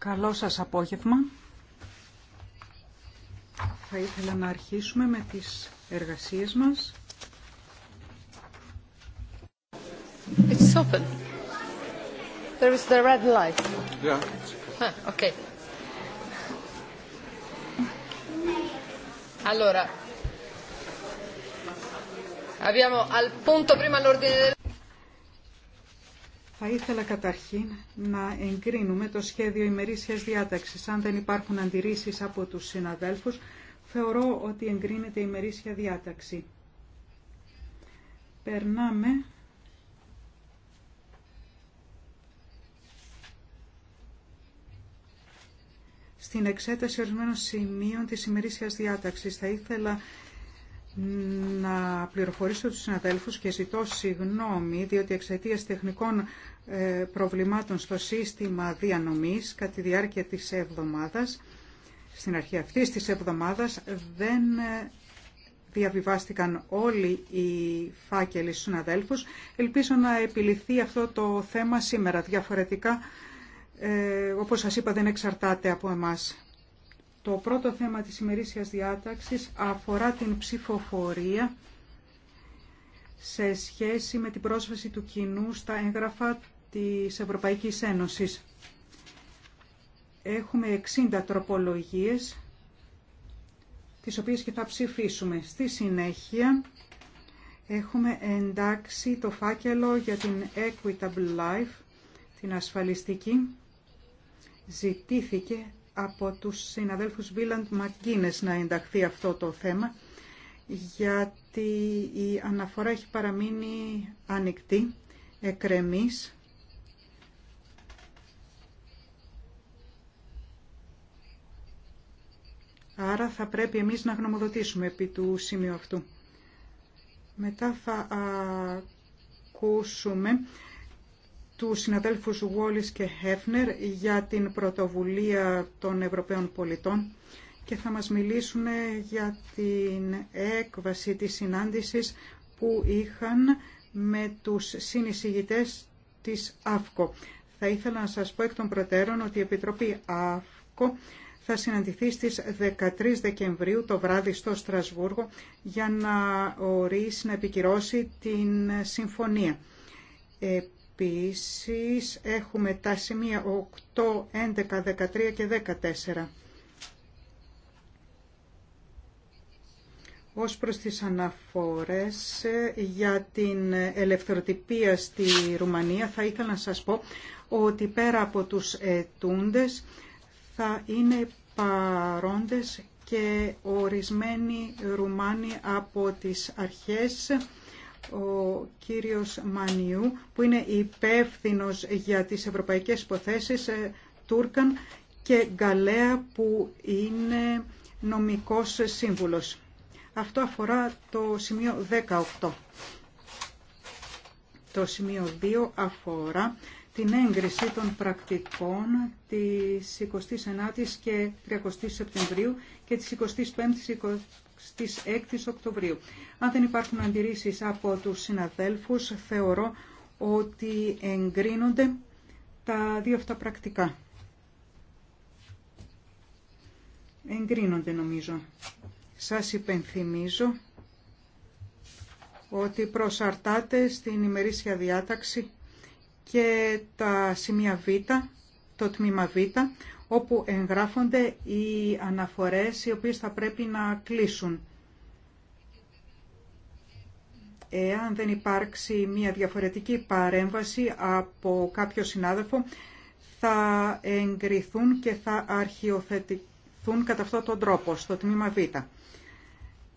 Καλό σας απόγευμα. Θα ήθελα να αρχίσουμε με τις εργασίες μας. It's open. There is the red light. Yeah. Ah, okay. Allora, abbiamo al punto prima l'ordine del θα ήθελα καταρχήν να εγκρίνουμε το σχέδιο ημερήσιας διάταξης. Αν δεν υπάρχουν αντιρρήσεις από τους συναδέλφους, θεωρώ ότι εγκρίνεται η ημερήσια διάταξη. Περνάμε στην εξέταση ορισμένων σημείων της ημερήσιας διάταξης. Θα ήθελα να πληροφορήσω τους συναδέλφους και ζητώ συγνώμη διότι εξαιτία τεχνικών ε, προβλημάτων στο σύστημα διανομής κατά τη διάρκεια της εβδομάδας, στην αρχή αυτής της εβδομάδας δεν ε, διαβιβάστηκαν όλοι οι φάκελοι στους συναδέλφους. Ελπίζω να επιληθεί αυτό το θέμα σήμερα. Διαφορετικά, ε, όπως σας είπα, δεν εξαρτάται από εμάς. Το πρώτο θέμα της ημερήσιας διάταξης αφορά την ψηφοφορία σε σχέση με την πρόσβαση του κοινού στα έγγραφα της Ευρωπαϊκής Ένωσης. Έχουμε 60 τροπολογίες, τις οποίες και θα ψηφίσουμε. Στη συνέχεια έχουμε εντάξει το φάκελο για την Equitable Life, την ασφαλιστική. Ζητήθηκε από τους συναδέλφους Βίλαντ μακίνες να ενταχθεί αυτό το θέμα, γιατί η αναφορά έχει παραμείνει ανοιχτή, εκρεμής. Άρα θα πρέπει εμείς να γνωμοδοτήσουμε επί του σημείου αυτού. Μετά θα ακούσουμε του συναδέλφου Βόλης και Χέφνερ για την πρωτοβουλία των Ευρωπαίων πολιτών και θα μας μιλήσουν για την έκβαση της συνάντησης που είχαν με τους συνεισηγητές της ΑΦΚΟ. Θα ήθελα να σας πω εκ των προτέρων ότι η Επιτροπή ΑΦΚΟ θα συναντηθεί στις 13 Δεκεμβρίου το βράδυ στο Στρασβούργο για να ορίσει, να επικυρώσει την συμφωνία. Ε, Επίσης έχουμε τα σημεία 8, 11, 13 και 14. Ως προς τις αναφορές ε, για την ελευθεροτυπία στη Ρουμανία θα ήθελα να σας πω ότι πέρα από τους ετούντες θα είναι παρόντες και ορισμένοι Ρουμάνοι από τις αρχές ο κύριος Μανιού που είναι υπεύθυνο για τις ευρωπαϊκές υποθέσεις ε, Τούρκαν και Γκαλέα που είναι νομικός σύμβουλος. Αυτό αφορά το σημείο 18. Το σημείο 2 αφορά την έγκριση των πρακτικών της 29ης και 30ης Σεπτεμβρίου και της 25ης στις 6 Οκτωβρίου. Αν δεν υπάρχουν αντιρρήσεις από τους συναδέλφους, θεωρώ ότι εγκρίνονται τα δύο αυτά πρακτικά. Εγκρίνονται νομίζω. Σας υπενθυμίζω ότι προσαρτάτε στην ημερήσια διάταξη και τα σημεία Β, το τμήμα Β, όπου εγγράφονται οι αναφορές οι οποίες θα πρέπει να κλείσουν. Εάν δεν υπάρξει μια διαφορετική παρέμβαση από κάποιο συνάδελφο, θα εγκριθούν και θα αρχιοθετηθούν κατά αυτόν τον τρόπο, στο τμήμα Β,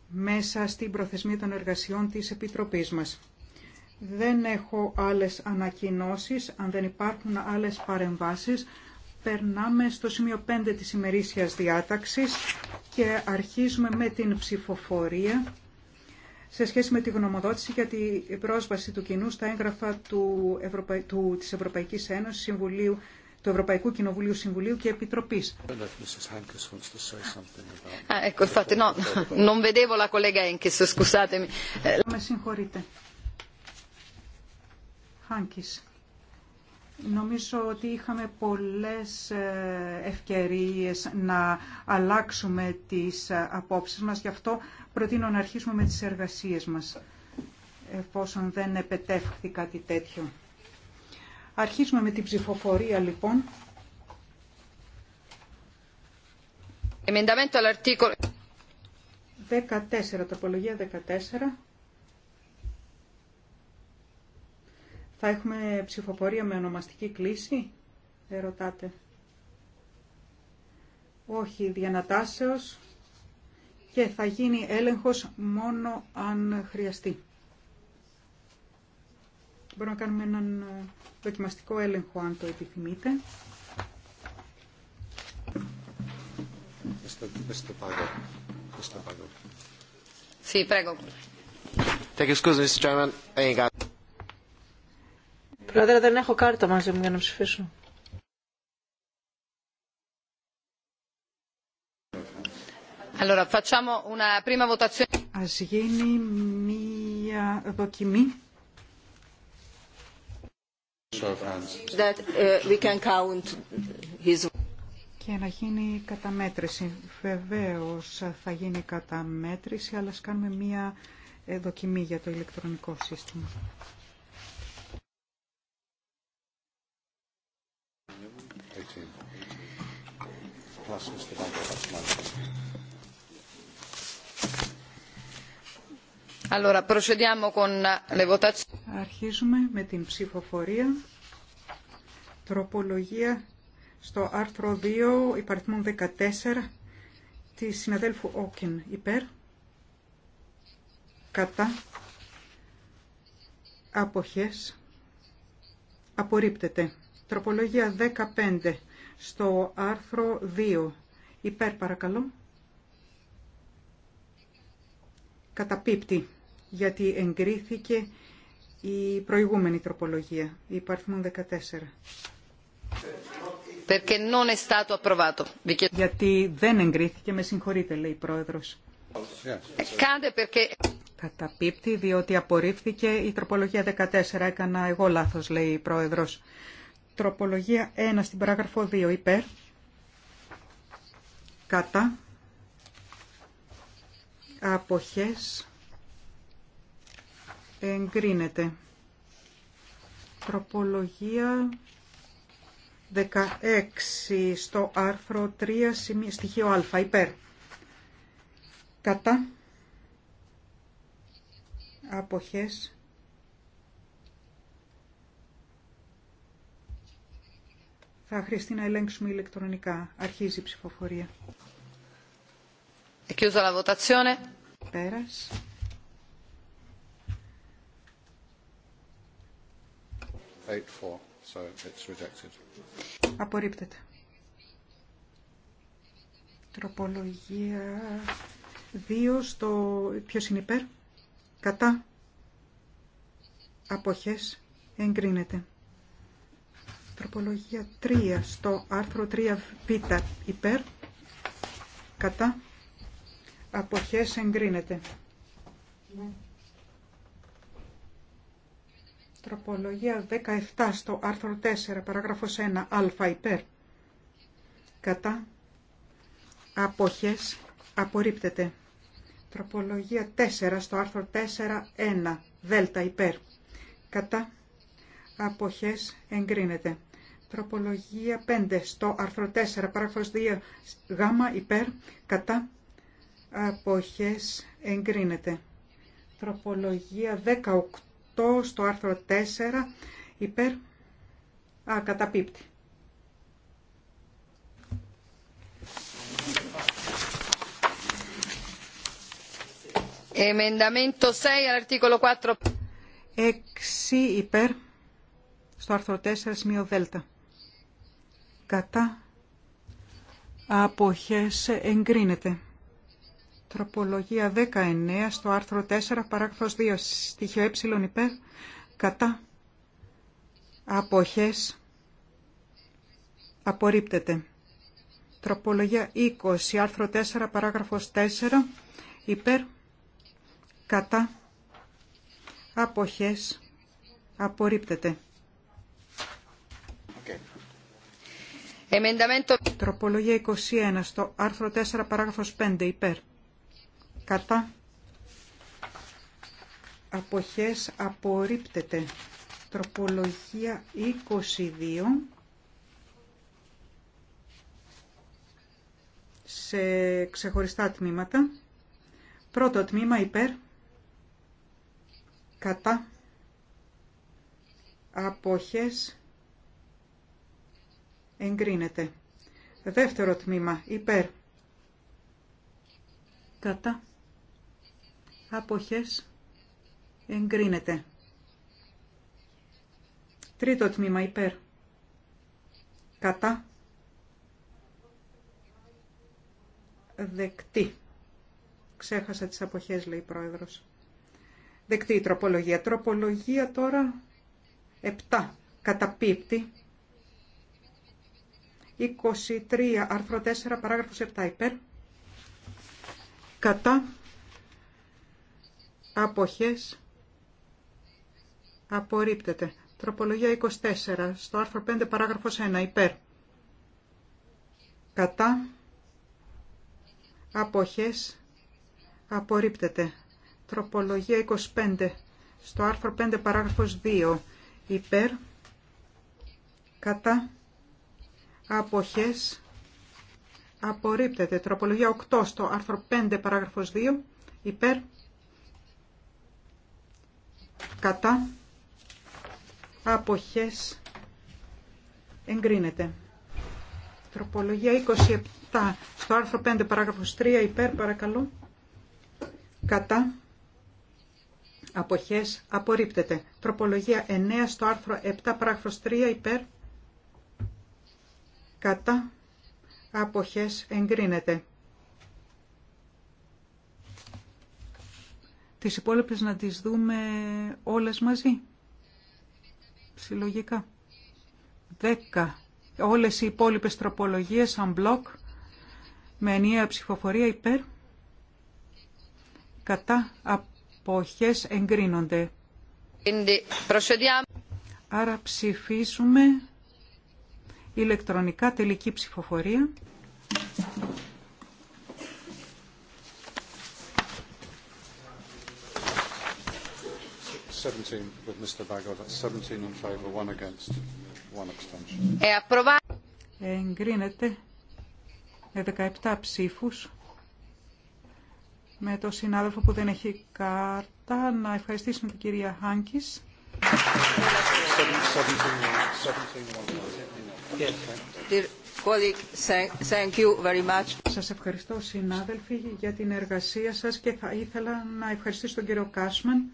μέσα στην προθεσμία των εργασιών της Επιτροπής μας. Δεν έχω άλλες ανακοινώσεις, αν δεν υπάρχουν άλλες παρεμβάσεις, Περνάμε στο σημείο 5 της ημερήσιας διάταξης και αρχίζουμε με την ψηφοφορία σε σχέση με τη γνωμοδότηση για την πρόσβαση του κοινού στα έγγραφα του Ευρωπα... του... της Ευρωπαϊκής Ένωσης, Συμβουλίου, του Ευρωπαϊκού Κοινοβουλίου Συμβουλίου και Επιτροπής. Ah, με συγχωρείτε. Χάνκης. Νομίζω ότι είχαμε πολλές ε, ευκαιρίες να αλλάξουμε τις ε, απόψεις μας, γι' αυτό προτείνω να αρχίσουμε με τις εργασίες μας, εφόσον δεν επετεύχθη κάτι τέτοιο. Αρχίσουμε με την ψηφοφορία λοιπόν. 14, τοπολογία 14. Θα έχουμε ψηφοφορία με ονομαστική κλίση, ερωτάτε, Όχι, διανατάσεως και θα γίνει έλεγχος μόνο αν χρειαστεί. Μπορούμε να κάνουμε έναν ε, δοκιμαστικό έλεγχο αν το επιθυμείτε. Sì, prego. Πρόεδρε, δεν έχω κάρτα μαζί μου για να ψηφίσω. Ας γίνει μία δοκιμή. Uh, Και να γίνει καταμέτρηση. Βεβαίως ε, θα γίνει καταμέτρηση, αλλά ας κάνουμε μία ε, δοκιμή για το ηλεκτρονικό σύστημα. Αρχίζουμε με την ψηφοφορία. Τροπολογία στο άρθρο 2 υπαριθμών 14 τη συναδέλφου Όκιν υπέρ κατά αποχές απορρίπτεται. Τροπολογία 15 στο άρθρο 2. Υπέρ παρακαλώ. Καταπίπτει, γιατί εγκρίθηκε η προηγούμενη τροπολογία, η 14. Γιατί δεν εγκρίθηκε, με συγχωρείτε, λέει η Πρόεδρος. Καταπίπτει, διότι απορρίφθηκε η τροπολογία 14. Έκανα εγώ λάθο, λέει η πρόεδρο. Τροπολογία 1 στην παράγραφο 2 υπέρ. Κατά. Αποχές. Εγκρίνεται. Τροπολογία 16 στο άρθρο 3 στοιχείο α υπέρ. Κατά. Αποχές Θα χρειαστεί να ελέγξουμε ηλεκτρονικά. Αρχίζει η ψηφοφορία. Πέρας. So Απορρίπτεται. Τροπολογία 2 στο... Ποιος είναι υπέρ? Κατά. Αποχές. Εγκρίνεται. Τροπολογία 3 στο άρθρο 3β υπέρ κατά αποχές εγκρίνεται. Τροπολογία 17 στο άρθρο 4 παράγραφος 1 α υπέρ κατά αποχές απορρίπτεται. Τροπολογία 4 στο άρθρο 4 1 δέλτα υπέρ κατά αποχές εγκρίνεται. Τροπολογία 5 στο άρθρο 4, παράγραφος 2, γάμα υπέρ, κατά, αποχές εγκρίνεται. Τροπολογία 18 στο άρθρο 4, υπέρ, α, καταπίπτει. 6 all'articolo 4. 6 υπέρ στο άρθρο 4 σημείο δέλτα κατά αποχές εγκρίνεται. Τροπολογία 19 στο άρθρο 4 παράγραφος 2 στοιχείο ε υπέρ κατά αποχές απορρίπτεται. Τροπολογία 20 άρθρο 4 παράγραφος 4 υπέρ κατά αποχές απορρίπτεται. Τροπολογία 21 στο άρθρο 4 παράγραφος 5 υπέρ. Κατά. Αποχές απορρίπτεται. Τροπολογία 22 σε ξεχωριστά τμήματα. Πρώτο τμήμα υπέρ. Κατά. Αποχές εγκρίνεται. Δεύτερο τμήμα, υπέρ. Κατά. Αποχές, εγκρίνεται. Τρίτο τμήμα, υπέρ. Κατά. Δεκτή. Ξέχασα τις αποχές, λέει η πρόεδρος. Δεκτή η τροπολογία. Τροπολογία τώρα επτά Καταπίπτει 23 άρθρο 4 παράγραφος 7 υπέρ κατά αποχές απορρίπτεται. Τροπολογία 24 στο άρθρο 5 παράγραφος 1 υπέρ κατά αποχές απορρίπτεται. Τροπολογία 25 στο άρθρο 5 παράγραφος 2 υπέρ κατά αποχές απορρίπτεται. Τροπολογία 8 στο άρθρο 5 παράγραφος 2 υπέρ κατά αποχές εγκρίνεται. Τροπολογία 27 στο άρθρο 5 παράγραφος 3 υπέρ παρακαλώ κατά αποχές απορρίπτεται. Τροπολογία 9 στο άρθρο 7 παράγραφος 3 υπέρ κατά αποχές εγκρίνεται. Τις υπόλοιπες να τις δούμε όλες μαζί. Συλλογικά. Δέκα Όλες οι υπόλοιπες τροπολογίες σαν με ενιαία ψηφοφορία υπέρ κατά αποχές εγκρίνονται. Άρα ψηφίσουμε Ηλεκτρονικά τελική ψηφοφορία. Ε, Εγκρίνεται με 17 ψήφους με τον συνάδελφο που δεν έχει κάρτα. Να ευχαριστήσουμε την κυρία Χάνκης. 17, σας ευχαριστώ συνάδελφοι για την εργασία σας και θα ήθελα να ευχαριστήσω τον κύριο Κάσμαν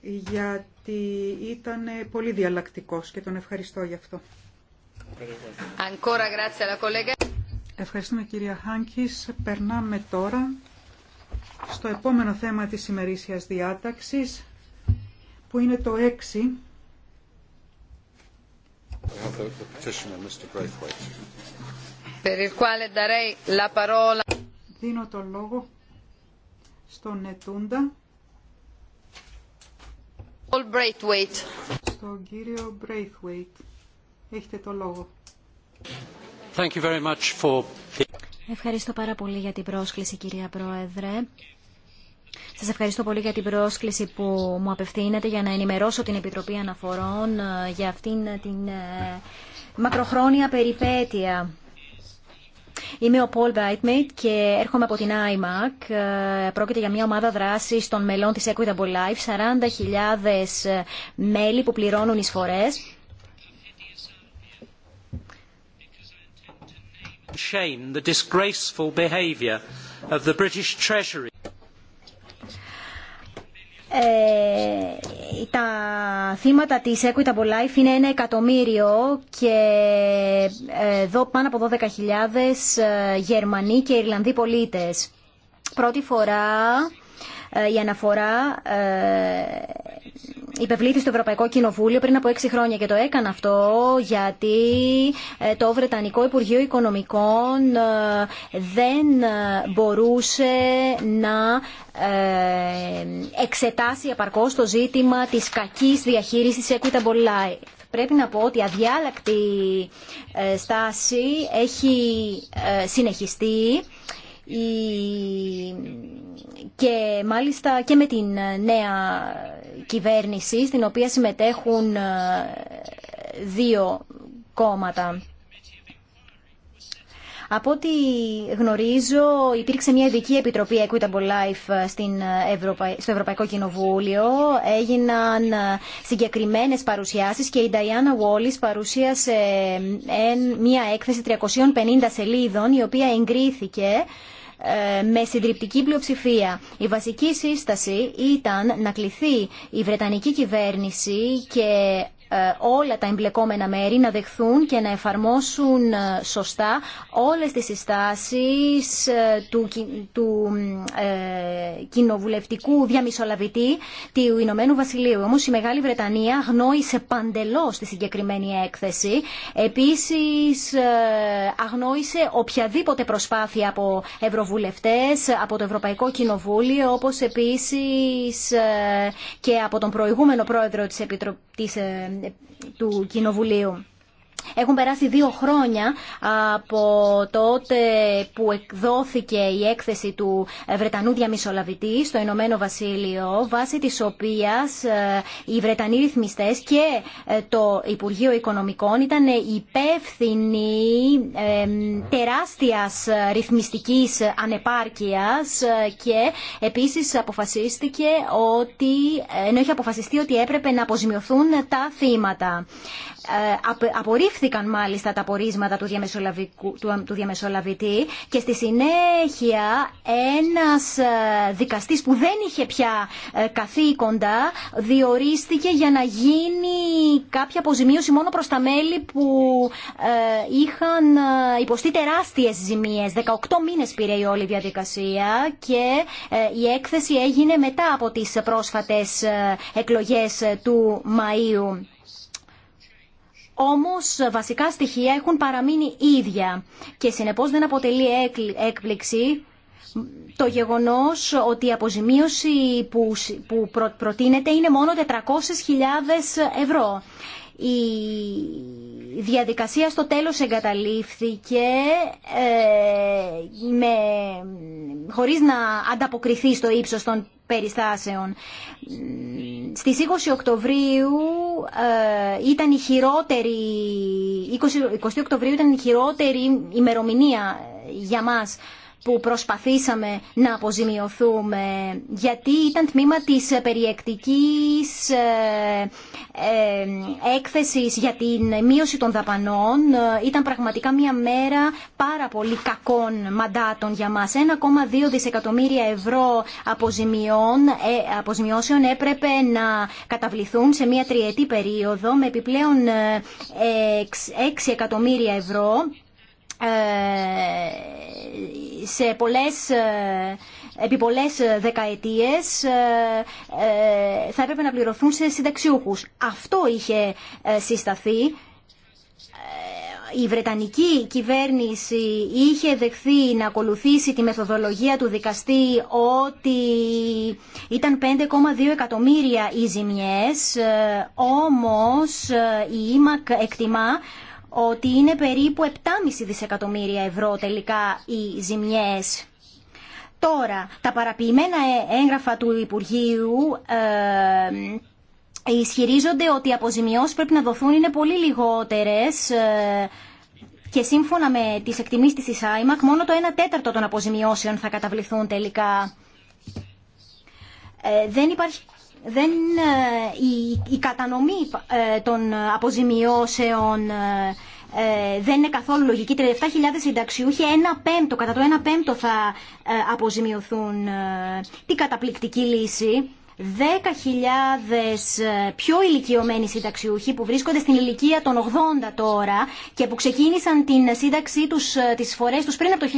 γιατί ήταν πολύ διαλλακτικός και τον ευχαριστώ γι' αυτό. Ευχαριστούμε κυρία Χάνκης. Περνάμε τώρα στο επόμενο θέμα της ημερήσιας διάταξης που είναι το 6 Δίνω το λόγο στον Ετούντα. Στον κύριο Braithwaite. Έχετε το λόγο. Ευχαριστώ πάρα πολύ για την πρόσκληση κυρία Πρόεδρε. Σα ευχαριστώ πολύ για την πρόσκληση που μου απευθύνετε για να ενημερώσω την Επιτροπή Αναφορών ε, για αυτήν την ε, μακροχρόνια περιπέτεια. Είμαι ο Πολ Μπάιτμιτ και έρχομαι από την IMAC. Ε, πρόκειται για μια ομάδα δράση των μελών τη Equitable Life, 40.000 μέλη που πληρώνουν εισφορέ. Shame the disgraceful of the British Treasury. Ε, τα θύματα της Equitable Life είναι ένα εκατομμύριο και ε, πάνω από 12.000 ε, Γερμανοί και Ιρλανδοί πολίτες. Πρώτη φορά ε, η αναφορά υπευλήθη στο Ευρωπαϊκό Κοινοβούλιο πριν από έξι χρόνια και το έκανα αυτό γιατί ε, το Βρετανικό Υπουργείο Οικονομικών ε, δεν ε, μπορούσε να εξετάσει απαρκώς το ζήτημα της κακής διαχείρισης Equitable Life. Πρέπει να πω ότι η αδιάλακτη στάση έχει συνεχιστεί η και μάλιστα και με την ε, νέα κυβέρνηση στην οποία συμμετέχουν ε, δύο κόμματα. Από ό,τι γνωρίζω υπήρξε μια ειδική επιτροπή Equitable Life στην ε, στο Ευρωπαϊκό Κοινοβούλιο. Έγιναν συγκεκριμένες παρουσιάσεις και η Diana Wallis παρουσίασε μια έκθεση 350 σελίδων η οποία εγκρίθηκε ε, με συντριπτική πλειοψηφία. Η βασική σύσταση ήταν να κληθεί η Βρετανική κυβέρνηση και ε, όλα τα εμπλεκόμενα μέρη να δεχθούν και να εφαρμόσουν ε, σωστά όλες τις συστάσεις ε, του, του ε, κοινοβουλευτικού διαμισολαβητή του Ηνωμένου Βασιλείου. Όμως η Μεγάλη Βρετανία αγνόησε παντελώς τη συγκεκριμένη έκθεση. Επίσης αγνόησε οποιαδήποτε προσπάθεια από ευρωβουλευτές, από το Ευρωπαϊκό Κοινοβούλιο, όπως επίσης και από τον προηγούμενο πρόεδρο της Επιτροπής του Κοινοβουλίου. Έχουν περάσει δύο χρόνια από τότε που εκδόθηκε η έκθεση του Βρετανού διαμισολαβητή στο Ηνωμένο Βασίλειο, βάσει της οποίας ε, οι Βρετανοί ρυθμιστές και ε, το Υπουργείο Οικονομικών ήταν υπεύθυνοι τεράστιας ρυθμιστικής ανεπάρκειας ε, και επίσης αποφασίστηκε ότι, ενώ είχε αποφασιστεί ότι έπρεπε να αποζημιωθούν τα θύματα απορρίφθηκαν μάλιστα τα πορίσματα του, του, του διαμεσολαβητή και στη συνέχεια ένας ε, δικαστής που δεν είχε πια ε, καθήκοντα διορίστηκε για να γίνει κάποια αποζημίωση μόνο προς τα μέλη που ε, είχαν υποστεί τεράστιες ζημίες. 18 μήνες πήρε η όλη διαδικασία και η έκθεση έγινε μετά από τις πρόσφατες εκλογές του Μαΐου. Όμω, βασικά στοιχεία έχουν παραμείνει ίδια και συνεπώς δεν αποτελεί έκπληξη το γεγονός ότι η αποζημίωση που, που προτείνεται είναι μόνο 400.000 ευρώ διαδικασία στο τέλος εγκαταλείφθηκε ε, με, χωρίς να ανταποκριθεί στο ύψος των περιστάσεων. Στις 20 Οκτωβρίου ε, ήταν η χειρότερη, 20, 20 Οκτωβρίου ήταν η χειρότερη ημερομηνία για μας που προσπαθήσαμε να αποζημιωθούμε γιατί ήταν τμήμα της περιεκτικής ε, ε, έκθεσης για την μείωση των δαπανών. Ήταν πραγματικά μια μέρα πάρα πολύ κακών μαντάτων για μας. 1,2 δισεκατομμύρια ευρώ ε, αποζημιώσεων έπρεπε να καταβληθούν σε μια τριετή περίοδο με επιπλέον 6 εκατομμύρια ευρώ ε, σε πολλές, ε, επί πολλές ε, δεκαετίες θα έπρεπε να πληρωθούν σε συνταξιούχους. Αυτό είχε συσταθεί η Βρετανική κυβέρνηση είχε δεχθεί να ακολουθήσει τη μεθοδολογία του δικαστή ότι ήταν 5,2 εκατομμύρια οι ζημιές, όμως η ΙΜΑΚ εκτιμά ότι είναι περίπου 7,5 δισεκατομμύρια ευρώ τελικά οι ζημιές. Τώρα, τα παραποιημένα ε, έγγραφα του Υπουργείου ε, ισχυρίζονται ότι οι αποζημιώσεις πρέπει να δοθούν είναι πολύ λιγότερες ε, και σύμφωνα με τις εκτιμήσεις της ΆΙΜΑΚ μόνο το 1 τέταρτο των αποζημιώσεων θα καταβληθούν τελικά. Ε, δεν υπάρχει δεν, ε, η, η κατανομή ε, των αποζημιώσεων ε, δεν είναι καθόλου λογική. 37.000 συνταξιούχοι, ένα πέμπτο, κατά το ένα πέμπτο θα αποζημιωθούν. Τι καταπληκτική λύση. 10.000 ε, πιο ηλικιωμένοι συνταξιούχοι που βρίσκονται στην ηλικία των 80 τώρα και που ξεκίνησαν την σύνταξή τους, ε, τις φορές τους πριν από το 1992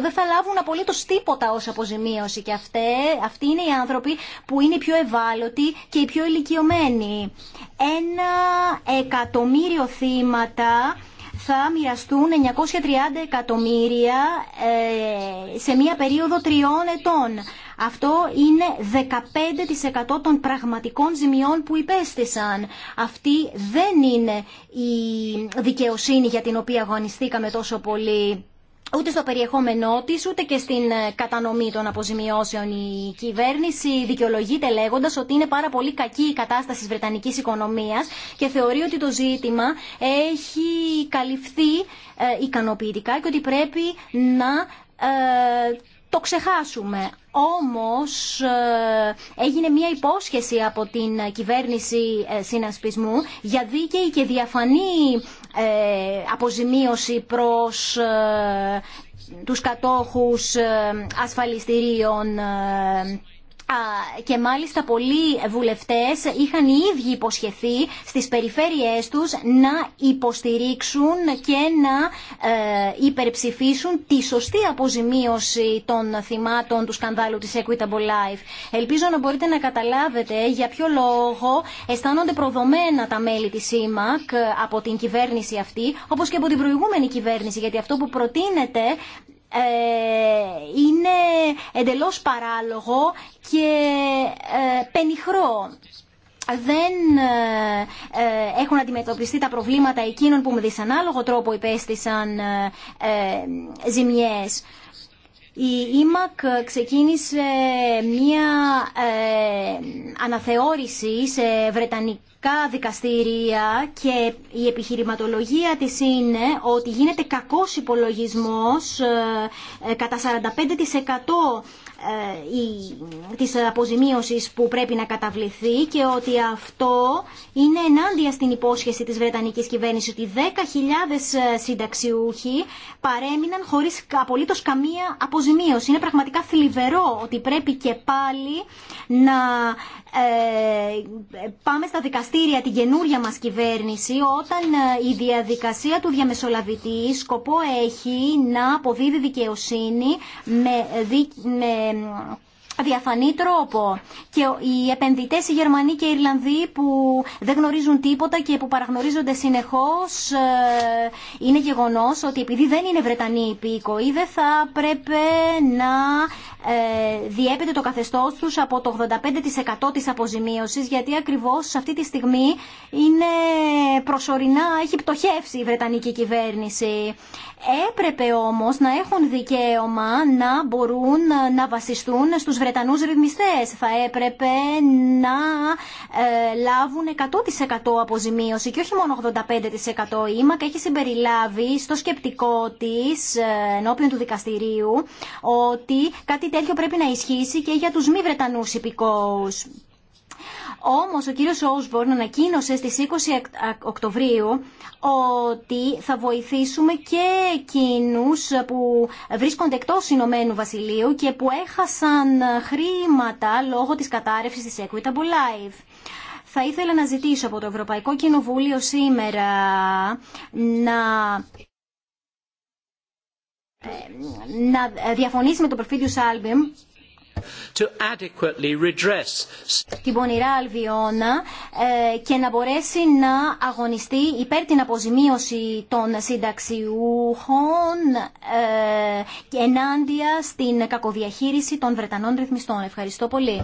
δεν θα λάβουν απολύτω τίποτα ω αποζημίωση και αυτοί είναι οι άνθρωποι που είναι οι πιο ευάλωτοι και οι πιο ηλικιωμένοι. Ένα εκατομμύριο θύματα θα μοιραστούν 930 εκατομμύρια ε, σε μία περίοδο τριών ετών. Αυτό είναι 15% των πραγματικών ζημιών που υπέστησαν. Αυτή δεν είναι η δικαιοσύνη για την οποία αγωνιστήκαμε τόσο πολύ ούτε στο περιεχόμενό τη, ούτε και στην ε, κατανομή των αποζημιώσεων. Η κυβέρνηση δικαιολογείται λέγοντα ότι είναι πάρα πολύ κακή η κατάσταση τη Βρετανική οικονομία και θεωρεί ότι το ζήτημα έχει καλυφθεί ε, ικανοποιητικά και ότι πρέπει να ε, το ξεχάσουμε. Όμως έγινε μια υπόσχεση από την κυβέρνηση συνασπισμού για δίκαιη και διαφανή ε, αποζημίωση προς ε, τους κατόχους ε, ασφαλιστηρίων και μάλιστα πολλοί βουλευτές είχαν οι ίδιοι υποσχεθεί στις περιφέρειές τους να υποστηρίξουν και να ε, υπερψηφίσουν τη σωστή αποζημίωση των θυμάτων του σκανδάλου της Equitable Life. Ελπίζω να μπορείτε να καταλάβετε για ποιο λόγο αισθάνονται προδομένα τα μέλη της ΣΥΜΑΚ ε, από την κυβέρνηση αυτή, όπως και από την προηγούμενη κυβέρνηση, γιατί αυτό που προτείνεται ε, είναι εντελώς παράλογο και ε, πενιχρό δεν ε, έχουν αντιμετωπιστεί τα προβλήματα εκείνων που με δυσανάλογο τρόπο υπέστησαν ε, ζημιές. Η ΕΜΑΚ ξεκίνησε μία αναθεώρηση σε βρετανικό κα δικαστήρια και η επιχειρηματολογία της είναι ότι γίνεται κακός υπολογισμός ε, κατά 45% ε, της αποζημίωσης που πρέπει να καταβληθεί και ότι αυτό είναι ενάντια στην υπόσχεση της Βρετανικής κυβέρνησης ότι 10.000 ε, συνταξιούχοι παρέμειναν χωρίς απολύτως καμία αποζημίωση. Είναι πραγματικά θλιβερό ότι πρέπει και πάλι να ε, πάμε στα δικαστήρια την καινούρια μας κυβέρνηση όταν ε, η διαδικασία του διαμεσολαβητή σκοπό έχει να αποδίδει δικαιοσύνη με, με διαφανή τρόπο. Και οι επενδυτές, οι Γερμανοί και οι Ιρλανδοί που δεν γνωρίζουν τίποτα και που παραγνωρίζονται συνεχώ, ε, είναι γεγονός ότι επειδή δεν είναι Βρετανοί υπήκοοι, δεν θα πρέπει να ε, διέπεται το καθεστώς του από το 85% της αποζημίωσης γιατί ακριβώς αυτή τη στιγμή είναι προσωρινά, έχει πτωχεύσει η Βρετανική κυβέρνηση. Έπρεπε όμως να έχουν δικαίωμα να μπορούν να βασιστούν στους Βρετανούς ρυθμιστές. Θα έπρεπε να ε, λάβουν 100% αποζημίωση και όχι μόνο 85%. Η ΜΑΚ έχει συμπεριλάβει στο σκεπτικό της ε, ενώπιον του δικαστηρίου ότι κάτι τέτοιο πρέπει να ισχύσει και για τους μη Βρετανούς υπηκόους. Όμως ο κύριος Όσμπορν ανακοίνωσε στις 20 Οκτωβρίου ότι θα βοηθήσουμε και εκείνους που βρίσκονται εκτός Ηνωμένου Βασιλείου και που έχασαν χρήματα λόγω της κατάρρευσης της Equitable Life. Θα ήθελα να ζητήσω από το Ευρωπαϊκό Κοινοβούλιο σήμερα να να διαφωνήσει με το προφίδιο Σάλμπιμ to την πονηρά αλβιώνα ε, και να μπορέσει να αγωνιστεί υπέρ την αποζημίωση των συνταξιούχων ε, και ενάντια στην κακοδιαχείριση των Βρετανών ρυθμιστών. Ευχαριστώ πολύ.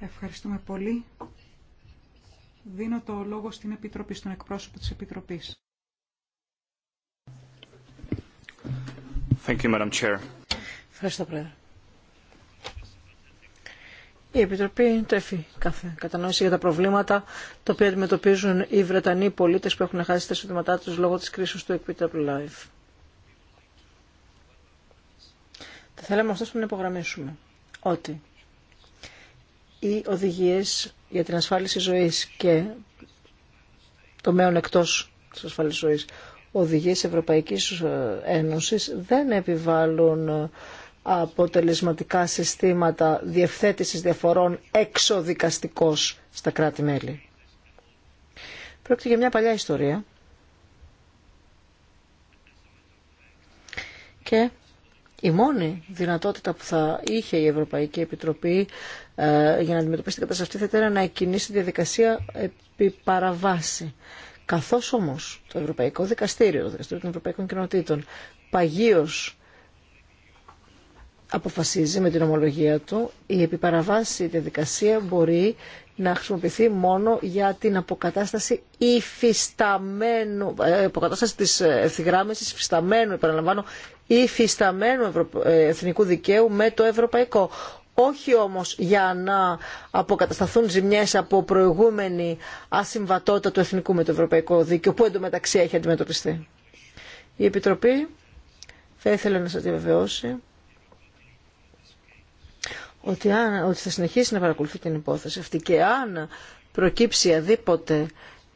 Ευχαριστούμε πολύ. Δίνω το λόγο στην Επιτροπή, στον εκπρόσωπο της Επιτροπής. Η Επιτροπή τρέφει κάθε κατανόηση για τα προβλήματα τα οποία αντιμετωπίζουν οι Βρετανοί πολίτε που έχουν χάσει τα εισοδήματά του λόγω τη κρίση του Equitable Life. Θα θέλαμε ωστόσο να υπογραμμίσουμε ότι οι οδηγίες για την ασφάλιση ζωής και τομέων εκτός τη ασφάλισης ζωή οδηγίες Ευρωπαϊκής Ένωσης δεν επιβάλλουν ε, αποτελεσματικά συστήματα διευθέτησης διαφορών εξοδικαστικός στα κράτη-μέλη. Πρόκειται για μια παλιά ιστορία. Και η μόνη δυνατότητα που θα είχε η Ευρωπαϊκή Επιτροπή ε, για να αντιμετωπίσει την κατάσταση αυτή θα ήταν να εκκινήσει τη διαδικασία επί παραβάση. Καθώς όμως το Ευρωπαϊκό Δικαστήριο, το Δικαστήριο των Ευρωπαϊκών Κοινοτήτων, παγίως αποφασίζει με την ομολογία του, η επιπαραβάση διαδικασία μπορεί να χρησιμοποιηθεί μόνο για την αποκατάσταση υφισταμένου, ε, αποκατάσταση της ευθυγράμμισης υφισταμένου, επαναλαμβάνω, υφισταμένου ε, εθνικού δικαίου με το ευρωπαϊκό όχι όμως για να αποκατασταθούν ζημιές από προηγούμενη ασυμβατότητα του εθνικού με το ευρωπαϊκό δίκαιο που εντωμεταξύ έχει αντιμετωπιστεί. Η Επιτροπή θα ήθελε να σας διαβεβαιώσει ότι, αν, ότι θα συνεχίσει να παρακολουθεί την υπόθεση αυτή και αν προκύψει αδίποτε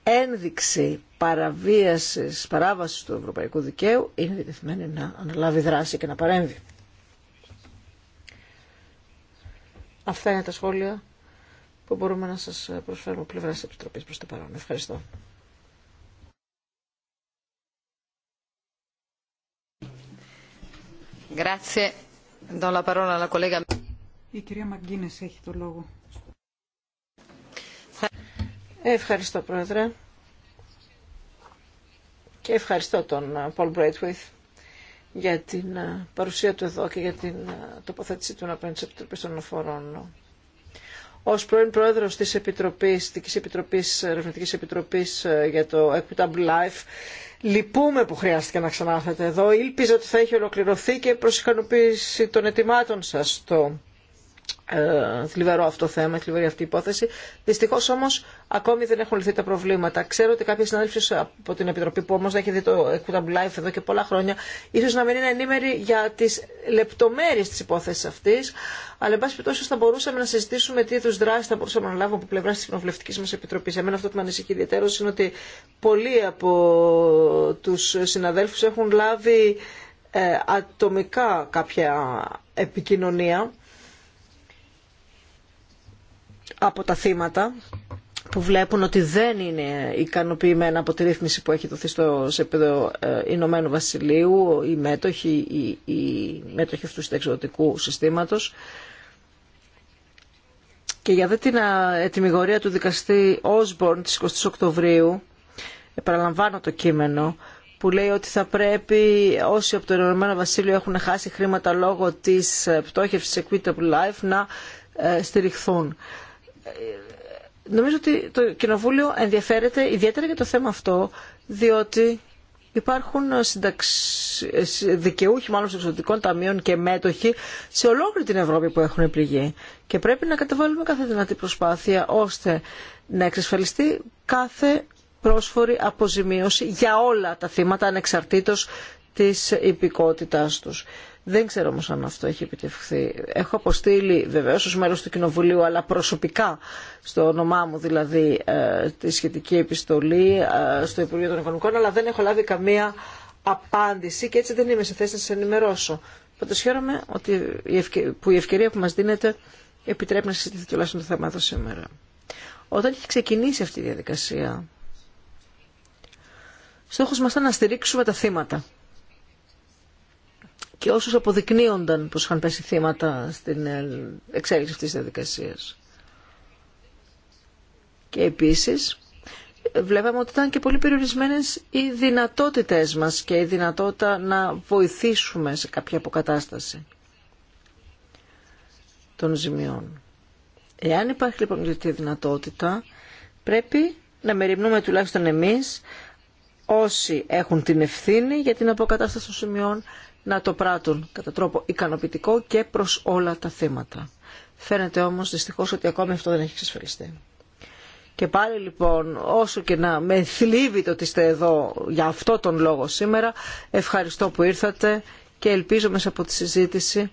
ένδειξη παραβίασης, παράβασης του ευρωπαϊκού δικαίου είναι διεθμένη να αναλάβει δράση και να παρέμβει. Αυτά είναι τα σχόλια που μπορούμε να σας προσφέρουμε πλευρά της Επιτροπής προς το παρόν. Ευχαριστώ. Ευχαριστώ, Πρόεδρε. Και ευχαριστώ τον Πολ Μπρέτουιθ για την ε, παρουσία του εδώ και για την ε, τοποθέτησή του απέναντι στι Επιτροπές των Αφορών. Ω πρώην πρόεδρος της Επιτροπής, της Επιτροπής, Ερευνητικής Επιτροπής ε, για το Equitable Life, λυπούμε που χρειάστηκε να ξανάρθετε εδώ. Ήλπιζα ότι θα έχει ολοκληρωθεί και προ ικανοποίηση των ετοιμάτων σας το ε, θλιβερό αυτό το θέμα, θλιβερή αυτή η υπόθεση. Δυστυχώ όμω ακόμη δεν έχουν λυθεί τα προβλήματα. Ξέρω ότι κάποιοι συνάδελφοι από την Επιτροπή που όμω έχει δει το Equitable Life εδώ και πολλά χρόνια, ίσω να μην είναι ενήμεροι για τι λεπτομέρειε τη υπόθεση αυτή, αλλά εν πάση περιπτώσει θα μπορούσαμε να συζητήσουμε τι είδου δράση θα μπορούσαμε να λάβουμε από πλευρά τη κοινοβουλευτική μα Επιτροπή. Εμένα αυτό που με ανησυχεί ιδιαίτερω είναι ότι πολλοί από του συναδέλφου έχουν λάβει ε, ατομικά κάποια επικοινωνία από τα θύματα που βλέπουν ότι δεν είναι ικανοποιημένα από τη ρύθμιση που έχει δοθεί στο σε επίπεδο ε, Ηνωμένου Βασιλείου, οι μέτοχοι, οι, αυτού του εξωτικού συστήματος. Και για δε την ετοιμιγορία του δικαστή Osborne της 28 Οκτωβρίου, επαναλαμβάνω το κείμενο, που λέει ότι θα πρέπει όσοι από το Ηνωμένο Βασίλειο έχουν χάσει χρήματα λόγω της ε, πτώχευσης Equitable Life να ε, στηριχθούν νομίζω ότι το Κοινοβούλιο ενδιαφέρεται ιδιαίτερα για το θέμα αυτό, διότι υπάρχουν δικαιούχοι μάλλον εξωτικών ταμείων και μέτοχοι σε ολόκληρη την Ευρώπη που έχουν πληγεί. Και πρέπει να καταβάλουμε κάθε δυνατή προσπάθεια ώστε να εξασφαλιστεί κάθε πρόσφορη αποζημίωση για όλα τα θύματα ανεξαρτήτως της υπηκότητάς τους. Δεν ξέρω όμω αν αυτό έχει επιτευχθεί. Έχω αποστείλει βεβαίω ω μέλο του Κοινοβουλίου, αλλά προσωπικά στο όνομά μου δηλαδή ε, τη σχετική επιστολή ε, στο Υπουργείο των Οικονομικών, αλλά δεν έχω λάβει καμία απάντηση και έτσι δεν είμαι σε θέση να σα ενημερώσω. Πάντω χαίρομαι ότι η που η ευκαιρία που μα δίνεται επιτρέπει να συζητηθεί τουλάχιστον το θέμα εδώ σήμερα. Όταν έχει ξεκινήσει αυτή η διαδικασία, στόχο μα ήταν να στηρίξουμε τα θύματα και όσους αποδεικνύονταν πως είχαν πέσει θύματα στην ε, εξέλιξη αυτής της διαδικασίας. Και επίσης βλέπαμε ότι ήταν και πολύ περιορισμένες οι δυνατότητες μας και η δυνατότητα να βοηθήσουμε σε κάποια αποκατάσταση των ζημιών. Εάν υπάρχει λοιπόν τη δυνατότητα, πρέπει να μεριμνούμε τουλάχιστον εμείς όσοι έχουν την ευθύνη για την αποκατάσταση των σημειών να το πράττουν κατά τρόπο ικανοποιητικό και προς όλα τα θέματα. Φαίνεται όμως δυστυχώς ότι ακόμη αυτό δεν έχει εξασφαλιστεί. Και πάλι λοιπόν, όσο και να με θλίβει το ότι είστε εδώ για αυτό τον λόγο σήμερα, ευχαριστώ που ήρθατε και ελπίζω μέσα από τη συζήτηση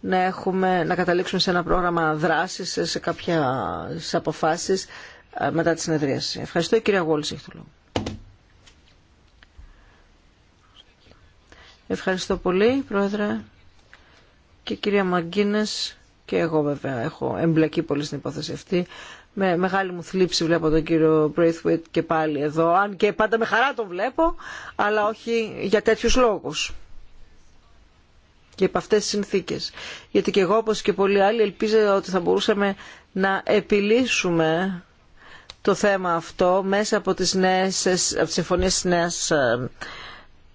να, έχουμε, να καταλήξουμε σε ένα πρόγραμμα δράσης, σε κάποιες αποφάσεις ε, μετά τη συνεδρίαση. Ευχαριστώ η κυρία Γόλης έχει το Ευχαριστώ πολύ, Πρόεδρε. Και κυρία Μαγκίνες, και εγώ βέβαια έχω εμπλακεί πολύ στην υπόθεση αυτή. Με μεγάλη μου θλίψη βλέπω τον κύριο Μπρέιθουιτ και πάλι εδώ, αν και πάντα με χαρά τον βλέπω, αλλά όχι για τέτοιους λόγους και από αυτές τις συνθήκες. Γιατί και εγώ όπως και πολλοί άλλοι ελπίζω ότι θα μπορούσαμε να επιλύσουμε το θέμα αυτό μέσα από τις, νέες, από τις της ε,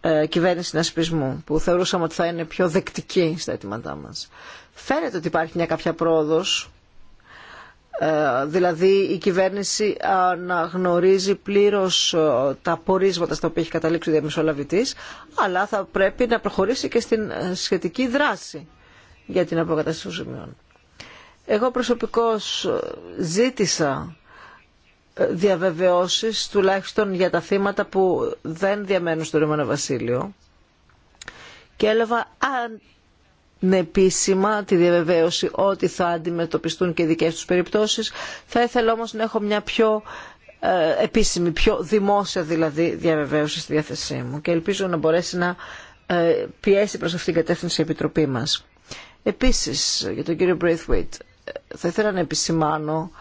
ε, κυβέρνηση συνασπισμού, που θεωρούσαμε ότι θα είναι πιο δεκτική στα αιτήματά μας. Φαίνεται ότι υπάρχει μια κάποια πρόοδος, ε, δηλαδή η κυβέρνηση αναγνωρίζει πλήρως ε, τα πορίσματα στα οποία έχει καταλήξει ο διαμεσολαβητής, αλλά θα πρέπει να προχωρήσει και στην σχετική δράση για την αποκατάσταση των ζημιών. Εγώ προσωπικώς ζήτησα διαβεβαιώσεις τουλάχιστον για τα θύματα που δεν διαμένουν στο Ρήμανο Βασίλειο και έλαβα ανεπίσημα τη διαβεβαίωση ότι θα αντιμετωπιστούν και οι δικές τους περιπτώσεις. Θα ήθελα όμως να έχω μια πιο ε, επίσημη, πιο δημόσια δηλαδή διαβεβαίωση στη διάθεσή μου και ελπίζω να μπορέσει να ε, πιέσει προς αυτήν την κατεύθυνση η Επιτροπή μας. Επίσης, για τον κύριο Braithwaite, ε, θα ήθελα να επισημάνω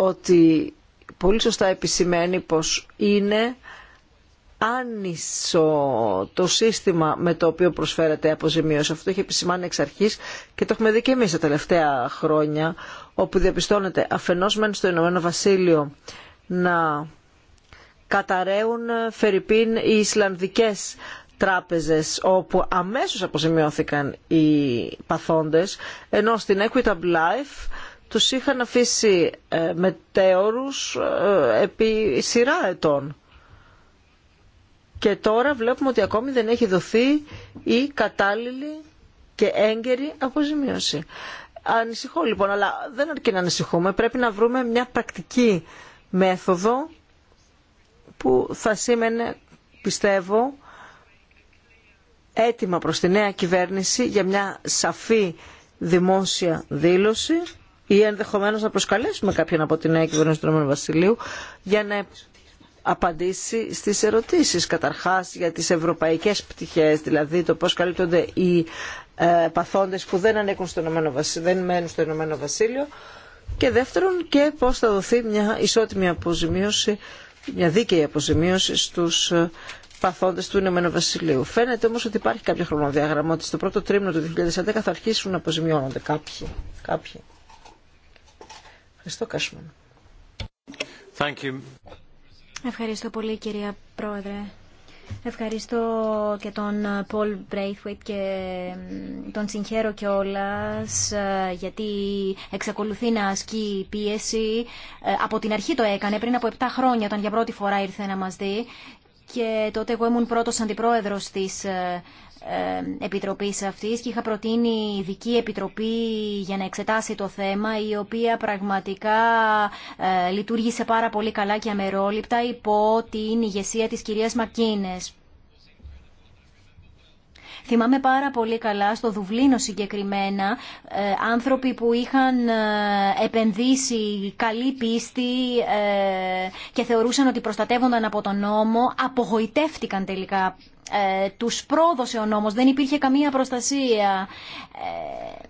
ότι πολύ σωστά επισημαίνει πως είναι άνισο το σύστημα με το οποίο προσφέρεται αποζημίωση. Αυτό έχει επισημάνει εξ αρχής και το έχουμε δει και εμείς τα τελευταία χρόνια όπου διαπιστώνεται αφενός μεν στο Ηνωμένο Βασίλειο να καταραίουν φερρυπίν οι Ισλανδικές τράπεζες όπου αμέσως αποζημιώθηκαν οι παθόντες ενώ στην Equitable Life τους είχαν αφήσει ε, μετέωρους ε, επί σειρά ετών. Και τώρα βλέπουμε ότι ακόμη δεν έχει δοθεί η κατάλληλη και έγκαιρη αποζημίωση. Ανησυχώ λοιπόν, αλλά δεν αρκεί να ανησυχούμε. Πρέπει να βρούμε μια πρακτική μέθοδο που θα σήμαινε, πιστεύω, έτοιμα προς τη νέα κυβέρνηση για μια σαφή δημόσια δήλωση ή ενδεχομένω να προσκαλέσουμε κάποιον από την νέα κυβέρνηση του Ηνωμένου Βασιλείου για να απαντήσει στις ερωτήσεις καταρχάς για τις ευρωπαϊκές πτυχές, δηλαδή το πώς καλύπτονται οι ε, παθόντες που δεν ανήκουν στο Ηνωμένο Βασίλειο, δεν μένουν στο Ηνωμένο Βασίλειο και δεύτερον και πώς θα δοθεί μια ισότιμη αποζημίωση, μια δίκαιη αποζημίωση στους ε, παθόντες του Ηνωμένου Βασιλείου. Φαίνεται όμως ότι υπάρχει κάποιο χρονοδιάγραμμα ότι στο πρώτο τρίμηνο του 2011 θα αρχίσουν να αποζημιώνονται κάποιοι. κάποιοι. Ευχαριστώ, πολύ, κυρία Πρόεδρε. Ευχαριστώ και τον Πολ Μπρέιθουιτ και τον συγχαίρω κιόλα ε, γιατί εξακολουθεί να ασκεί πίεση. Ε, από την αρχή το έκανε, πριν από 7 χρόνια, όταν για πρώτη φορά ήρθε να μας δει και τότε εγώ ήμουν πρώτος αντιπρόεδρος της ε, ε, επιτροπής αυτής και είχα προτείνει ειδική επιτροπή για να εξετάσει το θέμα η οποία πραγματικά ε, λειτουργήσε πάρα πολύ καλά και αμερόληπτα υπό την ηγεσία της κυρίας Μακίνες. Θυμάμαι πάρα πολύ καλά στο Δουβλίνο συγκεκριμένα ε, άνθρωποι που είχαν επενδύσει καλή πίστη και θεωρούσαν ότι προστατεύονταν από τον νόμο απογοητεύτηκαν τελικά ε, τους πρόδωσε ο νόμος, δεν υπήρχε καμία προστασία. Ε,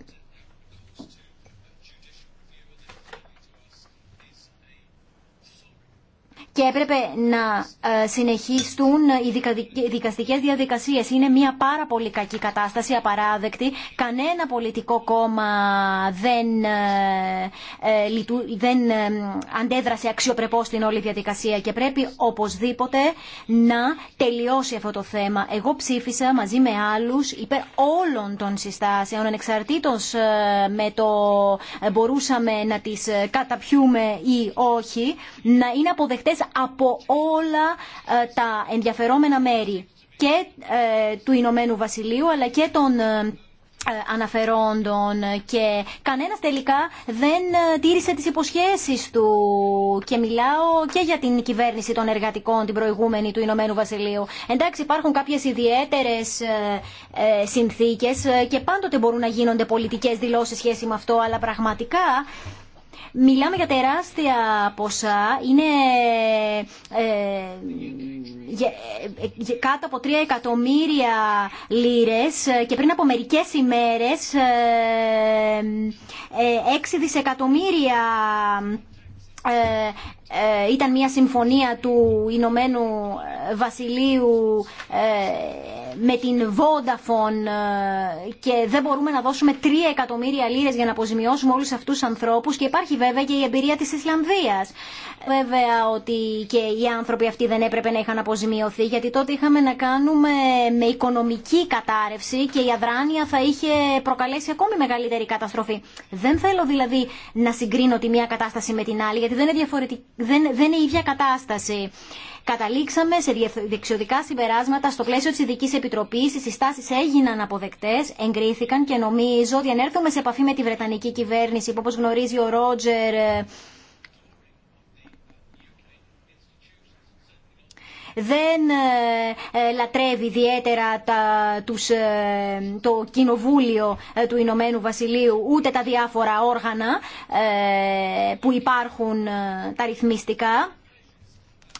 και έπρεπε να ε, συνεχίσουν οι δικαστικέ διαδικασίε. Είναι μια πάρα πολύ κακή κατάσταση, απαράδεκτη. Κανένα πολιτικό κόμμα δεν, ε, ε, δεν αντέδρασε αξιοπρεπώς στην όλη διαδικασία και πρέπει οπωσδήποτε να τελειώσει αυτό το θέμα. Εγώ ψήφισα μαζί με άλλου, υπέρ όλων των συστάσεων, ανεξαρτήτως με το μπορούσαμε να τι καταπιούμε ή όχι, να είναι αποδεκτέ από όλα ε, τα ενδιαφερόμενα μέρη και ε, του Ηνωμένου Βασιλείου αλλά και των ε, αναφερόντων και κανένας τελικά δεν τήρησε τις υποσχέσεις του και μιλάω και για την κυβέρνηση των εργατικών την προηγούμενη του Ηνωμένου Βασιλείου. Εντάξει υπάρχουν κάποιες ιδιαίτερες συνθήκες και πάντοτε μπορούν να γίνονται πολιτικές δηλώσεις σχέση με αυτό αλλά πραγματικά Μιλάμε για τεράστια ποσά, είναι ε, κάτω από 3 εκατομμύρια λίρες και πριν από μερικές ημέρες ε, 6 ε, δισεκατομμύρια ε, ε, ήταν μια συμφωνία του Ηνωμένου ε, Βασιλείου ε, με την Vodafone και δεν μπορούμε να δώσουμε 3 εκατομμύρια λίρες για να αποζημιώσουμε όλους αυτούς τους ανθρώπους και υπάρχει βέβαια και η εμπειρία της Ισλανδίας. Βέβαια ότι και οι άνθρωποι αυτοί δεν έπρεπε να είχαν αποζημιωθεί γιατί τότε είχαμε να κάνουμε με οικονομική κατάρρευση και η αδράνεια θα είχε προκαλέσει ακόμη μεγαλύτερη καταστροφή. Δεν θέλω δηλαδή να συγκρίνω τη μία κατάσταση με την άλλη γιατί δεν είναι διαφορετική δεν, δεν είναι η ίδια κατάσταση. Καταλήξαμε σε διεξοδικά συμπεράσματα στο πλαίσιο τη Ειδική Επιτροπή. Οι συστάσει έγιναν αποδεκτέ, εγκρίθηκαν και νομίζω ότι αν έρθουμε σε επαφή με τη Βρετανική κυβέρνηση, που όπω γνωρίζει ο Ρότζερ ε, δεν ε, ε, λατρεύει ιδιαίτερα τα, τους, ε, το κοινοβούλιο του Ηνωμένου Βασιλείου ούτε τα διάφορα όργανα που υπάρχουν τα ρυθμιστικά.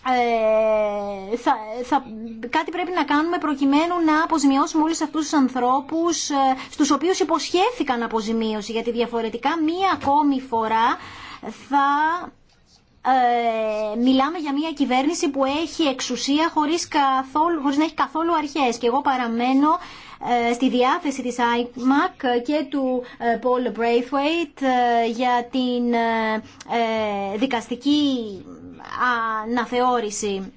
Ε, κάτι πρέπει να κάνουμε προκειμένου να αποζημιώσουμε όλους αυτούς τους ανθρώπους ε, στους οποίους υποσχέθηκαν αποζημίωση γιατί διαφορετικά μία ακόμη φορά θα ε, μιλάμε για μια κυβέρνηση που έχει εξουσία χωρίς, καθόλου, χωρίς να έχει καθόλου αρχές και εγώ παραμένω ε, στη διάθεση της ΆΙΜΑΚ και του ε, Paul ε, για την ε, δικαστική αναθεώρηση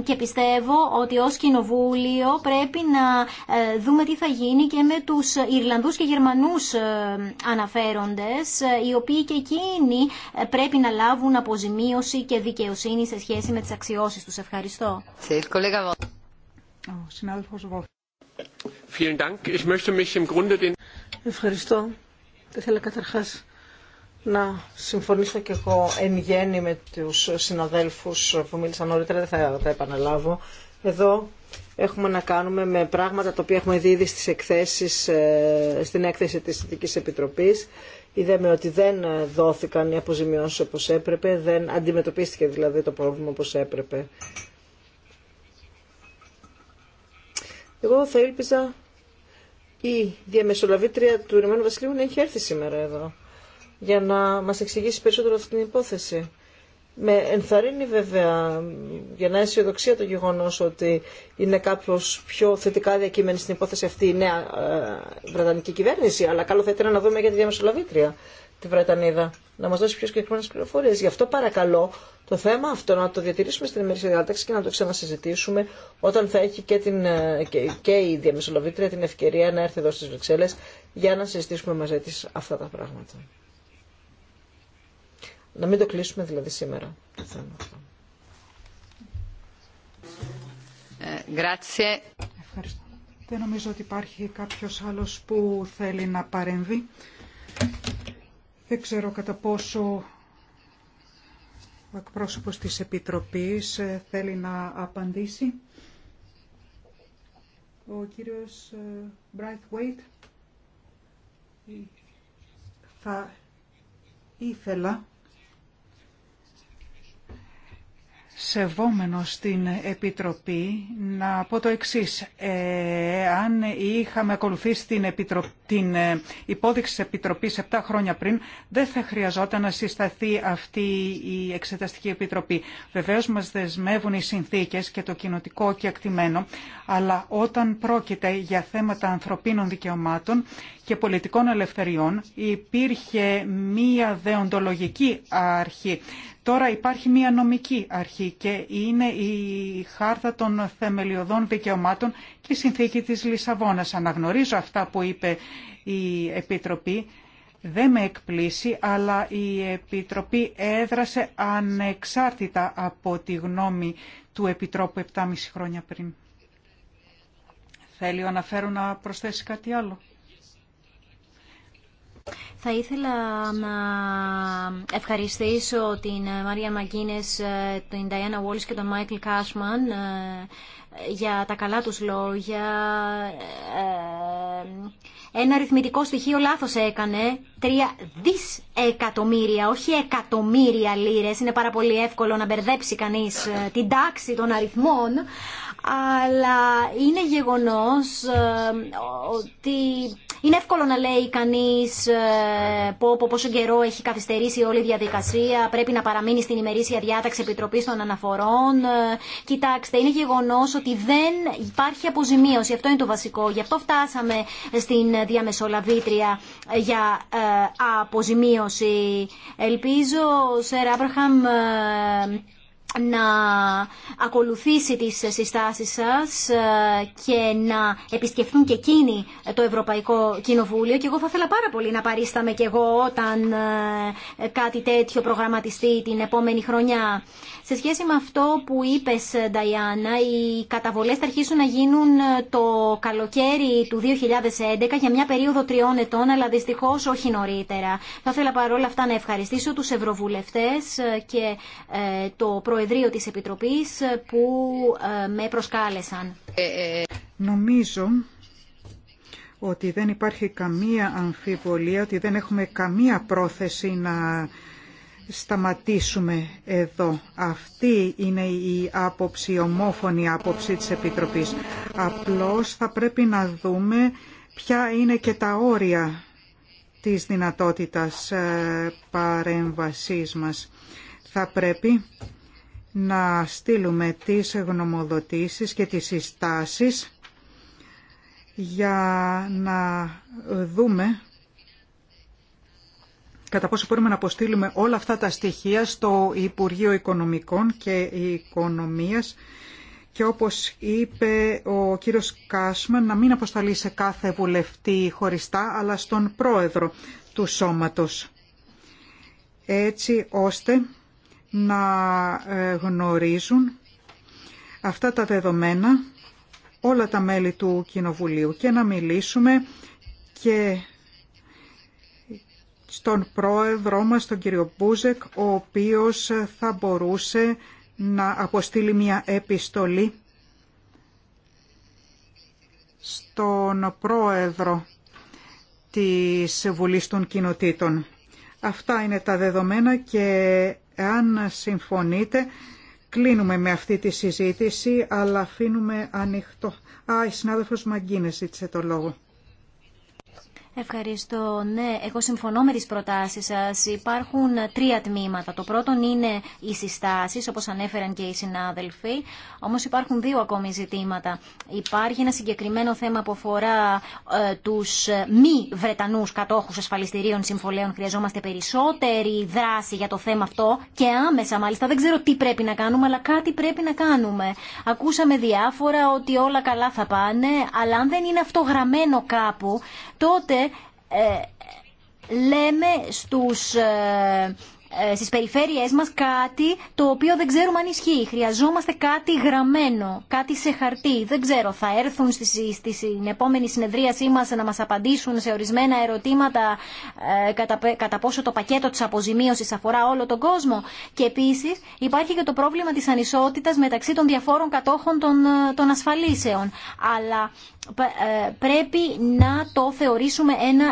και πιστεύω ότι ως κοινοβούλιο πρέπει να ε, δούμε τι θα γίνει και με τους Ιρλανδούς και Γερμανούς ε, αναφέροντες, ε, οι οποίοι και εκείνοι πρέπει να λάβουν αποζημίωση και δικαιοσύνη σε σχέση με τις αξιώσεις τους. Ευχαριστώ. Ευχαριστώ να συμφωνήσω και εγώ εν γέννη με τους συναδέλφους που μίλησαν νωρίτερα, δεν θα τα επαναλάβω. Εδώ έχουμε να κάνουμε με πράγματα τα οποία έχουμε δει ήδη στις εκθέσεις, ε, στην έκθεση της Ειδικής Επιτροπής. Είδαμε ότι δεν δόθηκαν οι αποζημιώσεις όπως έπρεπε, δεν αντιμετωπίστηκε δηλαδή το πρόβλημα όπως έπρεπε. Εγώ θα ήλπιζα η διαμεσολαβήτρια του Ηνωμένου Βασιλείου να έχει έρθει σήμερα εδώ για να μας εξηγήσει περισσότερο αυτή την υπόθεση. Με ενθαρρύνει βέβαια για να αισιοδοξία το γεγονό ότι είναι κάποιο πιο θετικά διακείμενη στην υπόθεση αυτή η νέα ε, βρετανική κυβέρνηση. Αλλά καλό θα ήταν να δούμε για τη διαμεσολαβήτρια τη Βρετανίδα να μα δώσει πιο συγκεκριμένε πληροφορίε. Γι' αυτό παρακαλώ το θέμα αυτό να το διατηρήσουμε στην ημερήσια διάταξη και να το ξανασυζητήσουμε όταν θα έχει και, την, ε, και, και η διαμεσολαβήτρια την ευκαιρία να έρθει εδώ στι Βρυξέλλε για να συζητήσουμε μαζί τη αυτά τα πράγματα. Να μην το κλείσουμε δηλαδή σήμερα το θέμα ε, Ευχαριστώ. Δεν νομίζω ότι υπάρχει κάποιος άλλος που θέλει να παρέμβει. Δεν ξέρω κατά πόσο ο εκπρόσωπος της Επιτροπής ε, θέλει να απαντήσει. Ο κύριος Μπραιτ ε, θα ήθελα σεβόμενος στην Επιτροπή να πω το εξής. Ε, αν είχαμε ακολουθήσει την, την ε, υπόδειξη της Επιτροπής 7 χρόνια πριν, δεν θα χρειαζόταν να συσταθεί αυτή η Εξεταστική Επιτροπή. Βεβαίως μας δεσμεύουν οι συνθήκες και το κοινοτικό ακτιμένο, αλλά όταν πρόκειται για θέματα ανθρωπίνων δικαιωμάτων και πολιτικών ελευθεριών υπήρχε μία δεοντολογική αρχή. Τώρα υπάρχει μία νομική αρχή και είναι η χάρτα των θεμελιωδών δικαιωμάτων και η συνθήκη της Λισαβόνας. Αναγνωρίζω αυτά που είπε η Επιτροπή. Δεν με εκπλήσει, αλλά η Επιτροπή έδρασε ανεξάρτητα από τη γνώμη του Επιτρόπου 7,5 χρόνια πριν. Θέλει ο να προσθέσει κάτι άλλο. Θα ήθελα να ευχαριστήσω την Μαρία Μαγκίνες, την Νταϊάννα Βόλις και τον Μάικλ Κάσμαν ε, για τα καλά τους λόγια. Ε, ένα αριθμητικό στοιχείο λάθος έκανε. Τρία δισεκατομμύρια, όχι εκατομμύρια λίρες. Είναι πάρα πολύ εύκολο να μπερδέψει κανείς ε, την τάξη των αριθμών. Αλλά είναι γεγονός ότι είναι εύκολο να λέει κανείς ε, πω, πόσο καιρό έχει καθυστερήσει όλη η διαδικασία, πρέπει να παραμείνει στην ημερήσια διάταξη Επιτροπής των Αναφορών. Ε, κοιτάξτε, είναι γεγονός ότι δεν υπάρχει αποζημίωση, αυτό είναι το βασικό. Γι' αυτό φτάσαμε στην διαμεσολαβήτρια για ε, αποζημίωση. Ελπίζω, Σερ Άμπραχαμ, να ακολουθήσει τις συστάσεις σας ε, και να επισκεφθούν και εκείνοι το Ευρωπαϊκό Κοινοβούλιο και εγώ θα ήθελα πάρα πολύ να παρίσταμε και εγώ όταν ε, κάτι τέτοιο προγραμματιστεί την επόμενη χρονιά. Σε σχέση με αυτό που είπες, Νταϊάννα, οι καταβολές θα αρχίσουν να γίνουν ε, το καλοκαίρι του 2011 για μια περίοδο τριών ετών, αλλά δυστυχώς όχι νωρίτερα. Θα ήθελα παρόλα αυτά να ευχαριστήσω τους Ευρωβουλευτές και το Προεδρείο της Επιτροπής που ε, με προσκάλεσαν. Ε, ε, Νομίζω ότι δεν υπάρχει καμία αμφιβολία, ότι δεν έχουμε καμία πρόθεση να σταματήσουμε εδώ. Αυτή είναι η άποψη, η ομόφωνη άποψη της Επιτροπής. Απλώς θα πρέπει να δούμε ποια είναι και τα όρια της δυνατότητας παρέμβασής μας. Θα πρέπει να στείλουμε τις γνωμοδοτήσεις και τις συστάσεις για να δούμε κατά πόσο μπορούμε να αποστείλουμε όλα αυτά τα στοιχεία στο Υπουργείο Οικονομικών και Οικονομίας και όπως είπε ο κύριος Κάσμαν να μην αποσταλεί σε κάθε βουλευτή χωριστά αλλά στον πρόεδρο του σώματος έτσι ώστε να ε, γνωρίζουν αυτά τα δεδομένα όλα τα μέλη του Κοινοβουλίου και να μιλήσουμε και στον πρόεδρό μας, τον κύριο Μπούζεκ, ο οποίος θα μπορούσε να αποστείλει μια επιστολή στον πρόεδρο της Βουλής των Κοινοτήτων. Αυτά είναι τα δεδομένα και Εάν συμφωνείτε, κλείνουμε με αυτή τη συζήτηση, αλλά αφήνουμε ανοιχτό. Α, η συνάδελφος Μαγκίνες ζήτησε το λόγο. Ευχαριστώ. Ναι, εγώ συμφωνώ με τις προτάσεις σας. Υπάρχουν τρία τμήματα. Το πρώτο είναι οι συστάσεις, όπως ανέφεραν και οι συνάδελφοι. Όμως υπάρχουν δύο ακόμη ζητήματα. Υπάρχει ένα συγκεκριμένο θέμα που αφορά ε, τους ε, μη Βρετανούς κατόχους ασφαλιστηρίων συμφωλέων. Χρειαζόμαστε περισσότερη δράση για το θέμα αυτό και άμεσα μάλιστα. Δεν ξέρω τι πρέπει να κάνουμε, αλλά κάτι πρέπει να κάνουμε. Ακούσαμε διάφορα ότι όλα καλά θα πάνε, αλλά αν δεν είναι αυτό γραμμένο κάπου, τότε ε, λέμε στους ε, ε, στις περιφέρειές μας κάτι το οποίο δεν ξέρουμε αν ισχύει. Χρειαζόμαστε κάτι γραμμένο, κάτι σε χαρτί. Δεν ξέρω, θα έρθουν στη, στη, στην επόμενη συνεδρίασή μας να μας απαντήσουν σε ορισμένα ερωτήματα ε, κατά, πόσο το πακέτο της αποζημίωσης αφορά όλο τον κόσμο. Και επίσης υπάρχει και το πρόβλημα της ανισότητας μεταξύ των διαφόρων κατόχων των, ε, των ασφαλίσεων. Αλλά πρέπει να το θεωρήσουμε ένα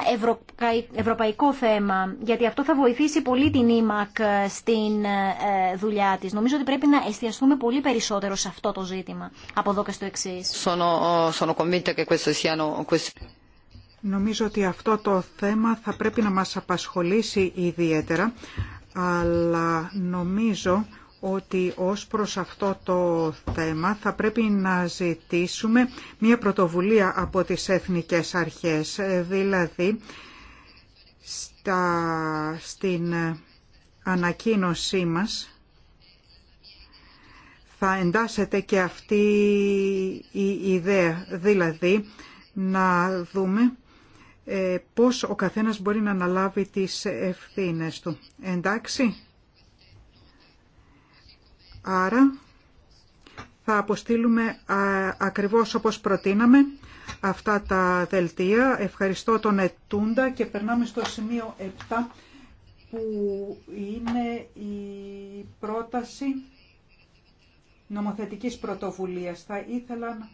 ευρωπαϊκό θέμα, γιατί αυτό θα βοηθήσει πολύ την ε, στην ε, ε, δουλειά της. Νομίζω ότι πρέπει να εστιαστούμε πολύ περισσότερο σε αυτό το ζήτημα από εδώ και στο εξή. Νομίζω ότι αυτό το θέμα θα πρέπει να μας απασχολήσει ιδιαίτερα, αλλά νομίζω ότι ως προς αυτό το θέμα θα πρέπει να ζητήσουμε μια πρωτοβουλία από τις εθνικές αρχές, δηλαδή στα, στην ανακοίνωσή μας θα εντάσσεται και αυτή η ιδέα, δηλαδή να δούμε ε, πώς ο καθένας μπορεί να αναλάβει τις ευθύνες του. Εντάξει. Άρα θα αποστείλουμε ακριβώς όπως προτείναμε αυτά τα δελτία. Ευχαριστώ τον Ετούντα και περνάμε στο σημείο 7 που είναι η πρόταση νομοθετικής πρωτοβουλίας. Θα ήθελα να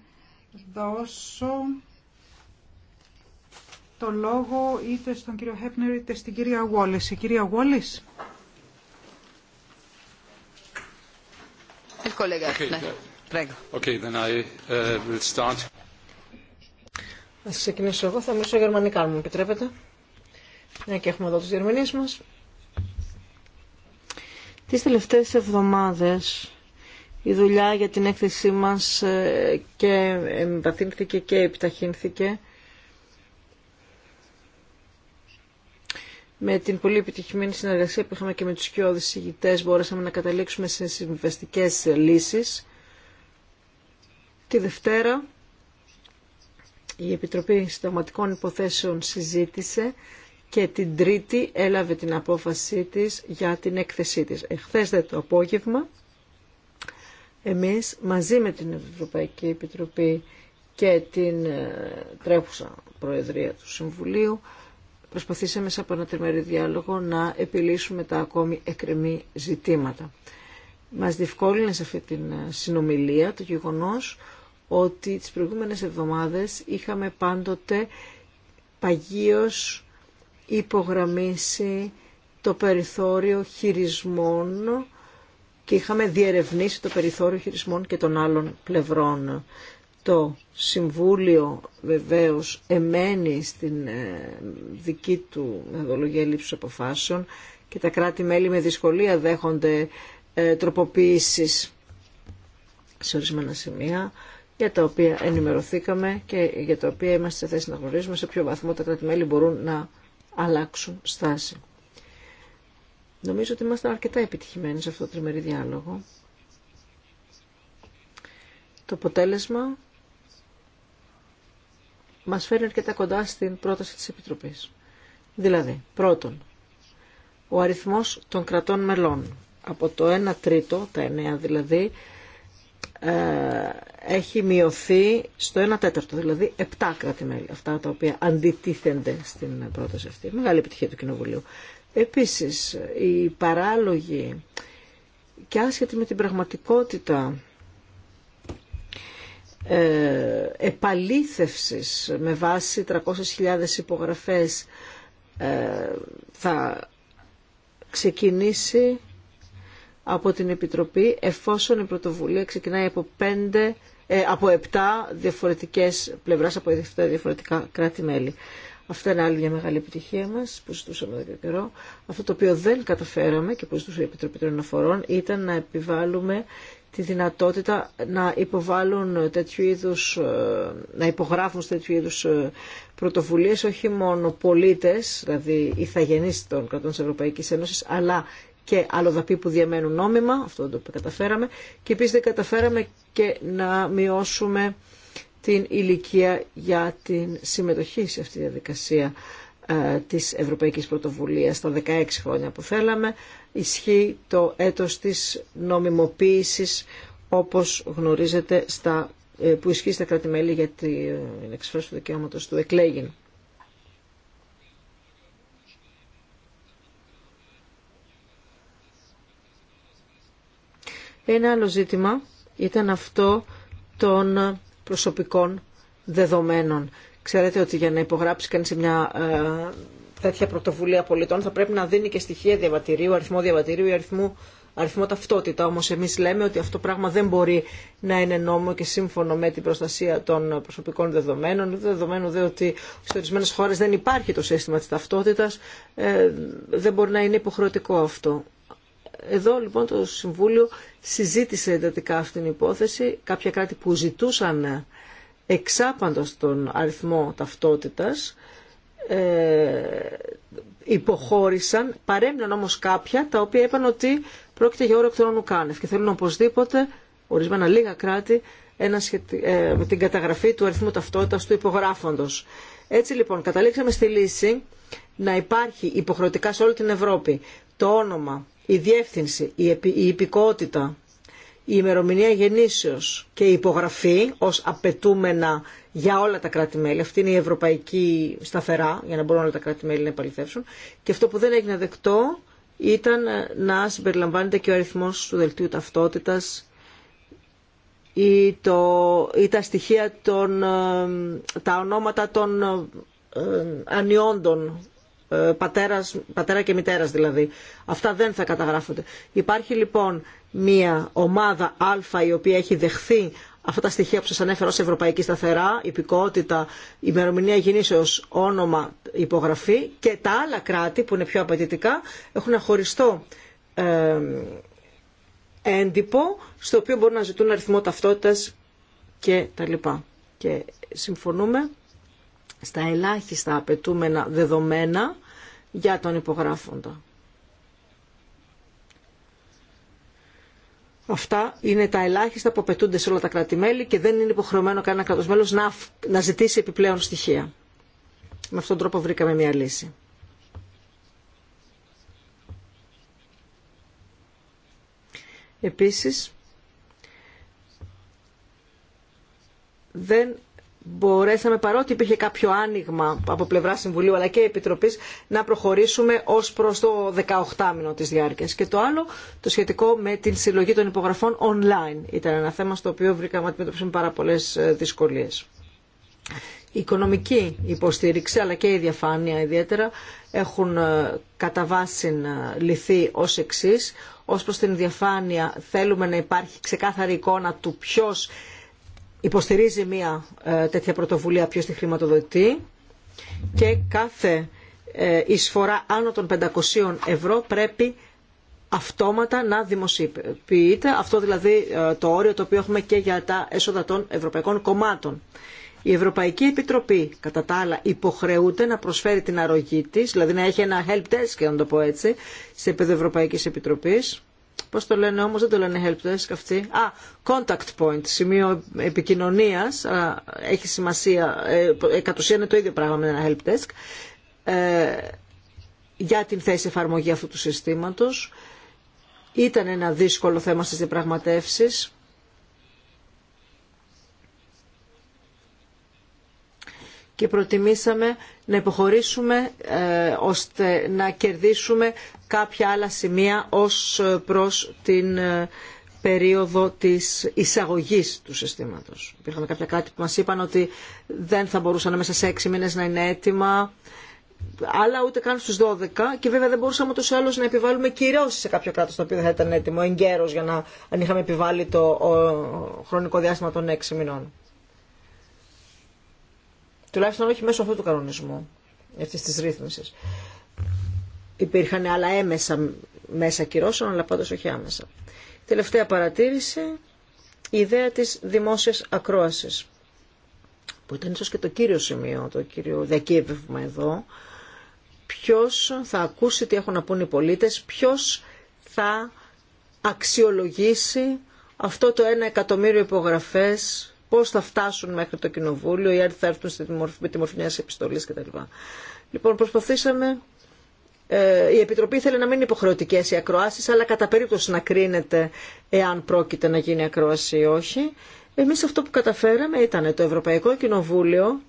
δώσω το λόγο είτε στον κύριο Χέπνερ είτε στην κυρία Wallace. Η κυρία Γουόλης. Okay, ναι. okay, then uh, ξεκινήσω εγώ, θα μιλήσω γερμανικά, αν μου επιτρέπετε. Ναι, και έχουμε εδώ τους γερμανείς μας. Τις τελευταίες εβδομάδες η δουλειά για την έκθεσή μας ε, και εμβαθύνθηκε και επιταχύνθηκε με την πολύ επιτυχημένη συνεργασία που είχαμε και με τους κοιόδης ηγητές μπορέσαμε να καταλήξουμε σε συμβαστικές λύσεις. Τη Δευτέρα η Επιτροπή Συνταγματικών Υποθέσεων συζήτησε και την Τρίτη έλαβε την απόφασή της για την έκθεσή της. Εχθές δε το απόγευμα εμείς μαζί με την Ευρωπαϊκή Επιτροπή και την ε, τρέχουσα Προεδρία του Συμβουλίου προσπαθήσαμε σε πανατριμερή διάλογο να επιλύσουμε τα ακόμη εκρεμή ζητήματα. Μας διευκόλυνε σε αυτή την ε, συνομιλία το γεγονός ότι τις προηγούμενες εβδομάδες είχαμε πάντοτε παγίως υπογραμμίσει το περιθώριο χειρισμών και είχαμε διερευνήσει το περιθώριο χειρισμών και των άλλων πλευρών. Το Συμβούλιο βεβαίως εμένει στην ε, δική του μεθοδολογία λήψης αποφάσεων και τα κράτη-μέλη με δυσκολία δέχονται ε, τροποποίησεις σε ορισμένα σημεία για τα οποία ενημερωθήκαμε και για τα οποία είμαστε σε θέση να γνωρίζουμε σε ποιο βαθμό τα κράτη-μέλη μπορούν να αλλάξουν στάση. Νομίζω ότι ήμασταν αρκετά επιτυχημένοι σε αυτό το τριμερή διάλογο. Το αποτέλεσμα μας φέρνει αρκετά κοντά στην πρόταση της Επιτροπής. Δηλαδή, πρώτον, ο αριθμός των κρατών μελών από το 1 τρίτο, τα 9 δηλαδή, ε, έχει μειωθεί στο 1 τέταρτο, δηλαδή 7 κράτη-μέλη, αυτά τα οποία αντιτίθενται στην πρόταση αυτή. Μεγάλη επιτυχία του Κοινοβουλίου. Επίσης, η παράλογη και άσχετη με την πραγματικότητα ε, επαλήθευσης με βάση 300.000 υπογραφές ε, θα ξεκινήσει από την Επιτροπή εφόσον η πρωτοβουλία ξεκινάει από, 5, ε, από 7 διαφορετικές πλευράς, από 7 διαφορετικά κράτη-μέλη. Αυτά είναι άλλη μια μεγάλη επιτυχία μα που ζητούσαμε εδώ και καιρό. Αυτό το οποίο δεν καταφέραμε και που ζητούσε η Επιτροπή των Αναφορών ήταν να επιβάλλουμε τη δυνατότητα να υποβάλουν τέτοιου ε, να υπογράφουν τέτοιου είδους ε, πρωτοβουλίες όχι μόνο πολίτες, δηλαδή ηθαγενείς των κρατών της Ευρωπαϊκής Ένωσης, αλλά και αλλοδαπή που διαμένουν νόμιμα, αυτό το καταφέραμε, και επίσης δεν καταφέραμε και να μειώσουμε την ηλικία για την συμμετοχή σε αυτή τη διαδικασία ε, της Ευρωπαϊκής Πρωτοβουλίας στα 16 χρόνια που θέλαμε ισχύει το έτος της νομιμοποίησης όπως γνωρίζετε στα, ε, που ισχύει στα κράτη-μέλη για την εξφράση του δικαιώματος του εκλέγην. Ένα άλλο ζήτημα ήταν αυτό των προσωπικών δεδομένων. Ξέρετε ότι για να υπογράψει κανείς μια ε, τέτοια πρωτοβουλία πολιτών θα πρέπει να δίνει και στοιχεία διαβατηρίου, αριθμό διαβατηρίου ή αριθμό, αριθμό ταυτότητα. Όμως εμείς λέμε ότι αυτό πράγμα δεν μπορεί να είναι νόμο και σύμφωνο με την προστασία των προσωπικών δεδομένων. Δεδομένου δε ότι σε ορισμένε χώρες δεν υπάρχει το σύστημα της ταυτότητας, ε, δεν μπορεί να είναι υποχρεωτικό αυτό. Εδώ λοιπόν το Συμβούλιο συζήτησε εντατικά αυτήν την υπόθεση. Κάποια κράτη που ζητούσαν εξάπαντος τον αριθμό ταυτότητας ε, υποχώρησαν, παρέμειναν όμως κάποια τα οποία είπαν ότι πρόκειται για όρο εκτρώνου κάνευ και θέλουν οπωσδήποτε ορισμένα λίγα κράτη ένα ε, με την καταγραφή του αριθμού ταυτότητας του υπογράφοντος. Έτσι λοιπόν καταλήξαμε στη λύση να υπάρχει υποχρεωτικά σε όλη την Ευρώπη το όνομα η διεύθυνση, η υπηκότητα, η ημερομηνία γεννήσεως και η υπογραφή ως απαιτούμενα για όλα τα κράτη-μέλη. Αυτή είναι η ευρωπαϊκή σταθερά για να μπορούν όλα τα κράτη-μέλη να επαληθεύσουν. Και αυτό που δεν έγινε δεκτό ήταν να συμπεριλαμβάνεται και ο αριθμός του δελτίου ταυτότητας ή, το, τα στοιχεία των, ε, τα ονόματα των ε, ε ανιόντων ε, πατέρας, πατέρα και μητέρας δηλαδή. Αυτά δεν θα καταγράφονται. Υπάρχει λοιπόν μια ομάδα Α η οποία έχει δεχθεί αυτά τα στοιχεία που σας ανέφερα ως Ευρωπαϊκή Σταθερά, υπηκότητα, ημερομηνία γεννήσεως, όνομα, υπογραφή και τα άλλα κράτη που είναι πιο απαιτητικά έχουν ένα χωριστό ε, έντυπο στο οποίο μπορούν να ζητούν αριθμό ταυτότητας και τα λοιπά. Και συμφωνούμε στα ελάχιστα απαιτούμενα δεδομένα για τον υπογράφοντα. Αυτά είναι τα ελάχιστα που απαιτούνται σε όλα τα κράτη-μέλη και δεν είναι υποχρεωμένο κανένα κράτος να, να ζητήσει επιπλέον στοιχεία. Με αυτόν τον τρόπο βρήκαμε μια λύση. Επίσης, δεν μπορέσαμε παρότι υπήρχε κάποιο άνοιγμα από πλευρά Συμβουλίου αλλά και Επιτροπής να προχωρήσουμε ως προς το 18 μήνο της διάρκειας. Και το άλλο, το σχετικό με την συλλογή των υπογραφών online. Ήταν ένα θέμα στο οποίο βρήκαμε αντιμετωπίσουμε πάρα πολλέ ε, δυσκολίες. Η οικονομική υποστήριξη αλλά και η διαφάνεια ιδιαίτερα έχουν ε, κατά βάση ε, λυθεί ως εξής. Ως προς την διαφάνεια θέλουμε να υπάρχει ξεκάθαρη εικόνα του ποιος υποστηρίζει μια ε, τέτοια πρωτοβουλία πιο τη χρηματοδοτεί και κάθε ε, εισφορά άνω των 500 ευρώ πρέπει αυτόματα να δημοσιοποιείται. Αυτό δηλαδή ε, το όριο το οποίο έχουμε και για τα έσοδα των ευρωπαϊκών κομμάτων. Η Ευρωπαϊκή Επιτροπή, κατά τα άλλα, υποχρεούται να προσφέρει την αρρωγή της, δηλαδή να έχει ένα help desk, να το πω έτσι, σε επίπεδο Ευρωπαϊκή Επιτροπή, πώς το λένε όμως, δεν το λένε helpdesk αυτοί. Α, contact point, σημείο επικοινωνίας, έχει σημασία, ε, κατ' ουσία είναι το ίδιο πράγμα με ένα helpdesk, ε, για την θέση εφαρμογή αυτού του συστήματος. Ήταν ένα δύσκολο θέμα στις διαπραγματεύσεις. και προτιμήσαμε να υποχωρήσουμε ε, ώστε να κερδίσουμε κάποια άλλα σημεία ως ε, προς την ε, περίοδο της εισαγωγής του συστήματος. Υπήρχαν κάποια κάτι που μας είπαν ότι δεν θα μπορούσαν μέσα σε έξι μήνες να είναι έτοιμα, αλλά ούτε καν στους 12 και βέβαια δεν μπορούσαμε ούτως άλλως να επιβάλλουμε κυρώσεις σε κάποιο κράτος το οποίο θα ήταν έτοιμο εγκαίρος για να αν είχαμε επιβάλει το χρονικό διάστημα των έξι μηνών. Τουλάχιστον όχι μέσω αυτού του κανονισμού, αυτής της ρύθμισης υπήρχαν άλλα έμεσα μέσα κυρώσεων, αλλά πάντως όχι άμεσα. Τελευταία παρατήρηση, η ιδέα της δημόσιας ακρόασης, που ήταν ίσως και το κύριο σημείο, το κύριο διακύβευμα εδώ, ποιος θα ακούσει τι έχουν να πούν οι πολίτες, ποιος θα αξιολογήσει αυτό το ένα εκατομμύριο υπογραφές, πώς θα φτάσουν μέχρι το κοινοβούλιο ή αν θα έρθουν με τη μορφή μιας επιστολής κτλ. Λοιπόν, προσπαθήσαμε ε, η Επιτροπή θέλει να μην είναι υποχρεωτικέ οι ακροάσει, αλλά κατά περίπτωση να κρίνεται εάν πρόκειται να γίνει ακρόαση ή όχι. Εμεί αυτό που καταφέραμε ήταν το Ευρωπαϊκό Κοινοβούλιο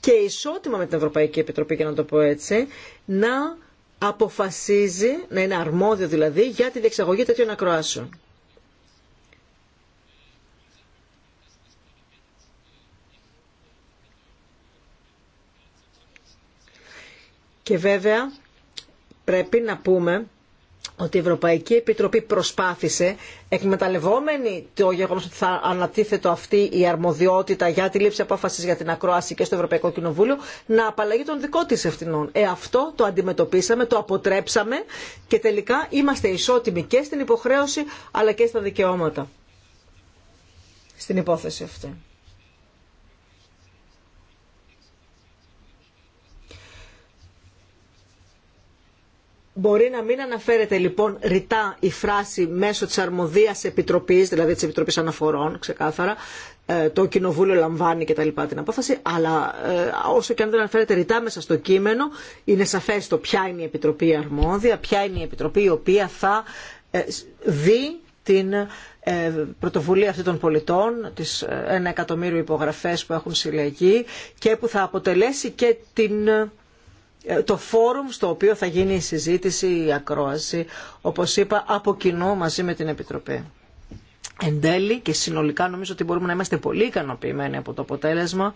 και ισότιμα με την Ευρωπαϊκή Επιτροπή, για να το πω έτσι, να αποφασίζει, να είναι αρμόδιο δηλαδή, για τη διεξαγωγή τέτοιων ακροάσεων. Και βέβαια πρέπει να πούμε ότι η Ευρωπαϊκή Επιτροπή προσπάθησε, εκμεταλλευόμενη το γεγονό ότι θα ανατίθετο αυτή η αρμοδιότητα για τη λήψη απόφαση για την ακρόαση και στο Ευρωπαϊκό Κοινοβούλιο, να απαλλαγεί τον δικό τη ευθυνών. Ε, αυτό το αντιμετωπίσαμε, το αποτρέψαμε και τελικά είμαστε ισότιμοι και στην υποχρέωση αλλά και στα δικαιώματα. Στην υπόθεση αυτή. Μπορεί να μην αναφέρεται λοιπόν ρητά η φράση μέσω της αρμοδίας επιτροπής, δηλαδή της Επιτροπής Αναφορών, ξεκάθαρα, ε, το κοινοβούλιο λαμβάνει και τα λοιπά την απόφαση, αλλά ε, όσο και αν δεν αναφέρεται ρητά μέσα στο κείμενο, είναι σαφές το ποια είναι η Επιτροπή αρμόδια, ποια είναι η Επιτροπή η οποία θα ε, δει την πρωτοβουλία αυτή των πολιτών, τις ένα εκατομμύριο υπογραφές που έχουν συλλεγεί και που θα αποτελέσει και την το φόρουμ στο οποίο θα γίνει η συζήτηση, η ακρόαση, όπως είπα, από κοινό μαζί με την Επιτροπή. Εν τέλει και συνολικά νομίζω ότι μπορούμε να είμαστε πολύ ικανοποιημένοι από το αποτέλεσμα.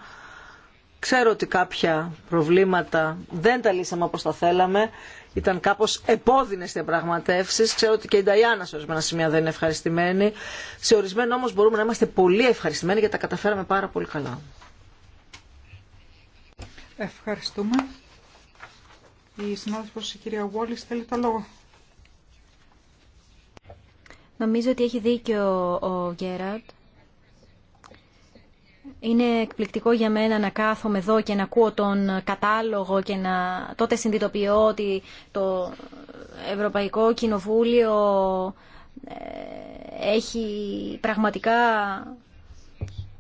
Ξέρω ότι κάποια προβλήματα δεν τα λύσαμε όπως τα θέλαμε. Ήταν κάπως επώδυνες διαπραγματεύσει. Ξέρω ότι και η Νταϊάννα σε ορισμένα σημεία δεν είναι ευχαριστημένη. Σε ορισμένα όμως μπορούμε να είμαστε πολύ ευχαριστημένοι γιατί τα καταφέραμε πάρα πολύ καλά. Ευχαριστούμε. Η συνάδελφος η κυρία Γουόλης θέλει το λόγο. Νομίζω ότι έχει δίκιο ο Γκέραντ. Είναι εκπληκτικό για μένα να κάθομαι εδώ και να ακούω τον κατάλογο και να τότε συνειδητοποιώ ότι το Ευρωπαϊκό Κοινοβούλιο ε, έχει πραγματικά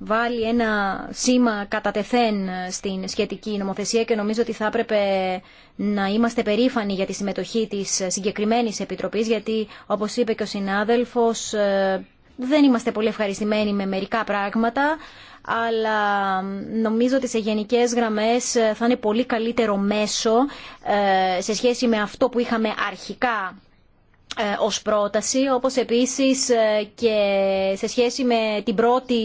βάλει ένα σήμα κατά τεθέν ε, στην σχετική νομοθεσία και νομίζω ότι θα έπρεπε να είμαστε περήφανοι για τη συμμετοχή της ε, συγκεκριμένης Επιτροπής γιατί όπως είπε και ο συνάδελφος ε, δεν είμαστε πολύ ευχαριστημένοι με μερικά πράγματα αλλά νομίζω ότι σε γενικές γραμμές θα είναι πολύ καλύτερο μέσο σε σχέση με αυτό που είχαμε αρχικά ε, ως πρόταση, όπως επίσης ε, και σε σχέση με την πρώτη,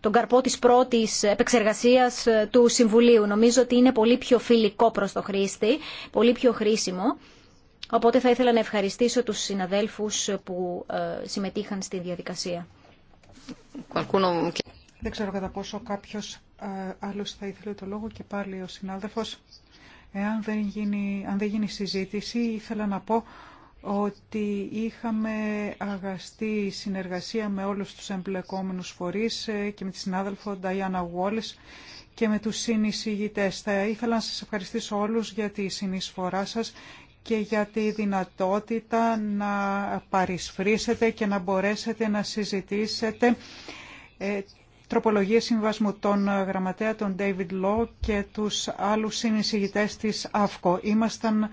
τον καρπό της πρώτης επεξεργασίας ε, του Συμβουλίου. Νομίζω ότι είναι πολύ πιο φιλικό προς το χρήστη, πολύ πιο χρήσιμο. Οπότε θα ήθελα να ευχαριστήσω τους συναδέλφους που συμμετείχαν στη διαδικασία. Δεν ξέρω κατά πόσο κάποιος άλλος θα ήθελε το λόγο και πάλι ο συνάδελφος. Εάν δεν αν δεν γίνει συζήτηση, ήθελα να πω ότι είχαμε αγαστή συνεργασία με όλους τους εμπλεκόμενους φορείς ε, και με τη συνάδελφο Νταϊάννα Γουόλες και με τους συνεισηγητές. Θα ήθελα να σας ευχαριστήσω όλους για τη συνεισφορά σας και για τη δυνατότητα να παρισφρήσετε και να μπορέσετε να συζητήσετε ε, τροπολογίες συμβασμού των γραμματέα, των David Law και τους άλλους συνεισηγητές της ΑΦΚΟ. Ήμασταν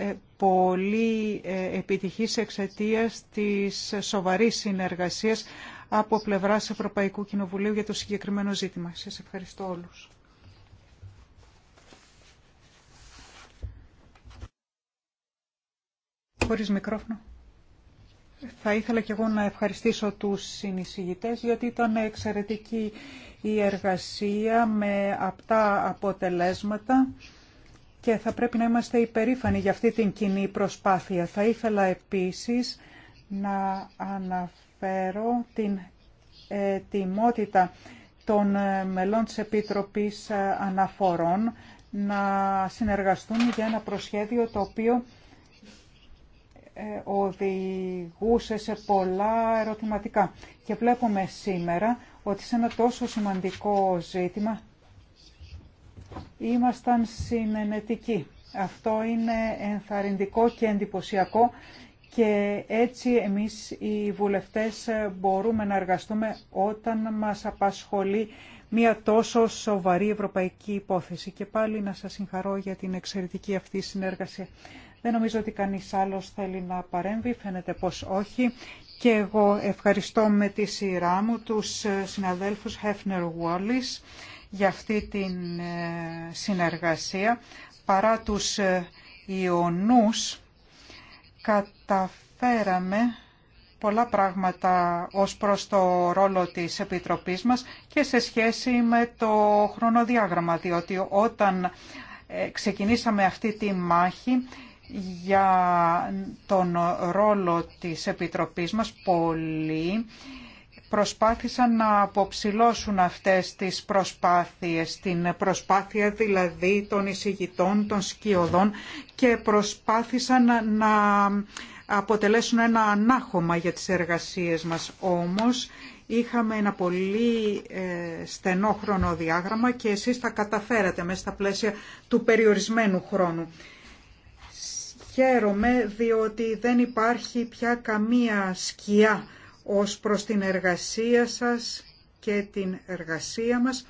ε, πολύ ε, επιτυχής εξαιτία της σοβαρής συνεργασίας από πλευράς Ευρωπαϊκού Κοινοβουλίου για το συγκεκριμένο ζήτημα. Σας ευχαριστώ όλους. Χωρίς μικρόφωνο. Θα ήθελα και εγώ να ευχαριστήσω τους συνεισηγητές γιατί ήταν εξαιρετική η εργασία με απτά αποτελέσματα και θα πρέπει να είμαστε υπερήφανοι για αυτή την κοινή προσπάθεια. Θα ήθελα επίσης να αναφέρω την ετοιμότητα των μελών της Επιτροπής Αναφορών να συνεργαστούν για ένα προσχέδιο το οποίο ε, οδηγούσε σε πολλά ερωτηματικά. Και βλέπουμε σήμερα ότι σε ένα τόσο σημαντικό ζήτημα ήμασταν συνενετικοί. Αυτό είναι ενθαρρυντικό και εντυπωσιακό και έτσι εμείς οι βουλευτές μπορούμε να εργαστούμε όταν μας απασχολεί μια τόσο σοβαρή ευρωπαϊκή υπόθεση. Και πάλι να σας συγχαρώ για την εξαιρετική αυτή συνέργαση. Δεν νομίζω ότι κανείς άλλος θέλει να παρέμβει, φαίνεται πως όχι. Και εγώ ευχαριστώ με τη σειρά μου τους συναδέλφους Hefner Wallis για αυτή την ε, συνεργασία. Παρά τους ε, ιονούς καταφέραμε πολλά πράγματα ως προς το ρόλο της Επιτροπής μας και σε σχέση με το χρονοδιάγραμμα, διότι όταν ε, ξεκινήσαμε αυτή τη μάχη για τον ρόλο της Επιτροπής μας, πολλοί προσπάθησαν να αποψηλώσουν αυτές τις προσπάθειες, την προσπάθεια δηλαδή των εισηγητών, των σκιωδών και προσπάθησαν να αποτελέσουν ένα ανάχωμα για τις εργασίες μας. Όμως είχαμε ένα πολύ ε, στενό χρονοδιάγραμμα και εσείς τα καταφέρατε μέσα στα πλαίσια του περιορισμένου χρόνου. Χαίρομαι διότι δεν υπάρχει πια καμία σκιά ως προς την εργασία σας και την εργασία μας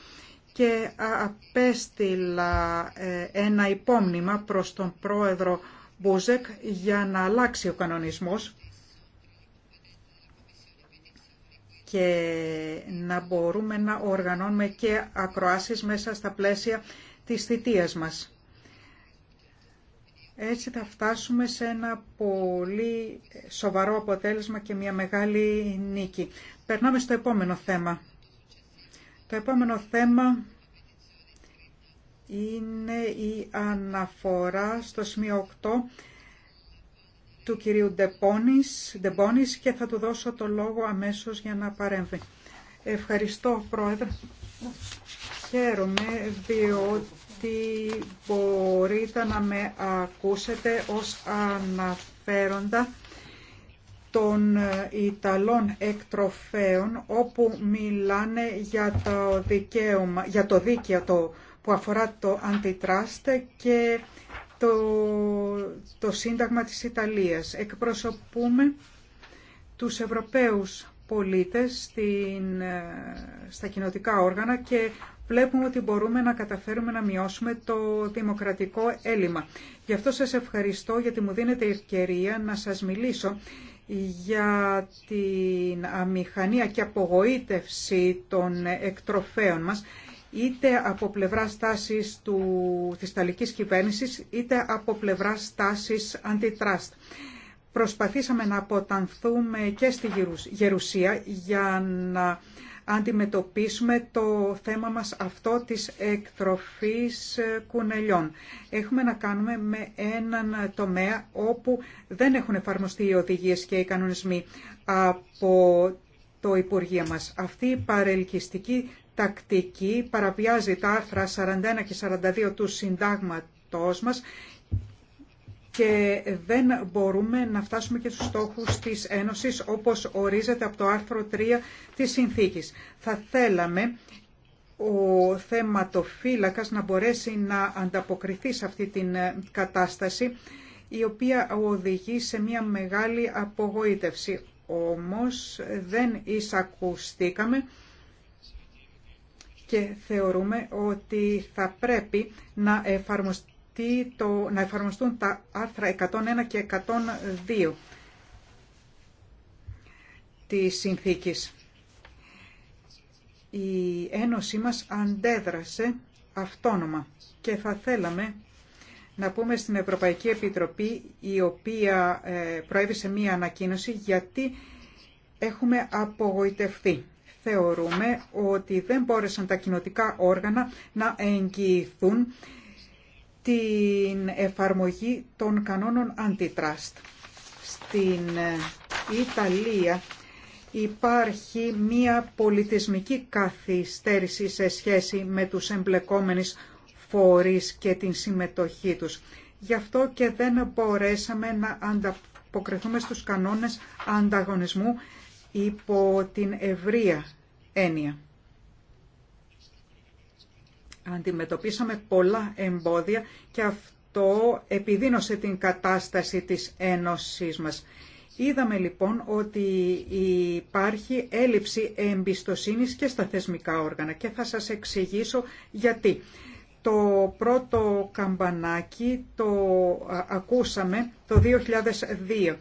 και απέστειλα ε, ένα υπόμνημα προς τον πρόεδρο Μπούζεκ για να αλλάξει ο κανονισμός και να μπορούμε να οργανώνουμε και ακροάσεις μέσα στα πλαίσια της θητείας μας. Έτσι θα φτάσουμε σε ένα πολύ σοβαρό αποτέλεσμα και μια μεγάλη νίκη. Περνάμε στο επόμενο θέμα. Το επόμενο θέμα είναι η αναφορά στο σημείο 8 του κυρίου Ντεμπόνης και θα του δώσω το λόγο αμέσως για να παρέμβει. Ευχαριστώ, Πρόεδρε. Χαίρομαι διότι ότι μπορείτε να με ακούσετε ως αναφέροντα των Ιταλών εκτροφέων όπου μιλάνε για το, για το δίκαιο που αφορά το αντιτράστε και το, το Σύνταγμα της Ιταλίας. Εκπροσωπούμε τους Ευρωπαίους πολίτες στην, ε, στα κοινοτικά όργανα και βλέπουμε ότι μπορούμε να καταφέρουμε να μειώσουμε το δημοκρατικό έλλειμμα. Γι' αυτό σας ευχαριστώ γιατί μου δίνετε ευκαιρία να σας μιλήσω για την αμηχανία και απογοήτευση των εκτροφέων μας είτε από πλευρά στάσης του, της ταλικής κυβέρνησης είτε από πλευρά στάσης αντιτράστ προσπαθήσαμε να αποτανθούμε και στη Γερουσία για να αντιμετωπίσουμε το θέμα μας αυτό της εκτροφής κουνελιών. Έχουμε να κάνουμε με έναν τομέα όπου δεν έχουν εφαρμοστεί οι οδηγίες και οι κανονισμοί από το Υπουργείο μας. Αυτή η παρελκυστική τακτική παραβιάζει τα άρθρα 41 και 42 του συντάγματος μας και δεν μπορούμε να φτάσουμε και στους στόχους της Ένωσης όπως ορίζεται από το άρθρο 3 της Συνθήκης. Θα θέλαμε ο θεματοφύλακας να μπορέσει να ανταποκριθεί σε αυτή την ε, κατάσταση η οποία οδηγεί σε μια μεγάλη απογοήτευση. Όμως δεν εισακουστήκαμε και θεωρούμε ότι θα πρέπει να εφαρμοστεί τι το, να εφαρμοστούν τα άρθρα 101 και 102 της συνθήκης. Η Ένωσή μας αντέδρασε αυτόνομα και θα θέλαμε να πούμε στην Ευρωπαϊκή Επιτροπή, η οποία ε, προέβησε μία ανακοίνωση, γιατί έχουμε απογοητευτεί. Θεωρούμε ότι δεν μπόρεσαν τα κοινοτικά όργανα να εγγυηθούν την εφαρμογή των κανόνων αντιτράστ. Στην ε, Ιταλία υπάρχει μία πολιτισμική καθυστέρηση σε σχέση με τους εμπλεκόμενους φορείς και την συμμετοχή τους. Γι' αυτό και δεν μπορέσαμε να ανταποκριθούμε στους κανόνες ανταγωνισμού υπό την ευρεία έννοια. Αντιμετωπίσαμε πολλά εμπόδια και αυτό επιδίνωσε την κατάσταση της Ένωσής μας. Είδαμε λοιπόν ότι υπάρχει έλλειψη εμπιστοσύνης και στα θεσμικά όργανα και θα σας εξηγήσω γιατί. Το πρώτο καμπανάκι το ακούσαμε το 2002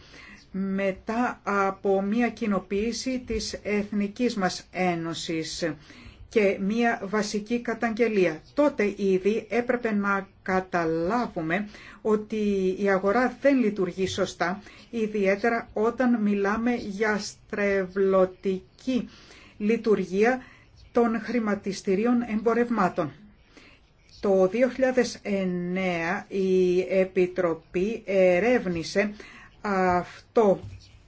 μετά από μια κοινοποίηση της Εθνικής μας Ένωσης και μία βασική καταγγελία. Τότε ήδη έπρεπε να καταλάβουμε ότι η αγορά δεν λειτουργεί σωστά, ιδιαίτερα όταν μιλάμε για στρεβλωτική λειτουργία των χρηματιστηρίων εμπορευμάτων. Το 2009 η Επιτροπή ερεύνησε αυτό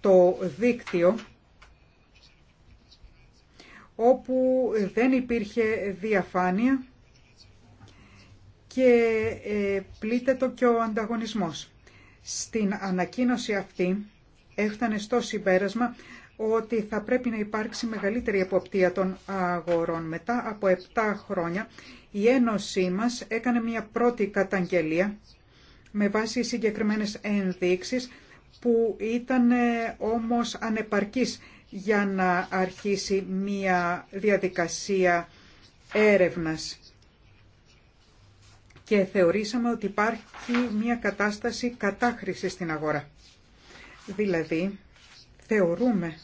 το δίκτυο όπου δεν υπήρχε διαφάνεια και ε, πλήττεται και ο ανταγωνισμός. Στην ανακοίνωση αυτή έφτανε στο συμπέρασμα ότι θα πρέπει να υπάρξει μεγαλύτερη εποπτεία των αγορών. Μετά από 7 χρόνια η Ένωσή μας έκανε μια πρώτη καταγγελία με βάση συγκεκριμένες ενδείξεις που ήταν ε, όμως ανεπαρκής για να αρχίσει μία διαδικασία έρευνας. Και θεωρήσαμε ότι υπάρχει μία κατάσταση κατάχρηση στην αγορά. Δηλαδή, θεωρούμε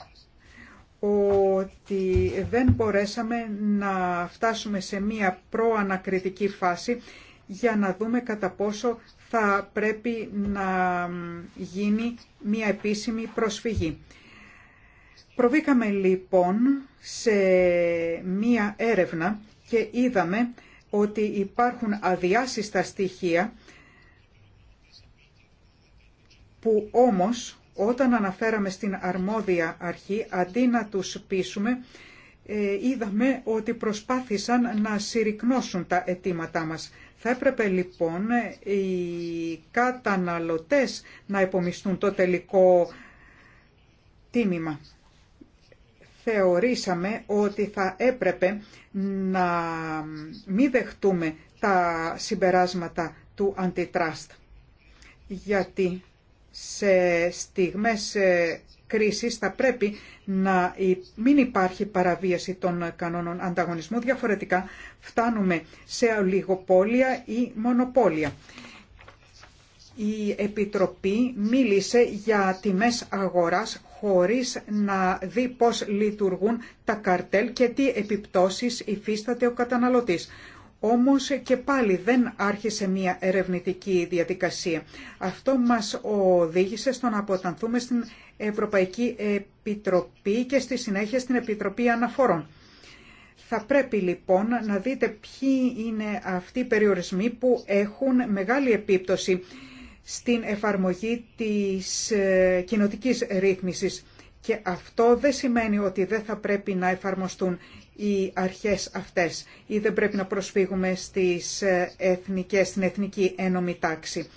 ότι δεν μπορέσαμε να φτάσουμε σε μία προανακριτική φάση για να δούμε κατά πόσο θα πρέπει να γίνει μία επίσημη προσφυγή. Προβήκαμε λοιπόν σε μία έρευνα και είδαμε ότι υπάρχουν αδιάσυστα στοιχεία που όμως όταν αναφέραμε στην αρμόδια αρχή, αντί να τους πείσουμε, ε, είδαμε ότι προσπάθησαν να συρρυκνώσουν τα αιτήματά μας. Θα έπρεπε λοιπόν οι καταναλωτές να υπομισθούν το τελικό τίμημα θεωρήσαμε ότι θα έπρεπε να μην δεχτούμε τα συμπεράσματα του αντιτράστ. Γιατί σε στιγμές ε, κρίσης θα πρέπει να μην υπάρχει παραβίαση των κανόνων ανταγωνισμού. Διαφορετικά φτάνουμε σε ολιγοπόλια ή μονοπόλια. Η Επιτροπή μίλησε για τιμές αγοράς χωρίς να δει πώς λειτουργούν τα καρτέλ και τι επιπτώσεις υφίσταται ο καταναλωτής. Όμως και πάλι δεν άρχισε μια ερευνητική διαδικασία. Αυτό μας οδήγησε στο να αποτανθούμε στην Ευρωπαϊκή Επιτροπή και στη συνέχεια στην Επιτροπή Αναφορών. Θα πρέπει λοιπόν να δείτε ποιοι είναι αυτοί οι περιορισμοί που έχουν μεγάλη επίπτωση στην εφαρμογή της ε, κοινοτικής ρύθμισης. Και αυτό δεν σημαίνει ότι δεν θα πρέπει να εφαρμοστούν οι αρχές αυτές ή δεν πρέπει να προσφύγουμε στις ε, εθνικές, στην εθνική ένωμη τάξη.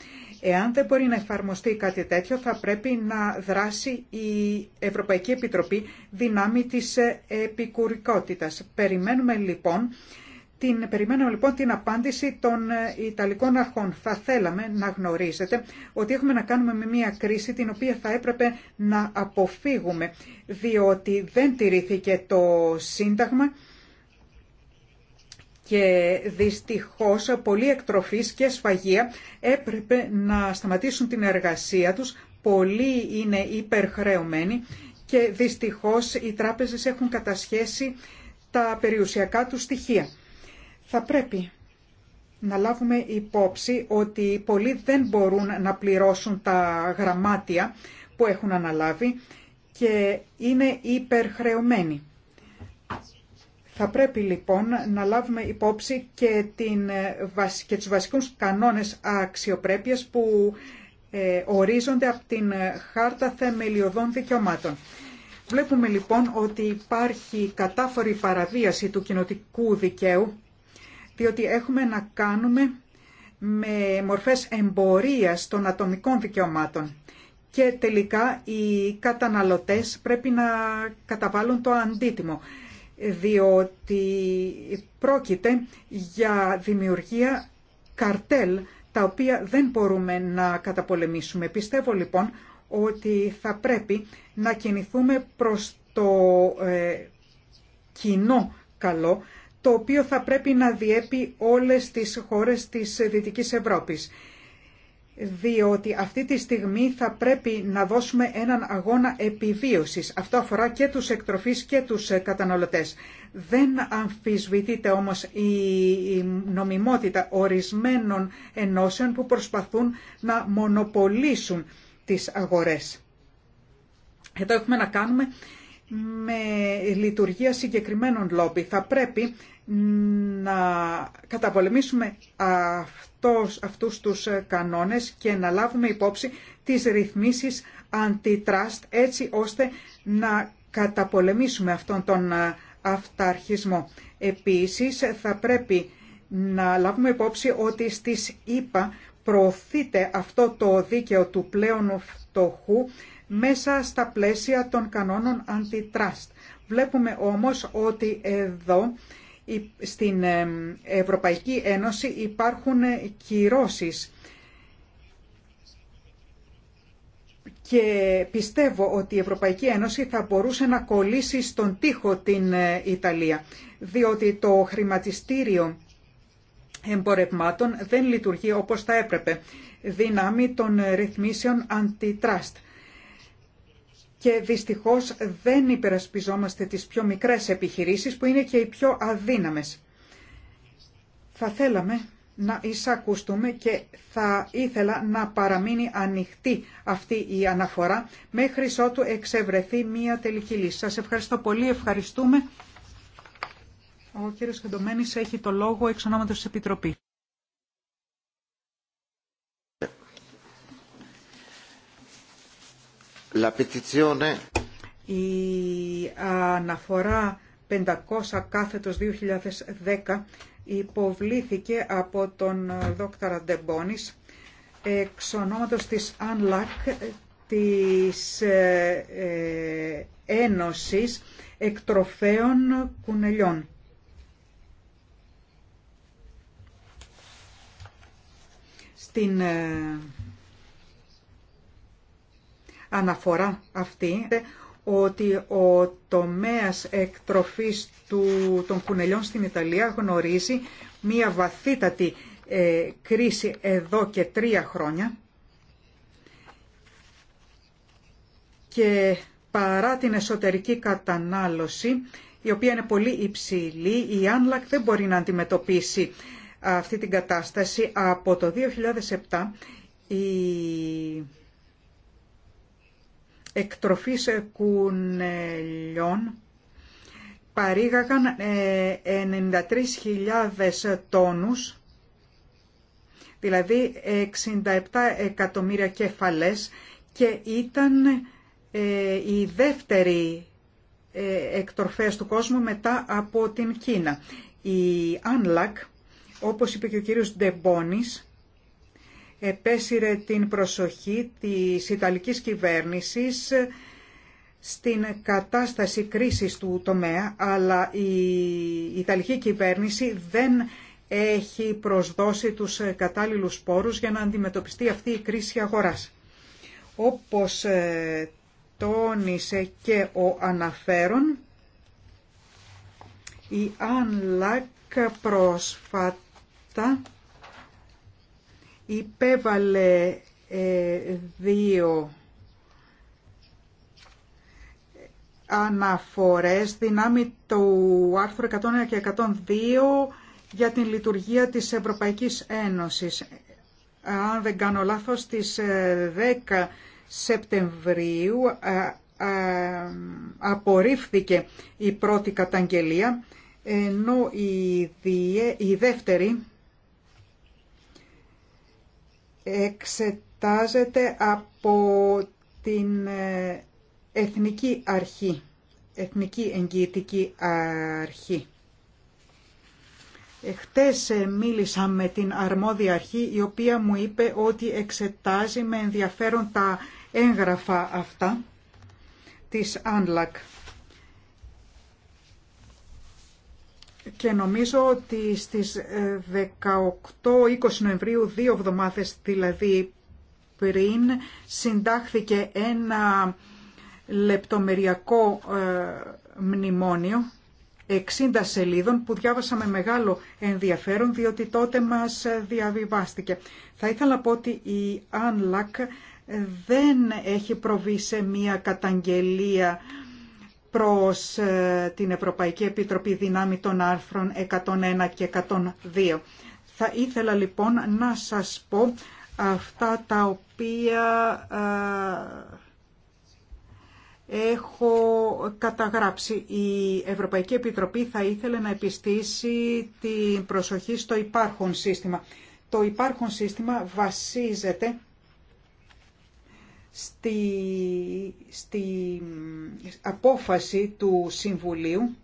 Εάν δεν μπορεί να εφαρμοστεί κάτι τέτοιο, θα πρέπει να δράσει η Ευρωπαϊκή Επιτροπή δυνάμει της ε, επικουρικότητας. Περιμένουμε λοιπόν την περιμένουμε λοιπόν την απάντηση των ε, Ιταλικών αρχών. Θα θέλαμε να γνωρίζετε ότι έχουμε να κάνουμε με μια κρίση την οποία θα έπρεπε να αποφύγουμε, διότι δεν τηρήθηκε το Σύνταγμα και δυστυχώς πολλοί εκτροφείς και σφαγεία έπρεπε να σταματήσουν την εργασία τους. Πολλοί είναι υπερχρεωμένοι και δυστυχώς οι τράπεζες έχουν κατασχέσει τα περιουσιακά του στοιχεία. Θα πρέπει να λάβουμε υπόψη ότι πολλοί δεν μπορούν να πληρώσουν τα γραμμάτια που έχουν αναλάβει και είναι υπερχρεωμένοι. Θα πρέπει λοιπόν να λάβουμε υπόψη και, την, και τους βασικούς κανόνες αξιοπρέπειας που ε, ορίζονται από την Χάρτα Θεμελιωδών Δικαιωμάτων. Βλέπουμε λοιπόν ότι υπάρχει κατάφορη παραβίαση του κοινοτικού δικαίου διότι έχουμε να κάνουμε με μορφές εμπορίας των ατομικών δικαιωμάτων και τελικά οι καταναλωτές πρέπει να καταβάλουν το αντίτιμο διότι πρόκειται για δημιουργία καρτέλ τα οποία δεν μπορούμε να καταπολεμήσουμε. Πιστεύω λοιπόν ότι θα πρέπει να κινηθούμε προς το ε, κοινό καλό το οποίο θα πρέπει να διέπει όλες τις χώρες της Δυτικής Ευρώπης. Διότι αυτή τη στιγμή θα πρέπει να δώσουμε έναν αγώνα επιβίωσης. Αυτό αφορά και τους εκτροφείς και τους καταναλωτές. Δεν αμφισβητείται όμως η νομιμότητα ορισμένων ενώσεων που προσπαθούν να μονοπολίσουν τις αγορές. Εδώ έχουμε να κάνουμε με λειτουργία συγκεκριμένων λόμπι. Θα πρέπει να καταπολεμήσουμε αυτός, αυτούς τους κανόνες και να λάβουμε υπόψη τις ρυθμίσεις αντιτράστ έτσι ώστε να καταπολεμήσουμε αυτόν τον ε, αυταρχισμό. Επίσης θα πρέπει να λάβουμε υπόψη ότι στις ΗΠΑ προωθείται αυτό το δίκαιο του πλέον φτωχού μέσα στα πλαίσια των κανόνων αντιτράστ. Βλέπουμε όμως ότι εδώ στην ε, Ευρωπαϊκή Ένωση υπάρχουν ε, κυρώσεις και πιστεύω ότι η Ευρωπαϊκή Ένωση θα μπορούσε να κολλήσει στον τοίχο την ε, Ιταλία, διότι το χρηματιστήριο εμπορευμάτων δεν λειτουργεί όπως θα έπρεπε, δυνάμει των ρυθμίσεων αντιτράστ και δυστυχώς δεν υπερασπιζόμαστε τις πιο μικρές επιχειρήσεις που είναι και οι πιο αδύναμες. Θα θέλαμε να εισακούστούμε και θα ήθελα να παραμείνει ανοιχτή αυτή η αναφορά μέχρι ότου εξευρεθεί μία τελική λύση. Σας ευχαριστώ πολύ, ευχαριστούμε. Ο κύριος Χεντομένης έχει το λόγο εξ ονόματος της Επιτροπής. Η αναφορά 500 κάθετος 2010 υποβλήθηκε από τον δόκταρα Ντεμπόνης εξ ονόματος της ΑΝΛΑΚ της ε, ε, Ένωσης Εκτροφέων Κουνελιών. Στην ε, αναφορά αυτή ότι ο τομέας εκτροφής του, των κουνελιών στην Ιταλία γνωρίζει μία βαθύτατη ε, κρίση εδώ και τρία χρόνια και παρά την εσωτερική κατανάλωση, η οποία είναι πολύ υψηλή, η Άνλακ δεν μπορεί να αντιμετωπίσει αυτή την κατάσταση. Από το 2007 η εκτροφής κουνελιών παρήγαγαν 93.000 ε, τόνους, δηλαδή 67 εκατομμύρια κεφαλές και ήταν η ε, δεύτερη ε, εκτροφές του κόσμου μετά από την Κίνα. Η Άνλακ, όπως είπε και ο κύριος Ντεμπόνης, επέσυρε την προσοχή της Ιταλικής κυβέρνησης στην κατάσταση κρίσης του τομέα, αλλά η Ιταλική κυβέρνηση δεν έχει προσδώσει τους κατάλληλους πόρους για να αντιμετωπιστεί αυτή η κρίση αγοράς. Όπως ε, τόνισε και ο αναφέρον, η ΑΝΛΑΚ πρόσφατα υπέβαλε ε, δύο αναφορές δυνάμει του άρθρου 101 και 102 για την λειτουργία της Ευρωπαϊκής Ένωσης. Αν δεν κάνω λάθος, στις 10 ε, Σεπτεμβρίου ε, απορρίφθηκε η πρώτη καταγγελία, ενώ η δεύτερη εξετάζεται από την ε, Εθνική Αρχή, Εθνική Εγγυητική Αρχή. Ε, χτες ε, μίλησα με την αρμόδια αρχή η οποία μου είπε ότι εξετάζει με ενδιαφέρον τα έγγραφα αυτά της ANLAC. και νομίζω ότι στις 18-20 ε, Νοεμβρίου, δύο εβδομάδες δηλαδή πριν, συντάχθηκε ένα λεπτομεριακό ε, μνημόνιο 60 σελίδων που διάβασα με μεγάλο ενδιαφέρον διότι τότε μας ε, διαβιβάστηκε. Θα ήθελα να πω ότι η Unlock δεν έχει προβεί σε μια καταγγελία προς ε, την Ευρωπαϊκή Επιτροπή Δυνάμει των Άρθρων 101 και 102. Θα ήθελα λοιπόν να σας πω αυτά τα οποία ε, έχω καταγράψει. Η Ευρωπαϊκή Επιτροπή θα ήθελε να επιστήσει την προσοχή στο υπάρχον σύστημα. Το υπάρχον σύστημα βασίζεται στη, στη απόφαση του Συμβουλίου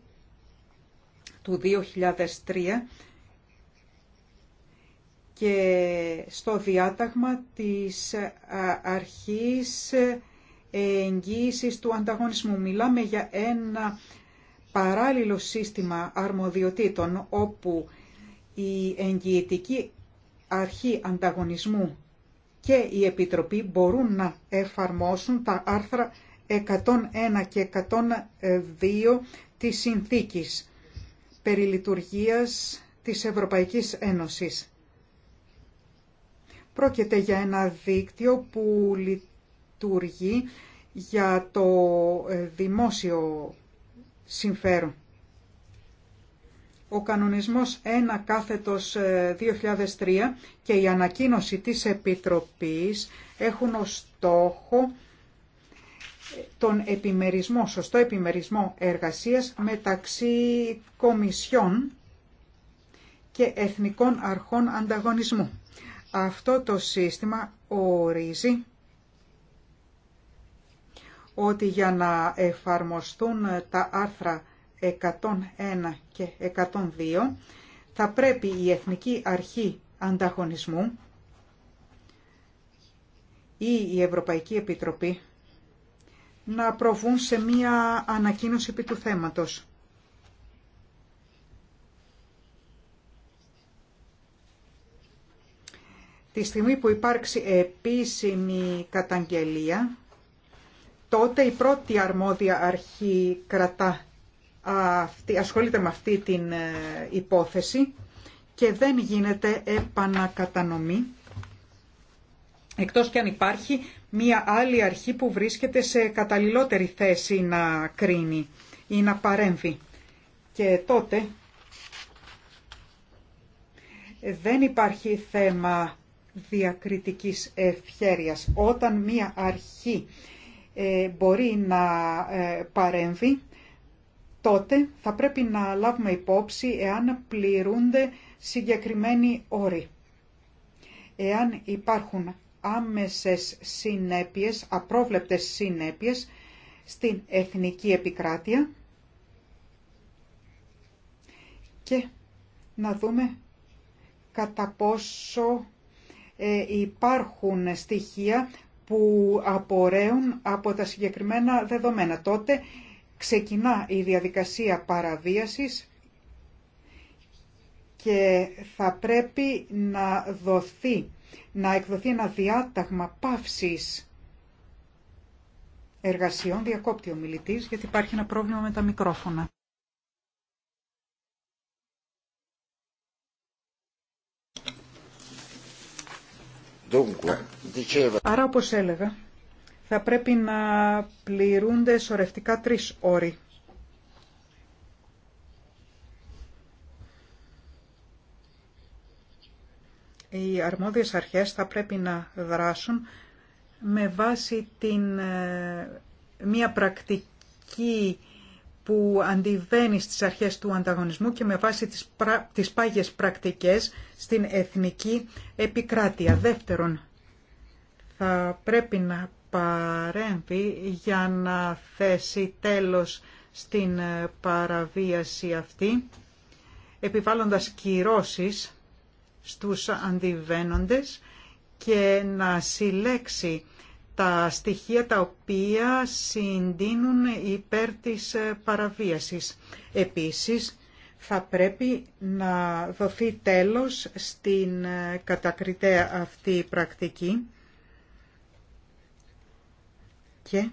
του 2003 και στο διάταγμα της αρχής εγγύησης του ανταγωνισμού. Μιλάμε για ένα παράλληλο σύστημα αρμοδιοτήτων όπου η εγγυητική αρχή ανταγωνισμού και η Επιτροπή μπορούν να εφαρμόσουν τα άρθρα 101 και 102 της Συνθήκης περί λειτουργίας της Ευρωπαϊκής Ένωσης. Πρόκειται για ένα δίκτυο που λειτουργεί για το δημόσιο συμφέρον ο κανονισμός 1 κάθετος 2003 ε, και η ανακοίνωση της Επιτροπής έχουν ως στόχο ε, τον επιμερισμό, σωστό επιμερισμό εργασίας μεταξύ κομισιών και εθνικών αρχών ανταγωνισμού. Αυτό το σύστημα ορίζει ότι για να εφαρμοστούν τα άρθρα 101 και 102 θα πρέπει η Εθνική Αρχή Ανταγωνισμού ή η Ευρωπαϊκή Επιτροπή να προβούν σε μία ανακοίνωση επί του θέματος. Τη στιγμή που υπάρξει επίσημη καταγγελία, τότε η πρώτη αρμόδια αρχή κρατά αυτή, ασχολείται με αυτή την ε, υπόθεση και δεν γίνεται επανακατανομή εκτός και αν υπάρχει μία άλλη αρχή που βρίσκεται σε καταλληλότερη θέση να κρίνει ή να παρέμβει. Και τότε δεν υπάρχει θέμα διακριτικής ευχέρειας. Όταν μία αρχή ε, μπορεί να ε, παρέμβει, τότε θα πρέπει να λάβουμε υπόψη εάν πληρούνται συγκεκριμένοι όροι. Εάν υπάρχουν άμεσες συνέπειες, απρόβλεπτες συνέπειες στην εθνική επικράτεια και να δούμε κατά πόσο ε, υπάρχουν στοιχεία που απορρέουν από τα συγκεκριμένα δεδομένα. Τότε ξεκινά η διαδικασία παραβίασης και θα πρέπει να δοθεί, να εκδοθεί ένα διάταγμα παύσης εργασιών, διακόπτει ο μιλητής, γιατί υπάρχει ένα πρόβλημα με τα μικρόφωνα. Άρα, όπως έλεγα, θα πρέπει να πληρούνται σωρευτικά τρεις όροι. Οι αρμόδιες αρχές θα πρέπει να δράσουν με βάση την, ε, μια πρακτική που αντιβαίνει στις αρχές του ανταγωνισμού και με βάση τις, τις πάγιες πρακτικές στην εθνική επικράτεια. Δεύτερον, θα πρέπει να παρέμβει για να θέσει τέλος στην παραβίαση αυτή, επιβάλλοντας κυρώσεις στους αντιβαίνοντες και να συλλέξει τα στοιχεία τα οποία συντείνουν υπέρ της παραβίασης. Επίσης, θα πρέπει να δοθεί τέλος στην κατακριτέα αυτή πρακτική και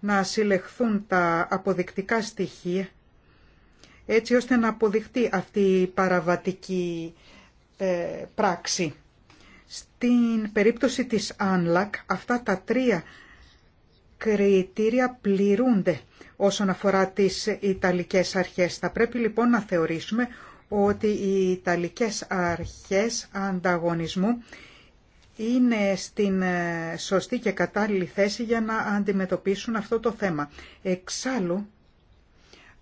να συλλεχθούν τα αποδεικτικά στοιχεία έτσι ώστε να αποδειχτεί αυτή η παραβατική ε, πράξη. Στην περίπτωση της Άνλακ αυτά τα τρία κριτήρια πληρούνται όσον αφορά τις Ιταλικές αρχές. Θα πρέπει λοιπόν να θεωρήσουμε ότι οι Ιταλικές αρχές ανταγωνισμού είναι στην ε, σωστή και κατάλληλη θέση για να αντιμετωπίσουν αυτό το θέμα. Εξάλλου,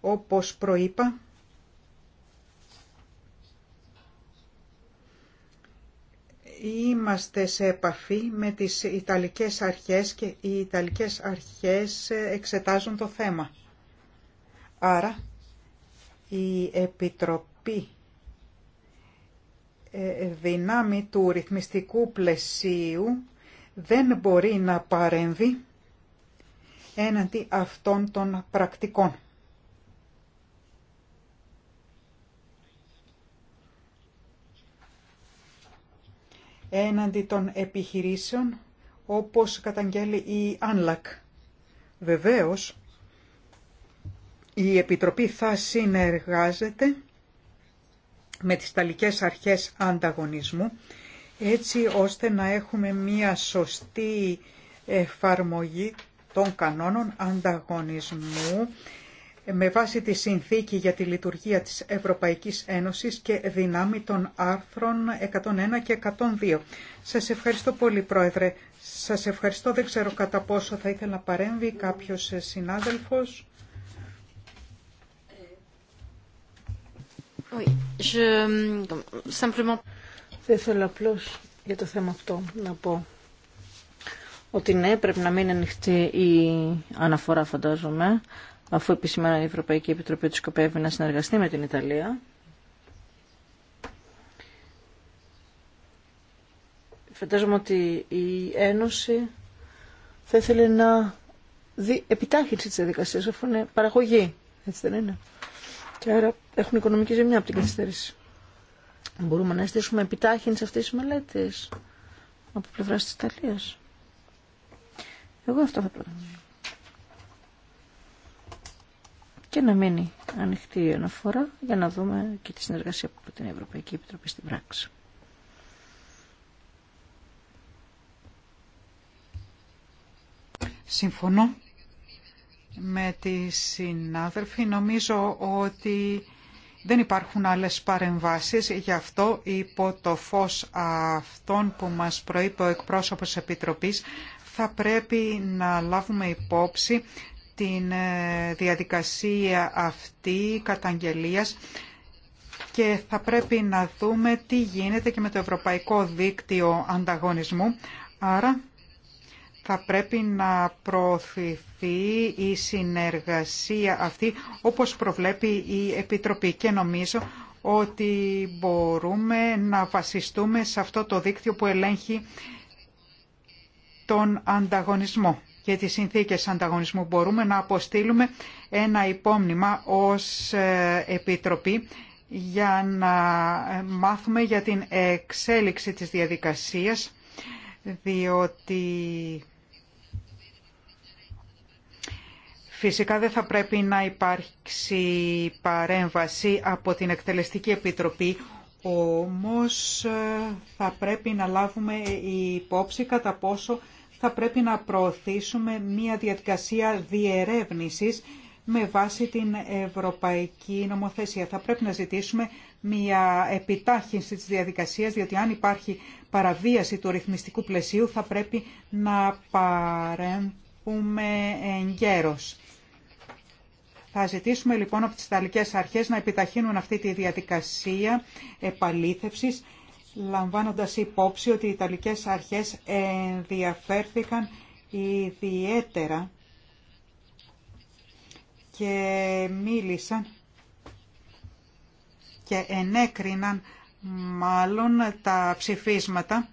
όπως προείπα, είμαστε σε επαφή με τις Ιταλικές αρχές και οι Ιταλικές αρχές εξετάζουν το θέμα. Άρα, η Επιτροπή ε, δυνάμη του ρυθμιστικού πλαισίου δεν μπορεί να παρέμβει έναντι αυτών των πρακτικών. Έναντι των επιχειρήσεων, όπως καταγγέλει η Άνλακ. Βεβαίως, η Επιτροπή θα συνεργάζεται με τις ταλικές αρχές ανταγωνισμού, έτσι ώστε να έχουμε μία σωστή εφαρμογή των κανόνων ανταγωνισμού με βάση τη συνθήκη για τη λειτουργία της Ευρωπαϊκής Ένωσης και δυνάμει των άρθρων 101 και 102. Σας ευχαριστώ πολύ Πρόεδρε. Σας ευχαριστώ. Δεν ξέρω κατά πόσο θα ήθελα να παρέμβει κάποιος συνάδελφος. Oui. Je... Θα ήθελα απλώ για το θέμα αυτό να πω ότι ναι, πρέπει να μην ανοιχτή η αναφορά, φαντάζομαι, αφού επισημένα η Ευρωπαϊκή Επιτροπή του σκοπεύει να συνεργαστεί με την Ιταλία. Φαντάζομαι ότι η Ένωση θα ήθελε να δει επιτάχυνση τη διαδικασία. αφού είναι παραγωγή. Έτσι δεν είναι και άρα έχουν οικονομική ζημιά από την καθυστέρηση. Μπορούμε να αισθήσουμε επιτάχυνση αυτής της μελέτης από πλευρά τη Ιταλία. Εγώ αυτό θα προτείνω. Και να μείνει ανοιχτή η αναφορά για να δούμε και τη συνεργασία από την Ευρωπαϊκή Επιτροπή στην πράξη. Συμφωνώ με τη συνάδελφη. Νομίζω ότι δεν υπάρχουν άλλες παρεμβάσεις, γι' αυτό υπό το φως αυτών που μας προείπε ο εκπρόσωπος Επιτροπής θα πρέπει να λάβουμε υπόψη την ε, διαδικασία αυτή καταγγελίας και θα πρέπει να δούμε τι γίνεται και με το Ευρωπαϊκό Δίκτυο Ανταγωνισμού. Άρα θα πρέπει να προωθηθεί η συνεργασία αυτή όπως προβλέπει η Επιτροπή και νομίζω ότι μπορούμε να βασιστούμε σε αυτό το δίκτυο που ελέγχει τον ανταγωνισμό και τις συνθήκες ανταγωνισμού. Μπορούμε να αποστείλουμε ένα υπόμνημα ως ε, Επιτροπή για να ε, μάθουμε για την εξέλιξη της διαδικασίας διότι Φυσικά δεν θα πρέπει να υπάρξει παρέμβαση από την Εκτελεστική Επιτροπή, όμως ε, θα πρέπει να λάβουμε υπόψη κατά πόσο θα πρέπει να προωθήσουμε μια διαδικασία διερεύνησης με βάση την ευρωπαϊκή νομοθεσία. Θα πρέπει να ζητήσουμε μια επιτάχυνση της διαδικασίας, διότι αν υπάρχει παραβίαση του ρυθμιστικού πλαισίου θα πρέπει να παρέμβουμε εγκαίρως. Θα ζητήσουμε λοιπόν από τις Ιταλικές Αρχές να επιταχύνουν αυτή τη διαδικασία επαλήθευσης, λαμβάνοντας υπόψη ότι οι Ιταλικές Αρχές ενδιαφέρθηκαν ιδιαίτερα και μίλησαν και ενέκριναν μάλλον τα ψηφίσματα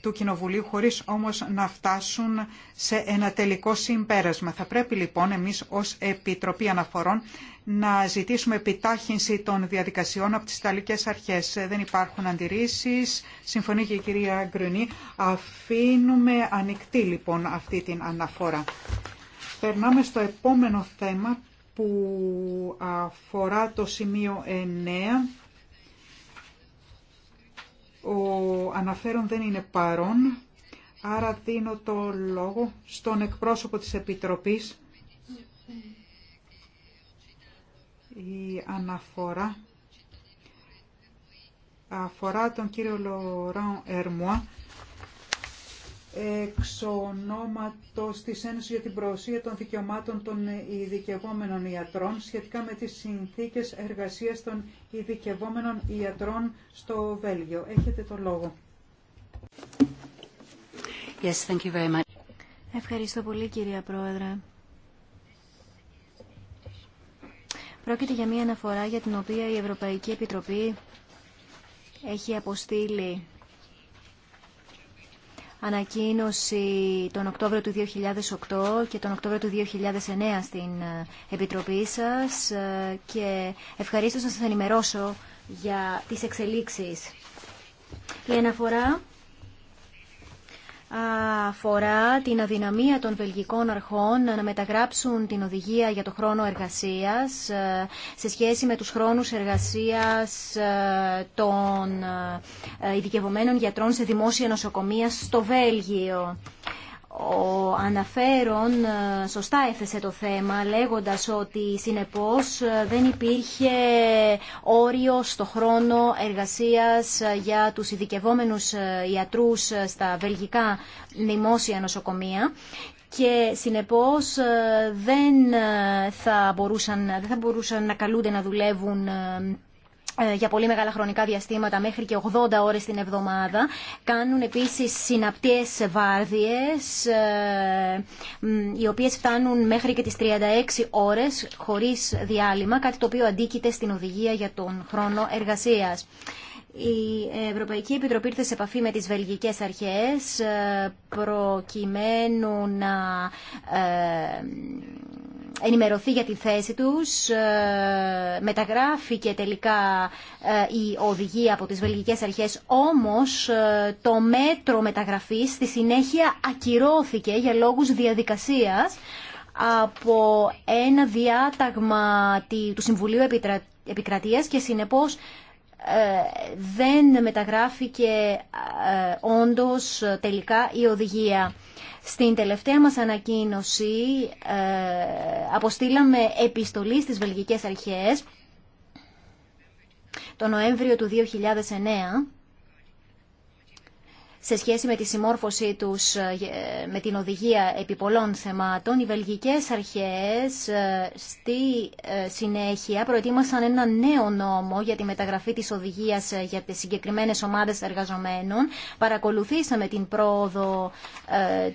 του Κοινοβουλίου χωρίς όμως να φτάσουν σε ένα τελικό συμπέρασμα. Θα πρέπει λοιπόν εμείς ως Επιτροπή Αναφορών να ζητήσουμε επιτάχυνση των διαδικασιών από τις Ιταλικές Αρχές. Δεν υπάρχουν αντιρρήσεις. Συμφωνεί και η κυρία Γκρουνή. Αφήνουμε ανοιχτή λοιπόν αυτή την αναφορά. Περνάμε στο επόμενο θέμα που αφορά το σημείο 9 ο αναφέρον δεν είναι παρόν, άρα δίνω το λόγο στον εκπρόσωπο της Επιτροπής. Η αναφορά αφορά τον κύριο Λοράν Ερμουά, εξ ονόματος της Ένωσης για την Προωσία των Δικαιωμάτων των Ειδικευόμενων Ιατρών σχετικά με τις συνθήκες εργασίας των Ειδικευόμενων Ιατρών στο Βέλγιο. Έχετε το λόγο. Yes, thank you very much. Ευχαριστώ πολύ κυρία Πρόεδρε. Πρόκειται για μια αναφορά για την οποία η Ευρωπαϊκή Επιτροπή έχει αποστείλει ανακοίνωση τον Οκτώβριο του 2008 και τον Οκτώβριο του 2009 στην ε, Επιτροπή σας ε, και ευχαριστώ να σας ενημερώσω για τις εξελίξεις. Η αναφορά αφορά την αδυναμία των βελγικών αρχών να μεταγράψουν την οδηγία για το χρόνο εργασίας ε, σε σχέση με τους χρόνους εργασίας ε, των ε, ειδικευομένων γιατρών σε δημόσια νοσοκομεία στο Βέλγιο. Ο αναφέρον ε, σωστά έθεσε το θέμα λέγοντας ότι συνεπώς ε, δεν υπήρχε όριο στο χρόνο εργασίας ε, για τους ειδικευόμενους ιατρούς στα βελγικά νημόσια νοσοκομεία και συνεπώς δεν θα μπορούσαν, δεν θα μπορούσαν να καλούνται να δουλεύουν ε, για πολύ μεγάλα χρονικά διαστήματα, μέχρι και 80 ώρες την εβδομάδα. Κάνουν επίσης συναπτές βάρδιες, ε, οι οποίες φτάνουν μέχρι και τις 36 ώρες, χωρίς διάλειμμα, κάτι το οποίο αντίκειται στην οδηγία για τον χρόνο εργασίας. Η Ευρωπαϊκή Επιτροπή ήρθε σε επαφή με τις βελγικές αρχές ε, προκειμένου να ενημερωθεί για τη θέση τους. Ε, μεταγράφηκε τελικά ε, η οδηγία από τις βελγικές αρχές, όμως ε, το μέτρο μεταγραφής στη συνέχεια ακυρώθηκε για λόγους διαδικασίας από ένα διάταγμα του Συμβουλίου Επικρατείας και συνεπώς δεν μεταγράφηκε όντως τελικά η οδηγία. Στην τελευταία μας ανακοίνωση ε, αποστήλαμε επιστολή στις βελγικές αρχές το Νοέμβριο του 2009 σε σχέση με τη συμμόρφωσή τους ε, με την οδηγία επί πολλών θεμάτων, οι βελγικές αρχές ε, στη ε, συνέχεια προετοίμασαν ένα νέο νόμο για τη μεταγραφή της οδηγίας για τις συγκεκριμένες ομάδες εργαζομένων. Παρακολουθήσαμε την πρόοδο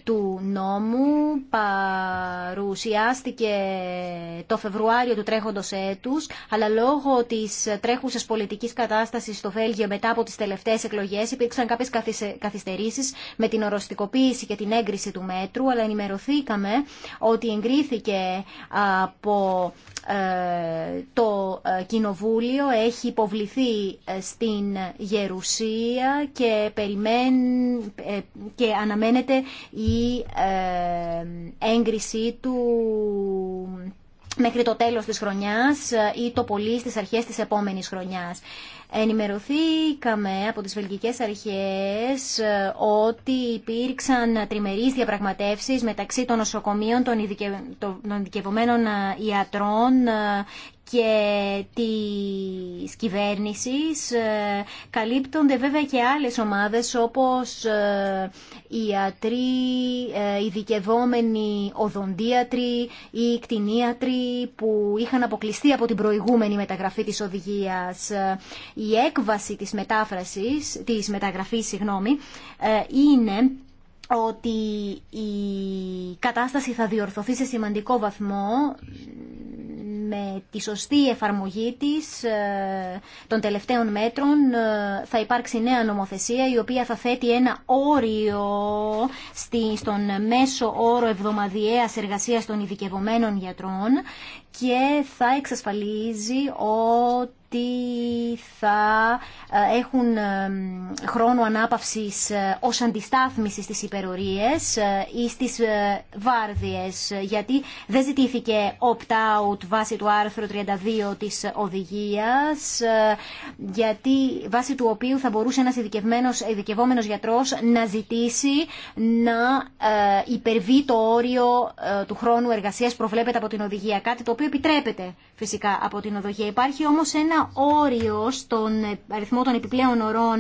του νόμου, παρουσιάστηκε το Φεβρουάριο του τρέχοντος έτους, αλλά λόγω της τρέχουσας πολιτικής κατάστασης στο Βέλγιο μετά από τις τελευταίες εκλογές υπήρξαν κάποιες καθυστερήσεις με την οροστικοποίηση και την έγκριση του μέτρου, αλλά ενημερωθήκαμε ότι εγκρίθηκε από ε, το ε, Κοινοβούλιο, έχει υποβληθεί ε, στην Γερουσία και, περιμέν, και αναμένεται η έγκρισή του μέχρι το τέλος της χρονιάς ή το πολύ στις αρχές της επόμενης χρονιάς. Ενημερωθήκαμε από τις βελγικές αρχές ε, ότι υπήρξαν τριμερείς διαπραγματεύσεις μεταξύ των νοσοκομείων, των ειδικευμένων ε, ιατρών ε, και τη κυβέρνησης ε, καλύπτονται βέβαια και άλλες ομάδες όπως ε, οι ιατροί, οι ε, δικαιωμένοι οδοντίατροι ή κτηνίατροι που είχαν αποκλειστεί από την προηγούμενη μεταγραφή της οδηγίας. Η έκβαση της μετάφρασης, της μεταγραφής, συγγνώμη, είναι ότι η κατάσταση θα διορθωθεί σε σημαντικό βαθμό με τη σωστή εφαρμογή της ε, των τελευταίων μέτρων ε, θα υπάρξει νέα νομοθεσία η οποία θα θέτει ένα όριο στον μέσο όρο εβδομαδιαίας εργασίας των ειδικευμένων γιατρών και θα εξασφαλίζει ότι ότι θα ε, έχουν ε, χρόνο ανάπαυσης ε, ως αντιστάθμιση στις υπερορίες ή στις βάρδιες, γιατί δεν ζητήθηκε opt-out βάσει του άρθρου 32 της οδηγίας, γιατί βάσει του οποίου θα μπορούσε ένας ειδικευμένος, ειδικευόμενος γιατρός να ζητήσει να υπερβεί το όριο του χρόνου εργασίας προβλέπεται από την οδηγία, κάτι το οποίο επιτρέπεται φυσικά από την οδηγία. Υπάρχει όμως ένα όριο στον αριθμό των επιπλέον ωρών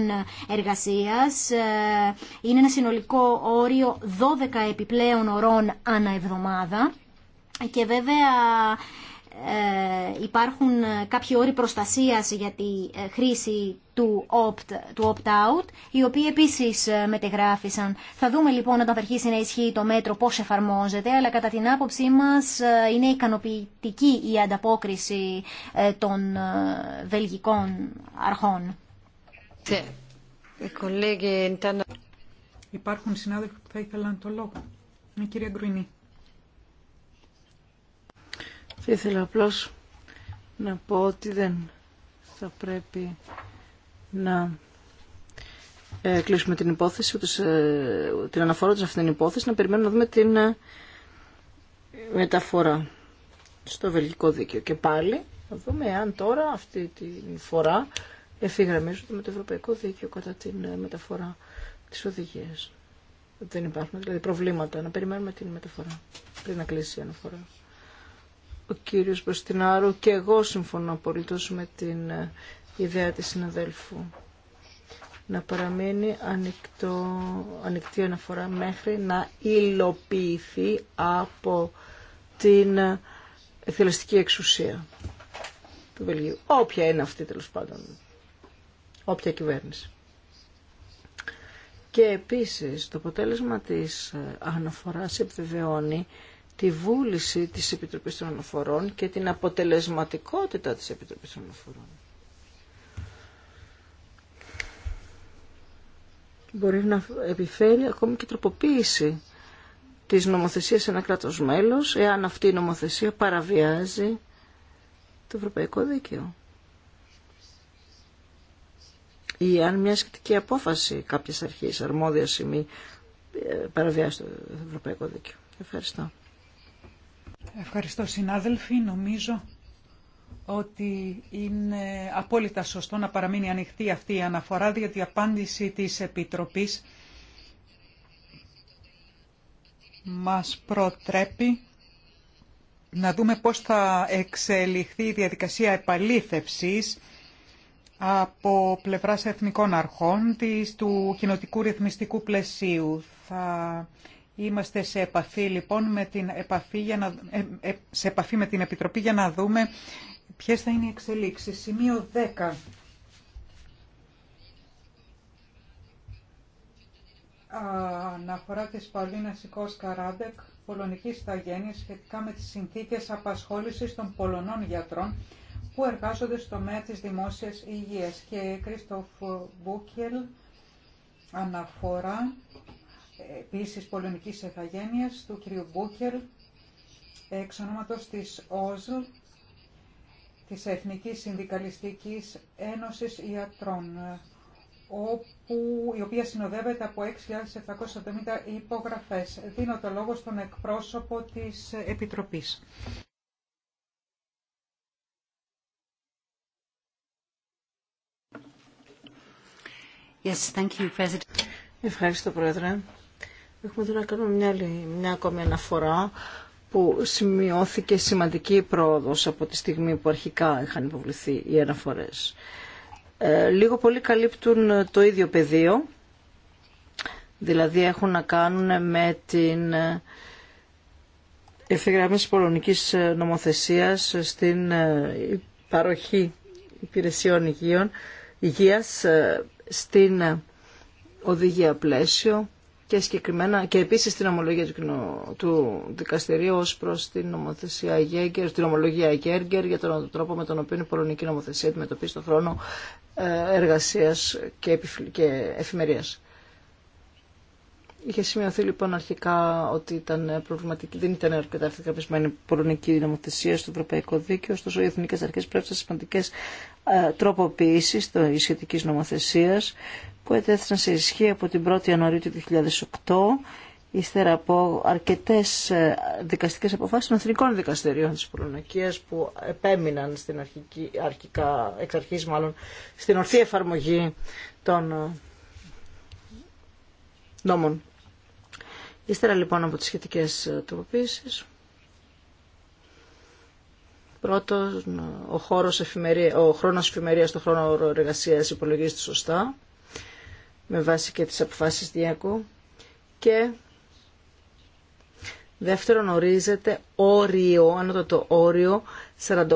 εργασίας. Ε, είναι ένα συνολικό όριο 12 επιπλέον ωρών ανά εβδομάδα. Και βέβαια ε, υπάρχουν ε, κάποιοι όροι προστασίας για τη ε, χρήση του opt-out, οι οποίοι επίσης ε, μετεγράφησαν. Θα δούμε λοιπόν όταν θα αρχίσει να ισχύει το μέτρο πώς εφαρμόζεται, αλλά κατά την άποψή μας είναι ικανοποιητική η ανταπόκριση των βελγικών αρχών. Υπάρχουν συνάδελφοι που θα ήθελαν το λόγο. Η ναι, κυρία Γκρουινή. Θα ήθελα απλώς να πω ότι δεν θα πρέπει να ε, κλείσουμε την υπόθεση, ούτως, ε, την αναφορά της αυτήν την υπόθεση, να περιμένουμε να δούμε την ε, μεταφορά στο βελγικό δίκαιο. Και πάλι να δούμε αν τώρα αυτή τη φορά εφηγραμμίζονται με το ευρωπαϊκό δίκαιο κατά την μεταφορά της οδηγίας. Δεν υπάρχουν δηλαδή προβλήματα να περιμένουμε την μεταφορά πριν να κλείσει η αναφορά ο κύριος Μπροστινάρου και εγώ συμφωνώ απολύτως με την ε, ιδέα της συναδέλφου να παραμείνει ανοιχτό, ανοιχτή αναφορά μέχρι να υλοποιηθεί από την εθελεστική εξουσία του Βελγίου. Όποια είναι αυτή τέλος πάντων. Όποια κυβέρνηση. Και επίσης το αποτέλεσμα της ε, αναφοράς επιβεβαιώνει τη βούληση της Επιτροπής των Αναφορών και την αποτελεσματικότητα της Επιτροπής των Αναφορών. Μπορεί να επιφέρει ακόμη και τροποποίηση της νομοθεσίας σε ένα κράτος μέλος, εάν αυτή η νομοθεσία παραβιάζει το Ευρωπαϊκό Δίκαιο. Ή αν μια σχετική απόφαση κάποιες αρχής αρμόδια σημεί ε, παραβιάζει το Ευρωπαϊκό Δίκαιο. Ευχαριστώ. Ευχαριστώ συνάδελφοι. Νομίζω ότι είναι απόλυτα σωστό να παραμείνει ανοιχτή αυτή η αναφορά, διότι η απάντηση της Επιτροπής μας προτρέπει να δούμε πώς θα εξελιχθεί η διαδικασία επαλήθευσης από πλευράς εθνικών αρχών της, του κοινοτικού ρυθμιστικού πλαισίου. Είμαστε σε επαφή λοιπόν με την επαφή για να, ε, ε, σε επαφή με την Επιτροπή για να δούμε ποιες θα είναι οι εξελίξεις. Σημείο 10. Αναφορά της Παλίνας Ικός Καράμπεκ, πολωνική σταγένεια σχετικά με τις συνθήκες απασχόλησης των πολωνών γιατρών που εργάζονται στο μέα της δημόσιας υγείας. Και Κρίστοφ Μπούκελ αναφορά επίσης πολεμικής εχαγένειας του κ. Μπούκελ, εξ ονόματος της ΟΖΛ της Εθνικής Συνδικαλιστικής Ένωσης Ιατρών όπου, η οποία συνοδεύεται από 6.770 υπογραφές. Δίνω το λόγο στον εκπρόσωπο της Επιτροπής. Yes, thank you, President. Ευχαριστώ, Πρόεδρε. Έχουμε δει να κάνουμε μια, άλλη, μια ακόμη αναφορά που σημειώθηκε σημαντική πρόοδος από τη στιγμή που αρχικά είχαν υποβληθεί οι αναφορές. Ε, λίγο πολύ καλύπτουν το ίδιο πεδίο, δηλαδή έχουν να κάνουν με την ευθυγράμμιση πολωνικής νομοθεσίας στην ε, παροχή υπηρεσιών υγεία υγείας ε, στην οδηγία πλαίσιο και συγκεκριμένα και επίσης την ομολογία του, δικαστηρίου ως προς την, νομοθεσία Γέγκερ, την ομολογία Γέγκερ για τον τρόπο με τον οποίο η πολωνική νομοθεσία αντιμετωπίζει τον χρόνο ε, εργασίας και, και εφημερίας. Είχε σημειωθεί λοιπόν αρχικά ότι ήταν προβληματική, δεν ήταν αρκετά ευθυγραμμισμένη πολωνική νομοθεσία στο Ευρωπαϊκό Δίκαιο, ωστόσο οι εθνικέ αρχέ πρέπει σε σημαντικέ ε, τροποποιήσει τη σχετική νομοθεσία που ετέθησαν σε ισχύ από την 1η Ιανουαρίου του 2008 ύστερα από αρκετές ε, δικαστικές αποφάσεις των εθνικών δικαστηρίων της Πολωνική που επέμειναν στην αρχική, αρχικά, εξ αρχή, μάλλον, στην ορθή εφαρμογή των ε, νόμων. Ύστερα λοιπόν από τις σχετικές ε, τροποποίησει. πρώτον ο, χώρος εφημερία, ο χρόνος εφημερίας, το χρόνο εργασίας υπολογίζεται σωστά, με βάση και τις αποφάσεις Διακού και δεύτερον ορίζεται όριο, το όριο 48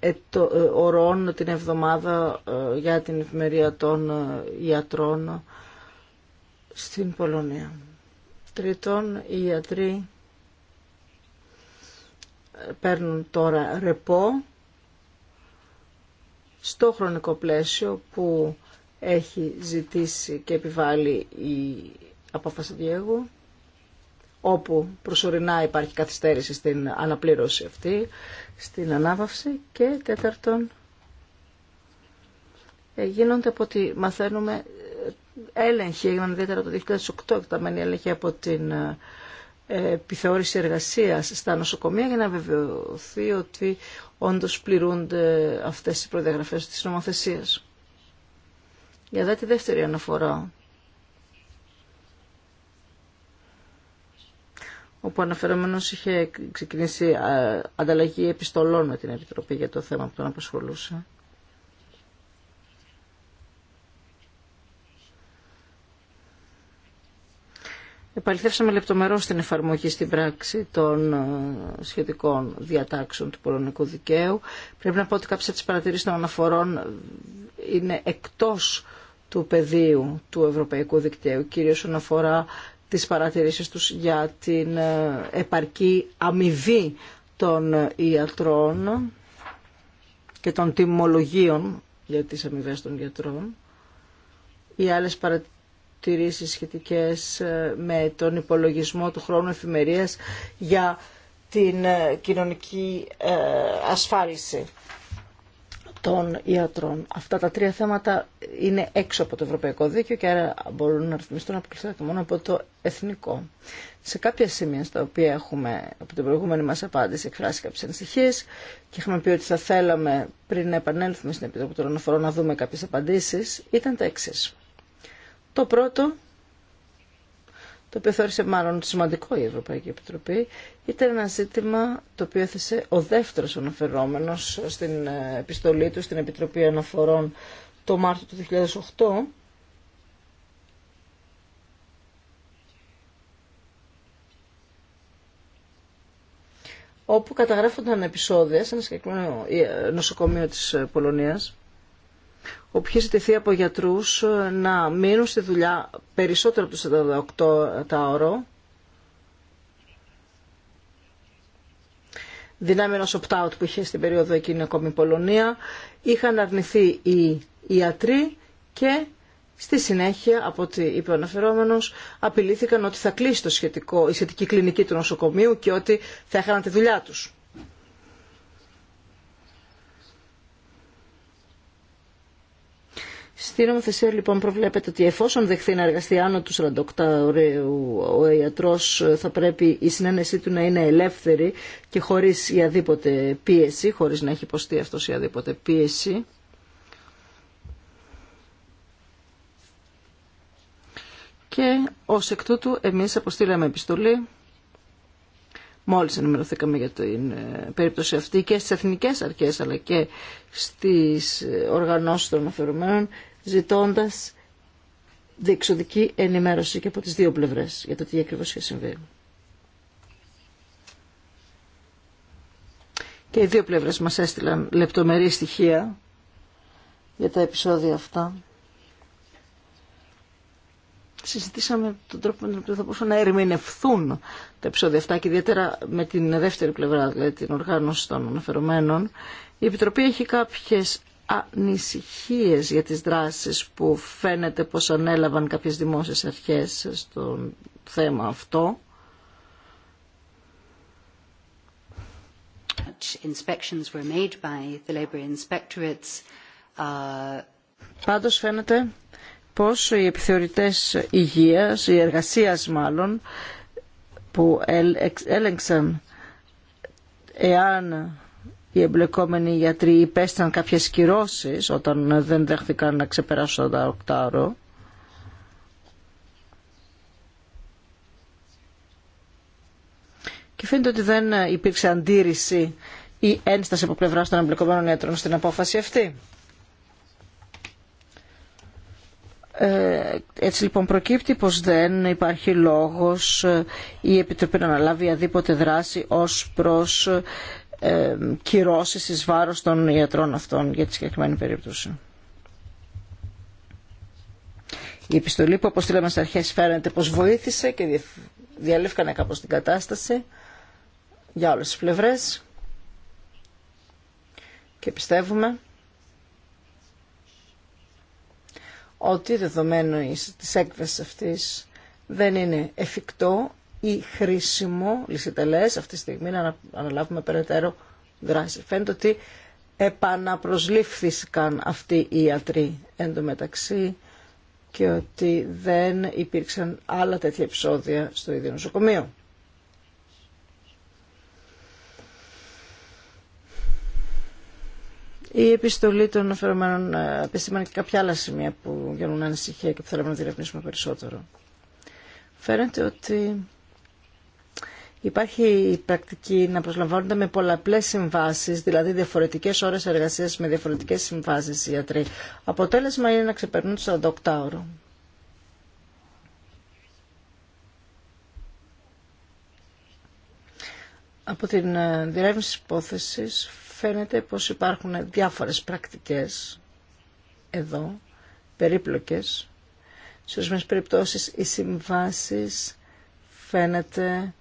ετο, ε, ωρών την εβδομάδα ε, για την ευημερία των ε, ιατρών στην Πολωνία. Τρίτον, οι ιατροί παίρνουν τώρα ρεπό στο χρονικό πλαίσιο που έχει ζητήσει και επιβάλλει η απόφαση Διέγου, όπου προσωρινά υπάρχει καθυστέρηση στην αναπλήρωση αυτή, στην ανάβαυση και τέταρτον ε, γίνονται από ό,τι μαθαίνουμε ε, έλεγχοι, έγιναν ιδιαίτερα το 2008 εκταμένη έλεγχοι από την ε, επιθεώρηση εργασίας στα νοσοκομεία για να βεβαιωθεί ότι όντως πληρούνται αυτές οι προδιαγραφές της νομοθεσίας. Για δε τη δεύτερη αναφορά. όπου αναφερόμενος είχε ξεκινήσει ανταλλαγή επιστολών με την Επιτροπή για το θέμα που τον απασχολούσε. Επαληθεύσαμε λεπτομερώς την εφαρμογή στην πράξη των ε, σχετικών διατάξεων του πολωνικού δικαίου. Πρέπει να πω ότι κάποιες από τις παρατηρήσεις των αναφορών ε, είναι εκτός του πεδίου του Ευρωπαϊκού Δικτύου, κυρίως όσον αφορά τις παρατηρήσεις τους για την ε, επαρκή αμοιβή των ε, ιατρών και των τιμολογίων για τις αμοιβέ των γιατρών. Οι άλλες παρατηρήσεις σχετικές ε, με τον υπολογισμό του χρόνου εφημερίας για την κοινωνική ασφάλιση των ιατρών. Αυτά τα τρία θέματα είναι έξω από το ευρωπαϊκό δίκαιο και άρα μπορούν να ρυθμιστούν αποκλειστικά και μόνο από το εθνικό. Σε κάποια σημεία στα οποία έχουμε από την προηγούμενη μας απάντηση εκφράσει κάποιες ανησυχίες και είχαμε πει ότι θα θέλαμε πριν να επανέλθουμε στην Επιτροπή των Αναφορών να δούμε κάποιες απαντήσεις, ήταν τα εξή. Το πρώτο, το οποίο θεώρησε μάλλον σημαντικό η Ευρωπαϊκή Επιτροπή, ήταν ένα ζήτημα το οποίο έθεσε ο δεύτερος αναφερόμενος στην ε, επιστολή του στην Επιτροπή Αναφορών το Μάρτιο του 2008 όπου καταγράφονταν επεισόδια σε ένα συγκεκριμένο ε, νοσοκομείο της ε, Πολωνίας όπου είχε ζητηθεί από γιατρούς να μείνουν στη δουλειά περισσότερο από τους 48 τα δυνάμει ενός opt-out που είχε στην περίοδο εκείνη ακόμη η Πολωνία, είχαν αρνηθεί οι ιατροί και στη συνέχεια, από ό,τι είπε ο αναφερόμενο, απειλήθηκαν ότι θα κλείσει το σχετικό, η σχετική κλινική του νοσοκομείου και ότι θα έχαναν τη δουλειά του. Στη νομοθεσία λοιπόν προβλέπεται ότι εφόσον δεχθεί να εργαστεί άνω του 48 ωραίου ο ιατρός θα πρέπει η συνένεσή του να είναι ελεύθερη και χωρίς η πίεση, χωρίς να έχει υποστεί αυτός η πίεση. Και ως εκ τούτου εμείς αποστήλαμε επιστολή μόλις ενημερωθήκαμε για την ε, περίπτωση αυτή και στις εθνικές αρχές αλλά και στις ε, οργανώσεις των αφαιρωμένων ζητώντας διεξοδική ενημέρωση και από τις δύο πλευρές για το τι ακριβώς είχε συμβεί. Και οι δύο πλευρές μας έστειλαν λεπτομερή στοιχεία για τα επεισόδια αυτά. Συζητήσαμε τον τρόπο με τον οποίο θα μπορούσαν να ερμηνευθούν τα επεισόδια αυτά και ιδιαίτερα με την δεύτερη πλευρά, δηλαδή την οργάνωση των αναφερομένων. Η Επιτροπή έχει κάποιες ανησυχίες για τις δράσεις που φαίνεται πως ανέλαβαν κάποιες δημόσιες αρχές στο θέμα αυτό. Inspections uh, Πάντως φαίνεται πως οι επιθεωρητές υγείας, η εργασίας μάλλον, που έλεγξαν εάν οι εμπλεκόμενοι γιατροί υπέστησαν κάποιες κυρώσεις όταν δεν δέχθηκαν να ξεπεράσουν τα οκτάρο. Και φαίνεται ότι δεν υπήρξε αντίρρηση ή ένσταση από πλευρά των εμπλεκομένων γιατρών στην απόφαση αυτή. Ε, έτσι λοιπόν προκύπτει πως δεν υπάρχει λόγος η Επιτροπή να αναλάβει αδίποτε δράση ως προς Κυρώσει κυρώσεις εις βάρος των ιατρών αυτών για τη συγκεκριμένη περίπτωση. Η επιστολή που αποστήλαμε στις αρχές φαίνεται πως βοήθησε και διαλύθηκαν κάπω την κατάσταση για όλες τις πλευρές και πιστεύουμε ότι δεδομένου της έκβαση αυτής δεν είναι εφικτό ή χρήσιμο λυσιτελές αυτή τη στιγμή να αναλάβουμε περαιτέρω δράση. Φαίνεται ότι επαναπροσλήφθηκαν αυτοί οι ιατροί εντωμεταξύ και ότι δεν υπήρξαν άλλα τέτοια επεισόδια στο ίδιο νοσοκομείο. Η επιστολή των αφαιρωμένων ε, επιστήμων και κάποια άλλα σημεία που γίνουν ανησυχία και που θέλαμε να διερευνήσουμε περισσότερο. Φαίνεται ότι Υπάρχει η πρακτική να προσλαμβάνονται με πολλαπλέ συμβάσει, δηλαδή διαφορετικέ ώρε εργασία με διαφορετικέ συμβάσει οι ιατροί. Αποτέλεσμα είναι να ξεπερνούν του 48 ώρου. Από την ε, διερεύνηση της υπόθεσης φαίνεται πως υπάρχουν διάφορες πρακτικές εδώ, περίπλοκες. Σε ορισμένε περιπτώσεις οι συμβάσεις φαίνεται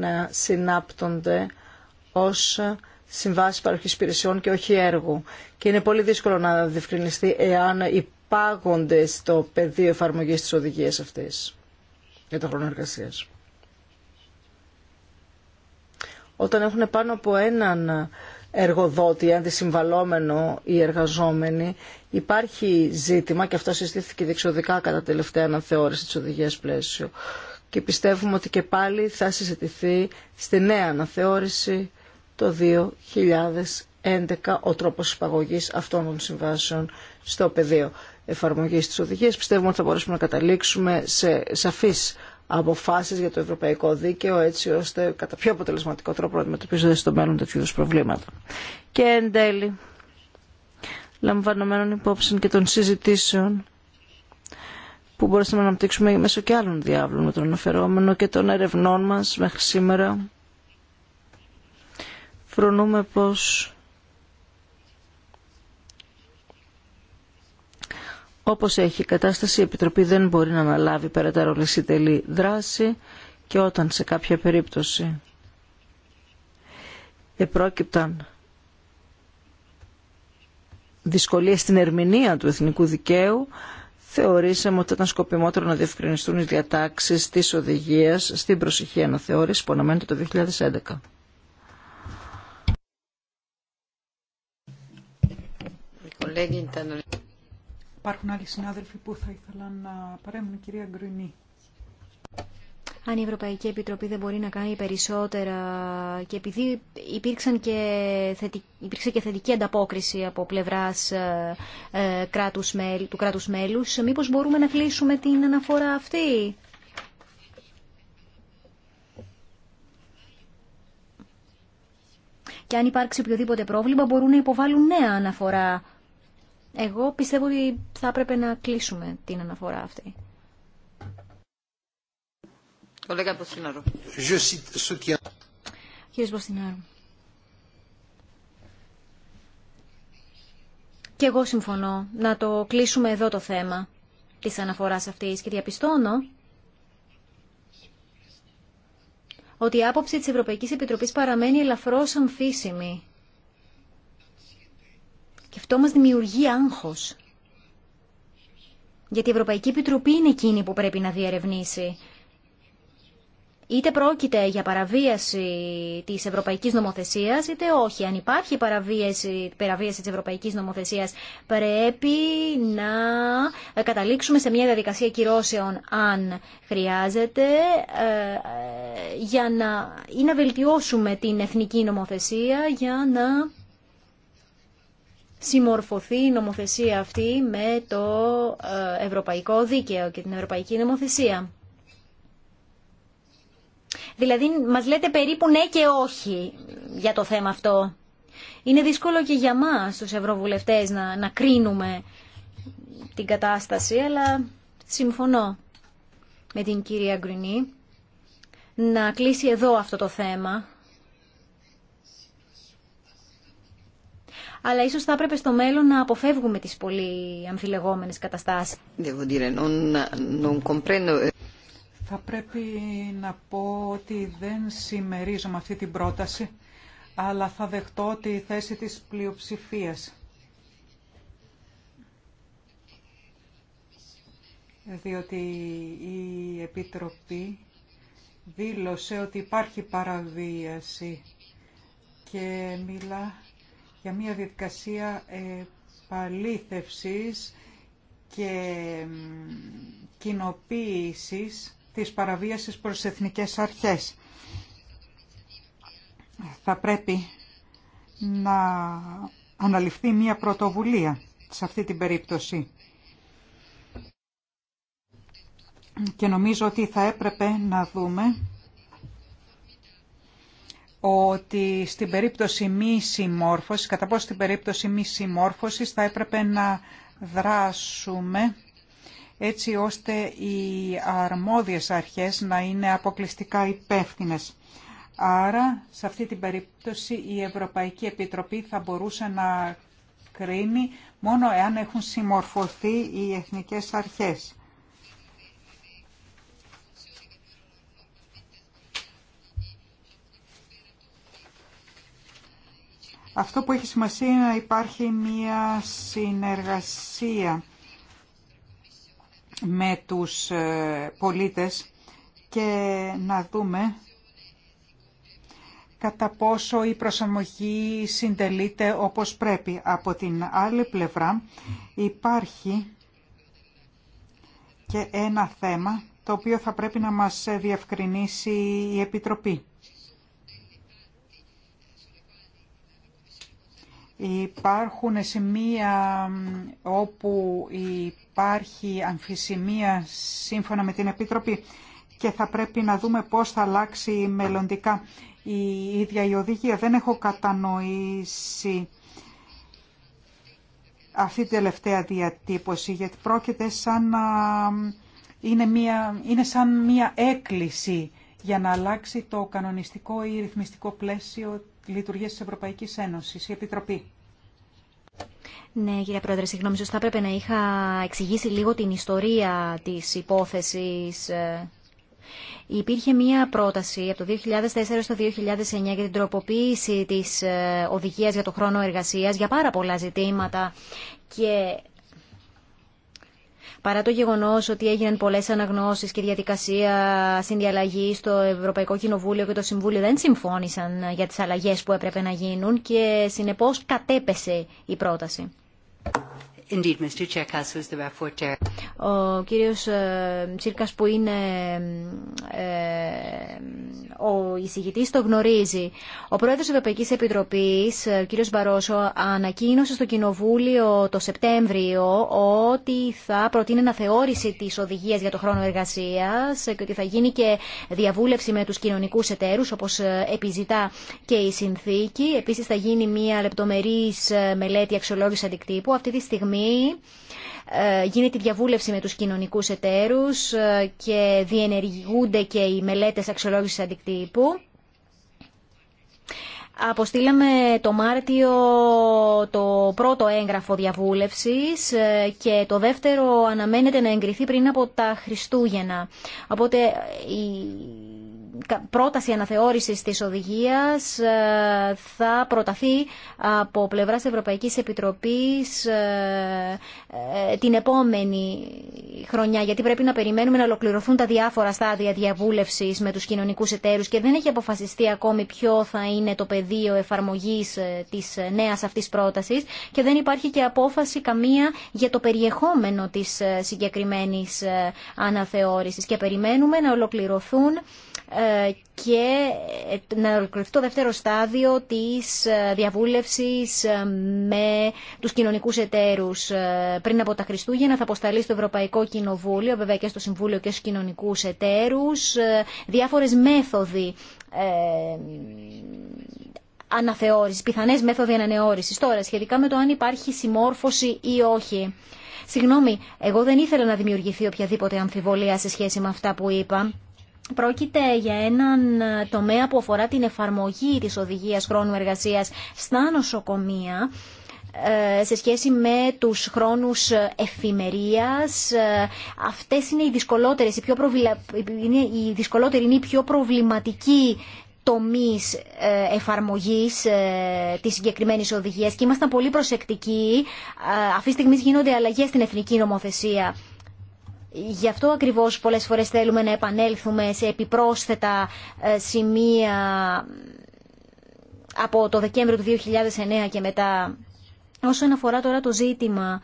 να συνάπτονται ως συμβάσεις παροχής υπηρεσιών και όχι έργου. Και είναι πολύ δύσκολο να διευκρινιστεί εάν υπάγονται στο πεδίο εφαρμογή της οδηγίας αυτής για το χρόνο εργασίας. Όταν έχουν πάνω από έναν εργοδότη, αντισυμβαλόμενο ή εργαζόμενο, υπάρχει ζήτημα, και αυτό συστήθηκε διεξοδικά κατά τελευταία αναθεώρηση της οδηγίας πλαίσιο, και πιστεύουμε ότι και πάλι θα συζητηθεί στη νέα αναθεώρηση το 2011 ο τρόπος υπαγωγής αυτών των συμβάσεων στο πεδίο εφαρμογής της οδηγίας. Πιστεύουμε ότι θα μπορέσουμε να καταλήξουμε σε σαφείς αποφάσεις για το ευρωπαϊκό δίκαιο έτσι ώστε κατά πιο αποτελεσματικό τρόπο να αντιμετωπίζονται στο μέλλον τέτοιου προβλήματα. Και εν τέλει, λαμβανομένων υπόψη και των συζητήσεων που μπορέσαμε να αναπτύξουμε μέσω και άλλων διάβλων με τον αναφερόμενο και των ερευνών μας μέχρι σήμερα. Φρονούμε πως όπως έχει η κατάσταση η Επιτροπή δεν μπορεί να αναλάβει περαιτέρω λυσιτελή δράση και όταν σε κάποια περίπτωση επρόκειπταν δυσκολίες στην ερμηνεία του εθνικού δικαίου θεωρήσαμε ότι ήταν σκοπιμότερο να διευκρινιστούν οι διατάξει τη οδηγία στην προσοχή αναθεώρηση που αναμένεται το 2011. Υπάρχουν άλλοι συνάδελφοι που θα ήθελαν να παρέμουν, κυρία Γκρινή αν η Ευρωπαϊκή Επιτροπή δεν μπορεί να κάνει περισσότερα και επειδή υπήρξαν και υπήρξε και θετική ανταπόκριση από πλευράς ε, ε, του κράτους μέλους, μήπως μπορούμε να κλείσουμε την αναφορά αυτή. Και αν υπάρξει οποιοδήποτε πρόβλημα μπορούν να υποβάλουν νέα αναφορά. Εγώ πιστεύω ότι θα έπρεπε να κλείσουμε την αναφορά αυτή. Κύριε Μποστινάρου. Και εγώ συμφωνώ να το κλείσουμε εδώ το θέμα της αναφοράς αυτής και διαπιστώνω ότι η άποψη της Ευρωπαϊκής Επιτροπής παραμένει ελαφρώς αμφίσιμη. Και αυτό μας δημιουργεί άγχος. Γιατί η Ευρωπαϊκή Επιτροπή είναι εκείνη που πρέπει να διερευνήσει Είτε πρόκειται για παραβίαση της ευρωπαϊκής νομοθεσίας, είτε όχι. Αν υπάρχει παραβίαση, παραβίαση της ευρωπαϊκής νομοθεσίας, πρέπει να καταλήξουμε σε μια διαδικασία κυρώσεων, αν χρειάζεται, ε, για να, ή να βελτιώσουμε την εθνική νομοθεσία για να συμμορφωθεί η νομοθεσία αυτή με το ε, ευρωπαϊκό δίκαιο και την ευρωπαϊκή νομοθεσία. Δηλαδή μας λέτε περίπου ναι και όχι για το θέμα αυτό. Είναι δύσκολο και για μας τους ευρωβουλευτές να, κρίνουμε την κατάσταση, αλλά συμφωνώ με την κυρία Γκρινή να κλείσει εδώ αυτό το θέμα. αλλά ίσως θα έπρεπε στο μέλλον να αποφεύγουμε τις πολύ αμφιλεγόμενες καταστάσεις. Θα πρέπει να πω ότι δεν συμμερίζομαι αυτή την πρόταση, αλλά θα δεχτώ τη θέση της πλειοψηφίας. Διότι η Επιτροπή δήλωσε ότι υπάρχει παραβίαση και μιλά για μια διαδικασία παλήθευσης και κοινοποίησης της παραβίασης προς εθνικές αρχές. Θα πρέπει να αναλυφθεί μια πρωτοβουλία σε αυτή την περίπτωση. Και νομίζω ότι θα έπρεπε να δούμε ότι στην περίπτωση μη συμμόρφωσης, κατά πόσο στην περίπτωση μη συμμόρφωσης θα έπρεπε να δράσουμε έτσι ώστε οι αρμόδιες αρχές να είναι αποκλειστικά υπεύθυνες. Άρα, σε αυτή την περίπτωση, η Ευρωπαϊκή Επιτροπή θα μπορούσε να κρίνει μόνο εάν έχουν συμμορφωθεί οι εθνικές αρχές. Αυτό που έχει σημασία είναι να υπάρχει μια συνεργασία με τους ε, πολίτες και να δούμε κατά πόσο η προσαρμογή συντελείται όπως πρέπει. Από την άλλη πλευρά υπάρχει και ένα θέμα το οποίο θα πρέπει να μας διευκρινίσει η Επιτροπή. Υπάρχουν σημεία όπου υπάρχει αμφισημία σύμφωνα με την Επίτροπη και θα πρέπει να δούμε πώς θα αλλάξει μελλοντικά η ίδια η οδηγία. Δεν έχω κατανοήσει αυτή την τελευταία διατύπωση γιατί πρόκειται σαν να είναι, μια, είναι σαν μια έκκληση για να αλλάξει το κανονιστικό ή ρυθμιστικό πλαίσιο Λειτουργία της Ευρωπαϊκής Ένωσης, η Επιτροπή. Ναι, κύριε Πρόεδρε, συγγνώμη, σωστά έπρεπε να είχα εξηγήσει λίγο την ιστορία της υπόθεσης. Ε, υπήρχε μία πρόταση από το 2004 στο 2009 για την τροποποίηση της ε, οδηγίας για το χρόνο εργασίας για πάρα πολλά ζητήματα και Παρά το γεγονό ότι έγιναν πολλέ αναγνώσει και διαδικασία συνδιαλλαγή στο Ευρωπαϊκό Κοινοβούλιο και το Συμβούλιο δεν συμφώνησαν ε, για τι αλλαγέ που έπρεπε να γίνουν και συνεπώ κατέπεσε η πρόταση. Indeed, Mr. the rapporteur. Ο κύριος ε, Τσίρκας που είναι ε, ο εισηγητής το γνωρίζει. Ο πρόεδρος της Ευρωπαϊκής Επιτροπής, ε, ο κύριος Μπαρόσο, ανακοίνωσε στο Κοινοβούλιο το Σεπτέμβριο ότι θα προτείνει αναθεώρηση της οδηγίας για το χρόνο εργασίας και ότι θα γίνει και διαβούλευση με τους κοινωνικούς εταίρους, όπως επιζητά και η συνθήκη. Επίσης θα γίνει μια λεπτομερής μελέτη αξιολόγηση αντικτύπου. Αυτή τη στιγμή ε, γίνεται διαβούλευση με τους κοινωνικούς εταίρους ε, και διενεργούνται και οι μελέτες αξιολόγησης αντικτύπου. Αποστήλαμε το Μάρτιο το πρώτο έγγραφο διαβούλευσης ε, και το δεύτερο αναμένεται να εγκριθεί πριν από τα Χριστούγεννα. Οπότε πρόταση αναθεώρησης της οδηγίας ε, θα προταθεί από πλευράς Ευρωπαϊκής Επιτροπής ε, ε, την επόμενη χρονιά, γιατί πρέπει να περιμένουμε να ολοκληρωθούν τα διάφορα στάδια διαβούλευσης με τους κοινωνικούς εταίρους και δεν έχει αποφασιστεί ακόμη ποιο θα είναι το πεδίο εφαρμογής της νέας αυτής πρότασης και δεν υπάρχει και απόφαση καμία για το περιεχόμενο της συγκεκριμένης αναθεώρησης και περιμένουμε να ολοκληρωθούν και να ολοκληρωθεί το δεύτερο στάδιο της διαβούλευσης με τους κοινωνικούς εταίρους. Πριν από τα Χριστούγεννα θα αποσταλεί στο Ευρωπαϊκό Κοινοβούλιο, βέβαια και στο Συμβούλιο και στους κοινωνικούς εταίρους, διάφορες μέθοδοι ε, αναθεώρησης, πιθανές μέθοδοι ανανεώρησης. Τώρα, σχετικά με το αν υπάρχει συμμόρφωση ή όχι. Συγγνώμη, εγώ δεν ήθελα να δημιουργηθεί οποιαδήποτε αμφιβολία σε σχέση με αυτά που είπα. Πρόκειται για έναν ε, τομέα που αφορά την εφαρμογή της οδηγίας χρόνου εργασίας στα νοσοκομεία ε, σε σχέση με τους χρόνους ε, εφημερίας. Αυτές είναι οι δυσκολότερες, οι πιο προβλημα... οι δυσκολότεροι οι πιο προβληματικοί τομείς εφαρμογής της συγκεκριμένη οδηγίας και ήμασταν πολύ προσεκτικοί. Αυτή τη στιγμή γίνονται αλλαγές στην εθνική νομοθεσία Γι' αυτό ακριβώς πολλές φορές θέλουμε να επανέλθουμε σε επιπρόσθετα ε, σημεία ε, από το Δεκέμβριο του 2009 και μετά. Όσον αφορά τώρα το ζήτημα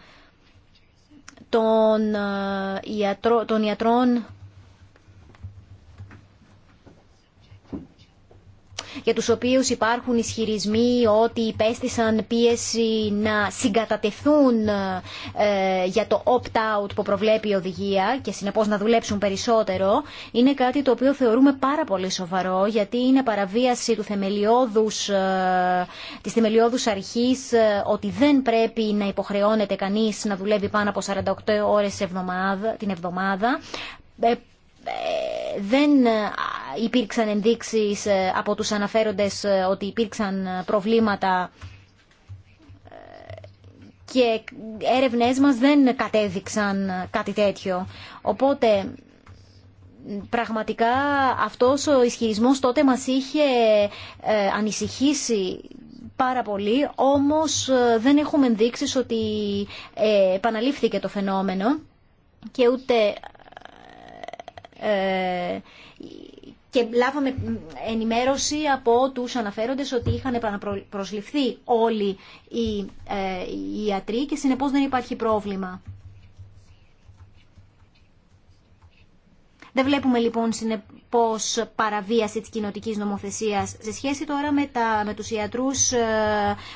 των ε, ιατρών για τους οποίους υπάρχουν ισχυρισμοί ότι υπέστησαν πίεση να συγκατατεθούν ε, για το opt-out που προβλέπει η οδηγία και συνεπώς να δουλέψουν περισσότερο, είναι κάτι το οποίο θεωρούμε πάρα πολύ σοβαρό γιατί είναι παραβίαση του θεμελιώδους, ε, της θεμελιώδους αρχής ε, ότι δεν πρέπει να υποχρεώνεται κανείς να δουλεύει πάνω από 48 ώρες την εβδομάδα δεν ε, υπήρξαν ενδείξεις ε, από τους αναφέροντες ε, ότι υπήρξαν προβλήματα και έρευνές μας δεν κατέδειξαν κάτι τέτοιο. Οπότε πραγματικά αυτός ο ισχυρισμός τότε μας είχε ανησυχήσει πάρα πολύ, όμως δεν έχουμε ενδείξεις ότι επαναλήφθηκε το φαινόμενο και ούτε ε, και λάβαμε ενημέρωση από τους αναφέροντες ότι είχαν προσληφθεί όλοι ε, οι ιατροί και συνεπώς δεν υπάρχει πρόβλημα. Δεν βλέπουμε λοιπόν Πώ παραβίαση τη κοινωνική νομοθεσίας. Σε σχέση τώρα με, τα, με τους ιατρούς ε,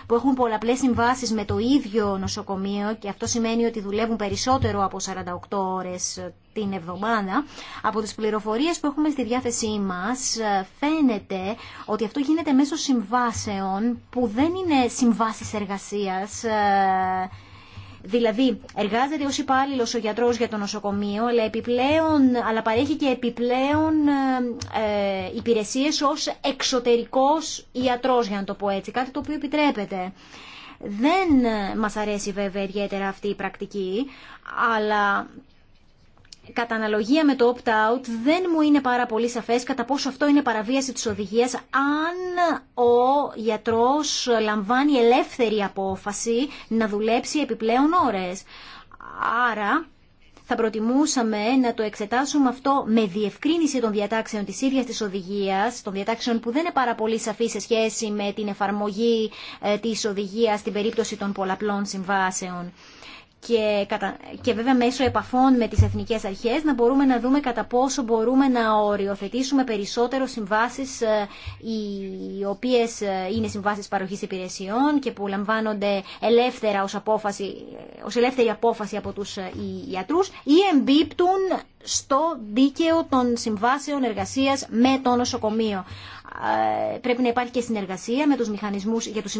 που έχουν πολλαπλές συμβάσει με το ίδιο νοσοκομείο και αυτό σημαίνει ότι δουλεύουν περισσότερο από 48 ώρες ε, την εβδομάδα. Από τις πληροφορίες που έχουμε στη διάθεσή μας ε, φαίνεται ότι αυτό γίνεται μέσω συμβάσεων που δεν είναι συμβάσεις εργασίας Δηλαδή, εργάζεται ως υπάλληλο ο γιατρός για το νοσοκομείο, αλλά, επιπλέον, αλλά παρέχει και επιπλέον ε, ε, υπηρεσίες ως εξωτερικός ιατρός, για να το πω έτσι, κάτι το οποίο επιτρέπεται. Δεν μας αρέσει βέβαια ιδιαίτερα αυτή η πρακτική, αλλά κατά αναλογία με το opt-out δεν μου είναι πάρα πολύ σαφέ κατά πόσο αυτό είναι παραβίαση της οδηγίας αν ο γιατρό λαμβάνει ελεύθερη απόφαση να δουλέψει επιπλέον ώρες. Άρα θα προτιμούσαμε να το εξετάσουμε αυτό με διευκρίνηση των διατάξεων της ίδιας της οδηγίας, των διατάξεων που δεν είναι πάρα πολύ σαφή σε σχέση με την εφαρμογή ε, της οδηγίας στην περίπτωση των πολλαπλών συμβάσεων και, και βέβαια μέσω επαφών με τις εθνικές αρχές να μπορούμε να δούμε κατά πόσο μπορούμε να οριοθετήσουμε περισσότερο συμβάσεις ε, οι οποίες ε, είναι συμβάσεις παροχής υπηρεσιών και που λαμβάνονται ελεύθερα ως, απόφαση, ε, ελεύθερη απόφαση από τους ιατρούς ή εμπίπτουν στο δίκαιο των συμβάσεων εργασία με το νοσοκομείο. Ε, πρέπει να υπάρχει και συνεργασία με τους μηχανισμούς, για, τους,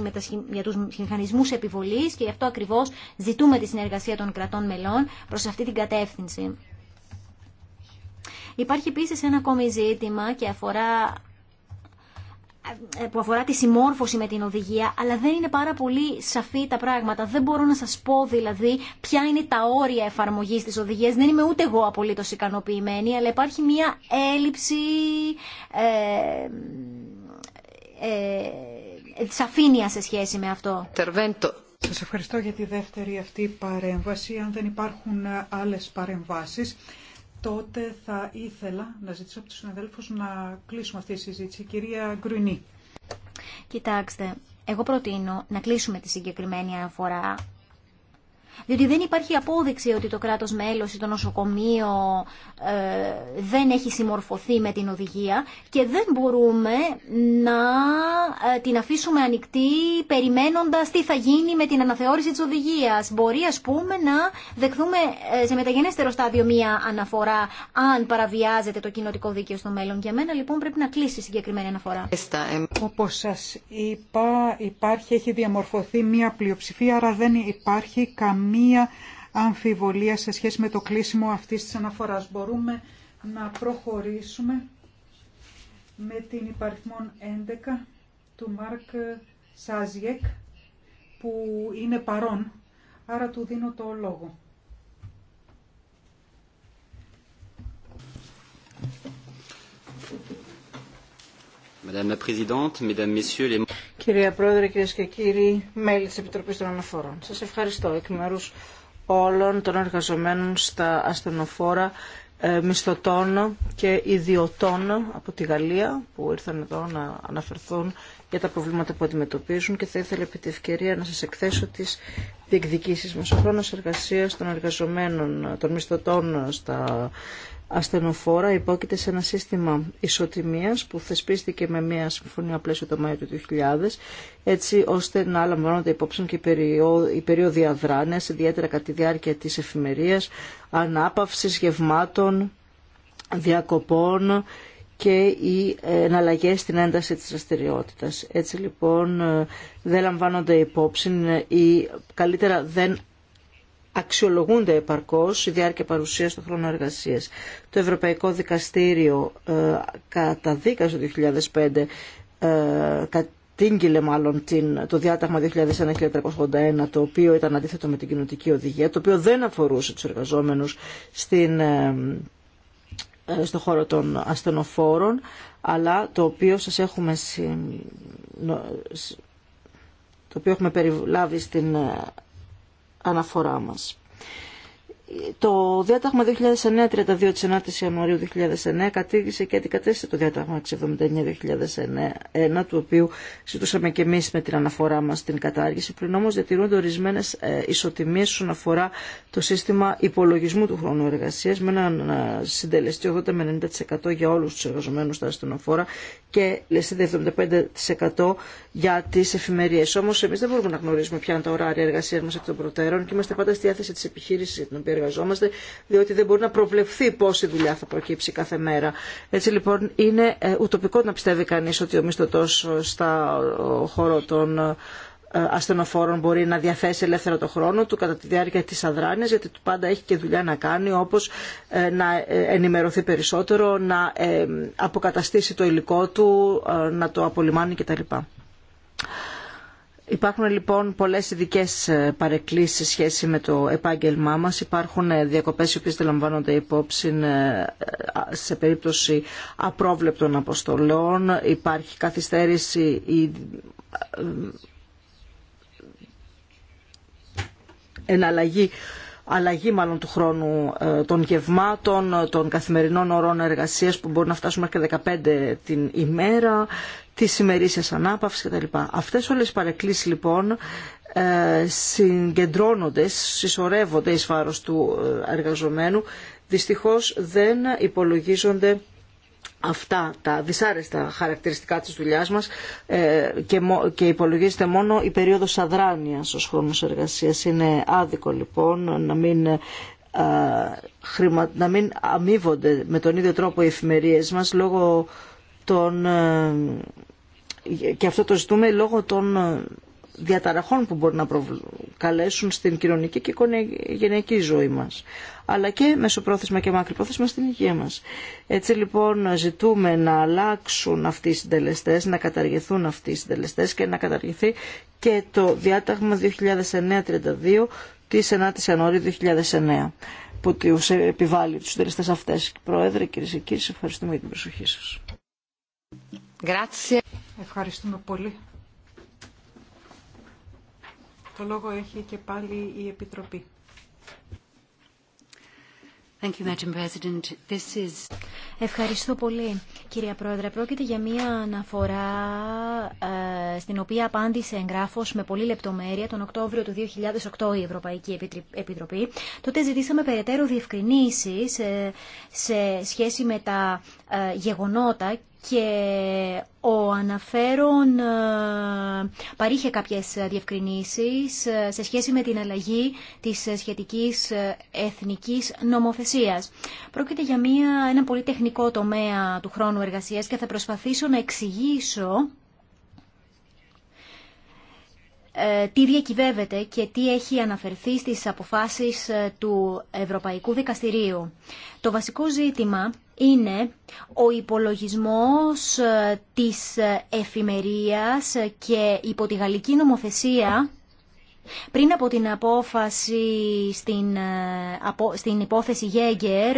για τους μηχανισμούς επιβολής και γι' αυτό ακριβώς ζητούμε τη συνεργασία των κρατών μελών προς αυτή την κατεύθυνση. Υπάρχει επίσης ένα ακόμη ζήτημα και αφορά ε, που αφορά τη συμμόρφωση με την οδηγία, αλλά δεν είναι πάρα πολύ σαφή τα πράγματα. Δεν μπορώ να σας πω δηλαδή ποια είναι τα όρια εφαρμογής της οδηγίας. Δεν είμαι ούτε εγώ απολύτως ικανοποιημένη, αλλά υπάρχει μια έλλειψη ε, ε, σαφήνεια σε σχέση με αυτό. Σας ευχαριστώ για τη δεύτερη αυτή παρέμβαση. Αν δεν υπάρχουν άλλες παρεμβάσεις, τότε θα ήθελα να ζητήσω από τους συναδέλφους να κλείσουμε αυτή τη συζήτηση. Κυρία Γκρουνή. Κοιτάξτε, εγώ προτείνω να κλείσουμε τη συγκεκριμένη αναφορά διότι δεν υπάρχει απόδειξη ότι το κράτος μέλος ή το νοσοκομείο ε, δεν έχει συμμορφωθεί με την οδηγία και δεν μπορούμε να ε, την αφήσουμε ανοιχτή περιμένοντας τι θα γίνει με την αναθεώρηση της οδηγίας. Μπορεί ας πούμε να δεχθούμε ε, σε μεταγενέστερο στάδιο μία αναφορά αν παραβιάζεται το κοινοτικό δίκαιο στο μέλλον. Για μένα λοιπόν πρέπει να κλείσει η συγκεκριμένη αναφορά. Όπως σας είπα υπάρχει, έχει διαμορφωθεί μία πλειοψηφία άρα δεν υπάρχει καμία Μία αμφιβολία σε σχέση με το κλείσιμο αυτής της αναφοράς. Μπορούμε να προχωρήσουμε με την υπαριθμόν 11 του Μάρκ Σάζιεκ που είναι παρόν, άρα του δίνω το λόγο. Κυρία Πρόεδρε, κυρίε και κύριοι, μέλη τη Επιτροπή των Αναφορών. Σα ευχαριστώ εκ μέρου όλων των εργαζομένων στα ασθενοφόρα ε, μισθωτών και ιδιωτών από τη Γαλλία που ήρθαν εδώ να αναφερθούν για τα προβλήματα που αντιμετωπίζουν και θα ήθελα επί τη ευκαιρία να σας εκθέσω τις διεκδικήσεις μας. Ο χρόνος εργασίας των εργαζομένων, των μισθωτών στα ασθενοφόρα υπόκειται σε ένα σύστημα ισοτιμίας που θεσπίστηκε με μια συμφωνία πλαίσιο το Μάιο του 2000 έτσι ώστε να λαμβάνονται υπόψη και η περίοδοι αδράνειας ιδιαίτερα κατά τη διάρκεια της εφημερίας, ανάπαυσης γευμάτων, διακοπών και οι εναλλαγές στην ένταση της αστεριότητας. Έτσι λοιπόν ε, δεν λαμβάνονται υπόψη ε, ή καλύτερα δεν αξιολογούνται επαρκώς η διάρκεια παρουσίας των χρόνο εργασίας. Το Ευρωπαϊκό Δικαστήριο ε, κατά καταδίκασε το 2005 ε, κατήγγειλε μάλλον την, το διάταγμα 2001-1381 το οποίο ήταν αντίθετο με την κοινωτική οδηγία το οποίο δεν αφορούσε τους εργαζόμενους στην, ε, ε, χώρο των ασθενοφόρων αλλά το οποίο σας έχουμε συ, το οποίο έχουμε περιλάβει στην αναφορά μας. Το διάταγμα 2009-32 της 9ης Ιανουαρίου 2009 κατήργησε και αντικατέστησε το διάταγμα 679-2009 του οποίου ζητούσαμε και εμεί με την αναφορά μας την κατάργηση πριν όμως διατηρούνται ορισμένε ε, ισοτιμίες όσον αφορά το σύστημα υπολογισμού του χρόνου εργασίας με έναν ε, συντελεστή 80 με 90% για όλους τους εργαζομένους στα αστυνοφόρα και λεσίδε 75% για τι εφημερίε. Όμω εμεί δεν μπορούμε να γνωρίζουμε ποια είναι τα ωράρια εργασία μα εκ των προτέρων και είμαστε πάντα στη διάθεση τη επιχείρηση για την οποία εργαζόμαστε, διότι δεν μπορεί να προβλεφθεί πόση δουλειά θα προκύψει κάθε μέρα. Έτσι λοιπόν είναι ε, ουτοπικό να πιστεύει κανεί ότι ε, ο μισθωτό στα χώρο των ασθενοφόρων μπορεί να διαθέσει ελεύθερα το χρόνο του κατά τη διάρκεια της αδράνειας γιατί του πάντα έχει και δουλειά να κάνει όπως ε, να ε, ενημερωθεί περισσότερο, να ε, αποκαταστήσει το υλικό του, να το απολυμάνει κτλ. Υπάρχουν λοιπόν πολλές ειδικέ παρεκκλήσεις σε σχέση με το επάγγελμά μας. Υπάρχουν διακοπές οι οποίες δεν λαμβάνονται υπόψη σε περίπτωση απρόβλεπτων αποστολών. Υπάρχει καθυστέρηση εναλλαγή αλλαγή μάλλον του χρόνου ε, των γευμάτων, των καθημερινών ωρών εργασίας που μπορεί να φτάσουμε και 15 την ημέρα, τη ημερήσιας ανάπαυση κτλ. Αυτές όλες οι παρεκκλήσεις λοιπόν ε, συγκεντρώνονται, συσσωρεύονται εις φάρος του ε, εργαζομένου, δυστυχώς δεν υπολογίζονται αυτά τα δυσάρεστα χαρακτηριστικά της δουλειάς μας ε, και, και υπολογίζεται μόνο η περίοδος αδράνειας ως χρόνος εργασίας. Είναι άδικο λοιπόν να μην ε, να μην αμείβονται με τον ίδιο τρόπο οι εφημερίες μας λόγω των ε, και αυτό το ζητούμε λόγω των διαταραχών που μπορεί να καλέσουν στην κοινωνική και οικογενειακή ζωή μας αλλά και μεσοπρόθεσμα και μακροπρόθεσμα στην υγεία μας. Έτσι λοιπόν ζητούμε να αλλάξουν αυτοί οι συντελεστές, να καταργηθούν αυτοί οι συντελεστές και να καταργηθεί και το διάταγμα 2009-32 της 9ης Ιανουαρίου 2009 που τους επιβάλλει τους συντελεστές αυτές. Πρόεδρε, κυρίες και κύριοι, ευχαριστούμε για την προσοχή σας. Ευχαριστούμε πολύ. Το λόγο έχει και πάλι η Επιτροπή. Ευχαριστώ πολύ, κυρία Πρόεδρε. Πρόκειται για μία αναφορά ε, στην οποία απάντησε εγγράφος με πολύ λεπτομέρεια τον Οκτώβριο του 2008 η Ευρωπαϊκή Επιτροπή. Τότε ζητήσαμε περαιτέρω διευκρινήσεις ε, σε σχέση με τα ε, γεγονότα και ο αναφέρον ε, παρήχε κάποιες διευκρινήσεις ε, σε σχέση με την αλλαγή της σχετικής εθνικής νομοθεσίας. Πρόκειται για μια, ένα πολύ τεχνικό τομέα του χρόνου εργασίας και θα προσπαθήσω να εξηγήσω τι διακυβεύεται και τι έχει αναφερθεί στις αποφάσεις του Ευρωπαϊκού Δικαστηρίου. Το βασικό ζήτημα είναι ο υπολογισμός ε, της ε, εφημερίας και υπό τη γαλλική νομοθεσία πριν από την απόφαση στην, ε, υπόθεση Γέγκερ,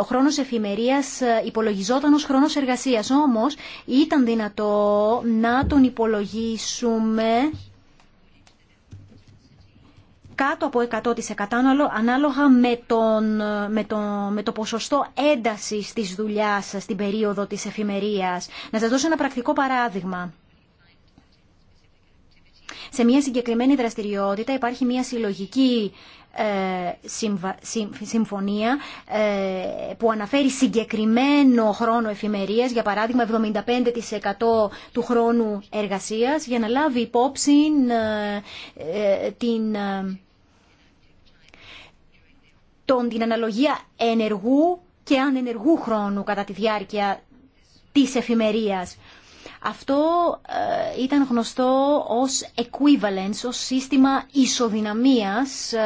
ο χρόνος εφημερίας υπολογιζόταν ως χρόνος εργασίας. Όμως ήταν δυνατό να τον υπολογίσουμε κάτω από 100% ανάλογα με, τον, με, το, με το ποσοστό έντασης της δουλειάς στην περίοδο της εφημερίας. Να σας δώσω ένα πρακτικό παράδειγμα. Σε μια συγκεκριμένη δραστηριότητα υπάρχει μια συλλογική ε, συμφωνία ε, που αναφέρει συγκεκριμένο χρόνο εφημερίας, για παράδειγμα 75% του χρόνου εργασίας, για να λάβει υπόψη ε, την τον, την αναλογία ενεργού και ανενεργού χρόνου κατά τη διάρκεια της εφημερίας. Αυτό ε, ήταν γνωστό ως equivalence, ως σύστημα ισοδυναμίας ε,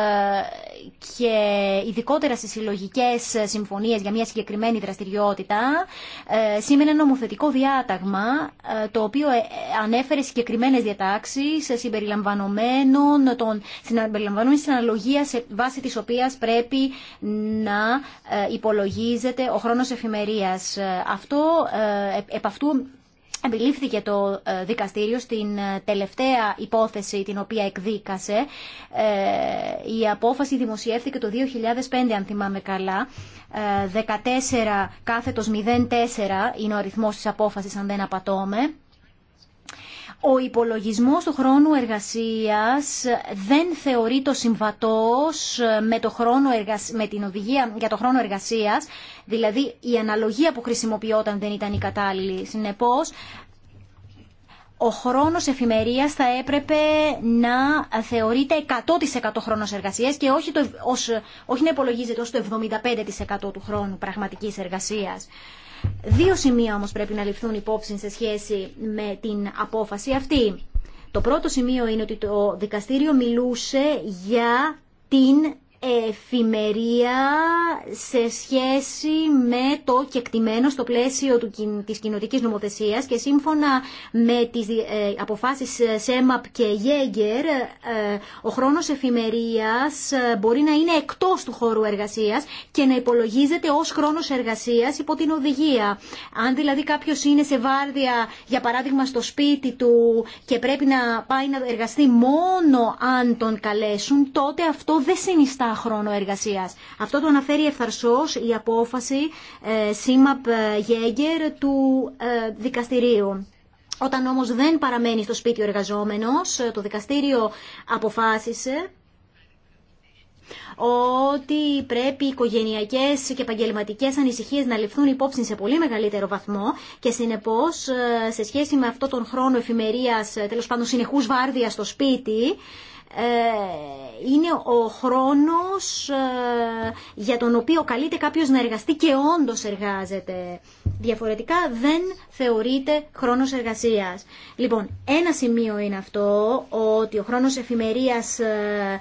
και ειδικότερα σε συλλογικέ συμφωνίες για μια συγκεκριμένη δραστηριότητα ε, σήμαινε νομοθετικό διάταγμα το οποίο ανέφερε συγκεκριμένες διατάξεις συμπεριλαμβανομένων των, συμπεριλαμβανομένων σε βάση της οποίας πρέπει να υπολογίζεται ο χρόνος εφημερίας. Αυτό, επ' Επιλήφθηκε το ε, δικαστήριο στην ε, τελευταία υπόθεση την οποία εκδίκασε. Ε, η απόφαση δημοσιεύθηκε το 2005 αν θυμάμαι καλά. 14 κάθετος 04 είναι ο αριθμός της απόφασης αν δεν απατώμε. Ο υπολογισμός του χρόνου εργασίας δεν θεωρεί συμβατός με, το χρόνο εργασ... με την οδηγία για το χρόνο εργασίας, δηλαδή η αναλογία που χρησιμοποιόταν δεν ήταν η κατάλληλη. Συνεπώς, ο χρόνος εφημερίας θα έπρεπε να θεωρείται 100% χρόνος εργασίας και όχι, το, ως, όχι να υπολογίζεται ως το 75% του χρόνου πραγματικής εργασίας. Δύο σημεία όμως πρέπει να ληφθούν υπόψη σε σχέση με την απόφαση αυτή. Το πρώτο σημείο είναι ότι το δικαστήριο μιλούσε για την εφημερία σε σχέση με το κεκτημένο στο πλαίσιο του, της νομοθεσία. νομοθεσίας και σύμφωνα με τις ε, αποφάσεις ε, ΣΕΜΑΠ και ΓΕΓΕΡ ε, ο χρόνος εφημερίας μπορεί να είναι εκτός του χώρου εργασίας και να υπολογίζεται ως χρόνος εργασίας υπό την οδηγία. Αν δηλαδή κάποιο είναι σε βάρδια για παράδειγμα στο σπίτι του και πρέπει να πάει να εργαστεί μόνο αν τον καλέσουν τότε αυτό δεν συνιστά χρόνο εργασία. Αυτό το αναφέρει ευθαρσώ η απόφαση ε, ΣΥΜΑΠ ε, Γέγκερ του ε, δικαστηρίου. Όταν όμως δεν παραμένει στο σπίτι ο εργαζόμενος, το δικαστήριο αποφάσισε ότι πρέπει οι οικογενειακές και επαγγελματικέ ανησυχίες να ληφθούν υπόψη σε πολύ μεγαλύτερο βαθμό και συνεπώς σε σχέση με αυτό τον χρόνο εφημερίας, τέλος πάντων συνεχούς βάρδια στο σπίτι, ε, είναι ο χρόνος ε, για τον οποίο καλείται κάποιος να εργαστεί και όντως εργάζεται. Διαφορετικά δεν θεωρείται χρόνος εργασίας. Λοιπόν, ένα σημείο είναι αυτό, ότι ο χρόνος εφημερίας ε,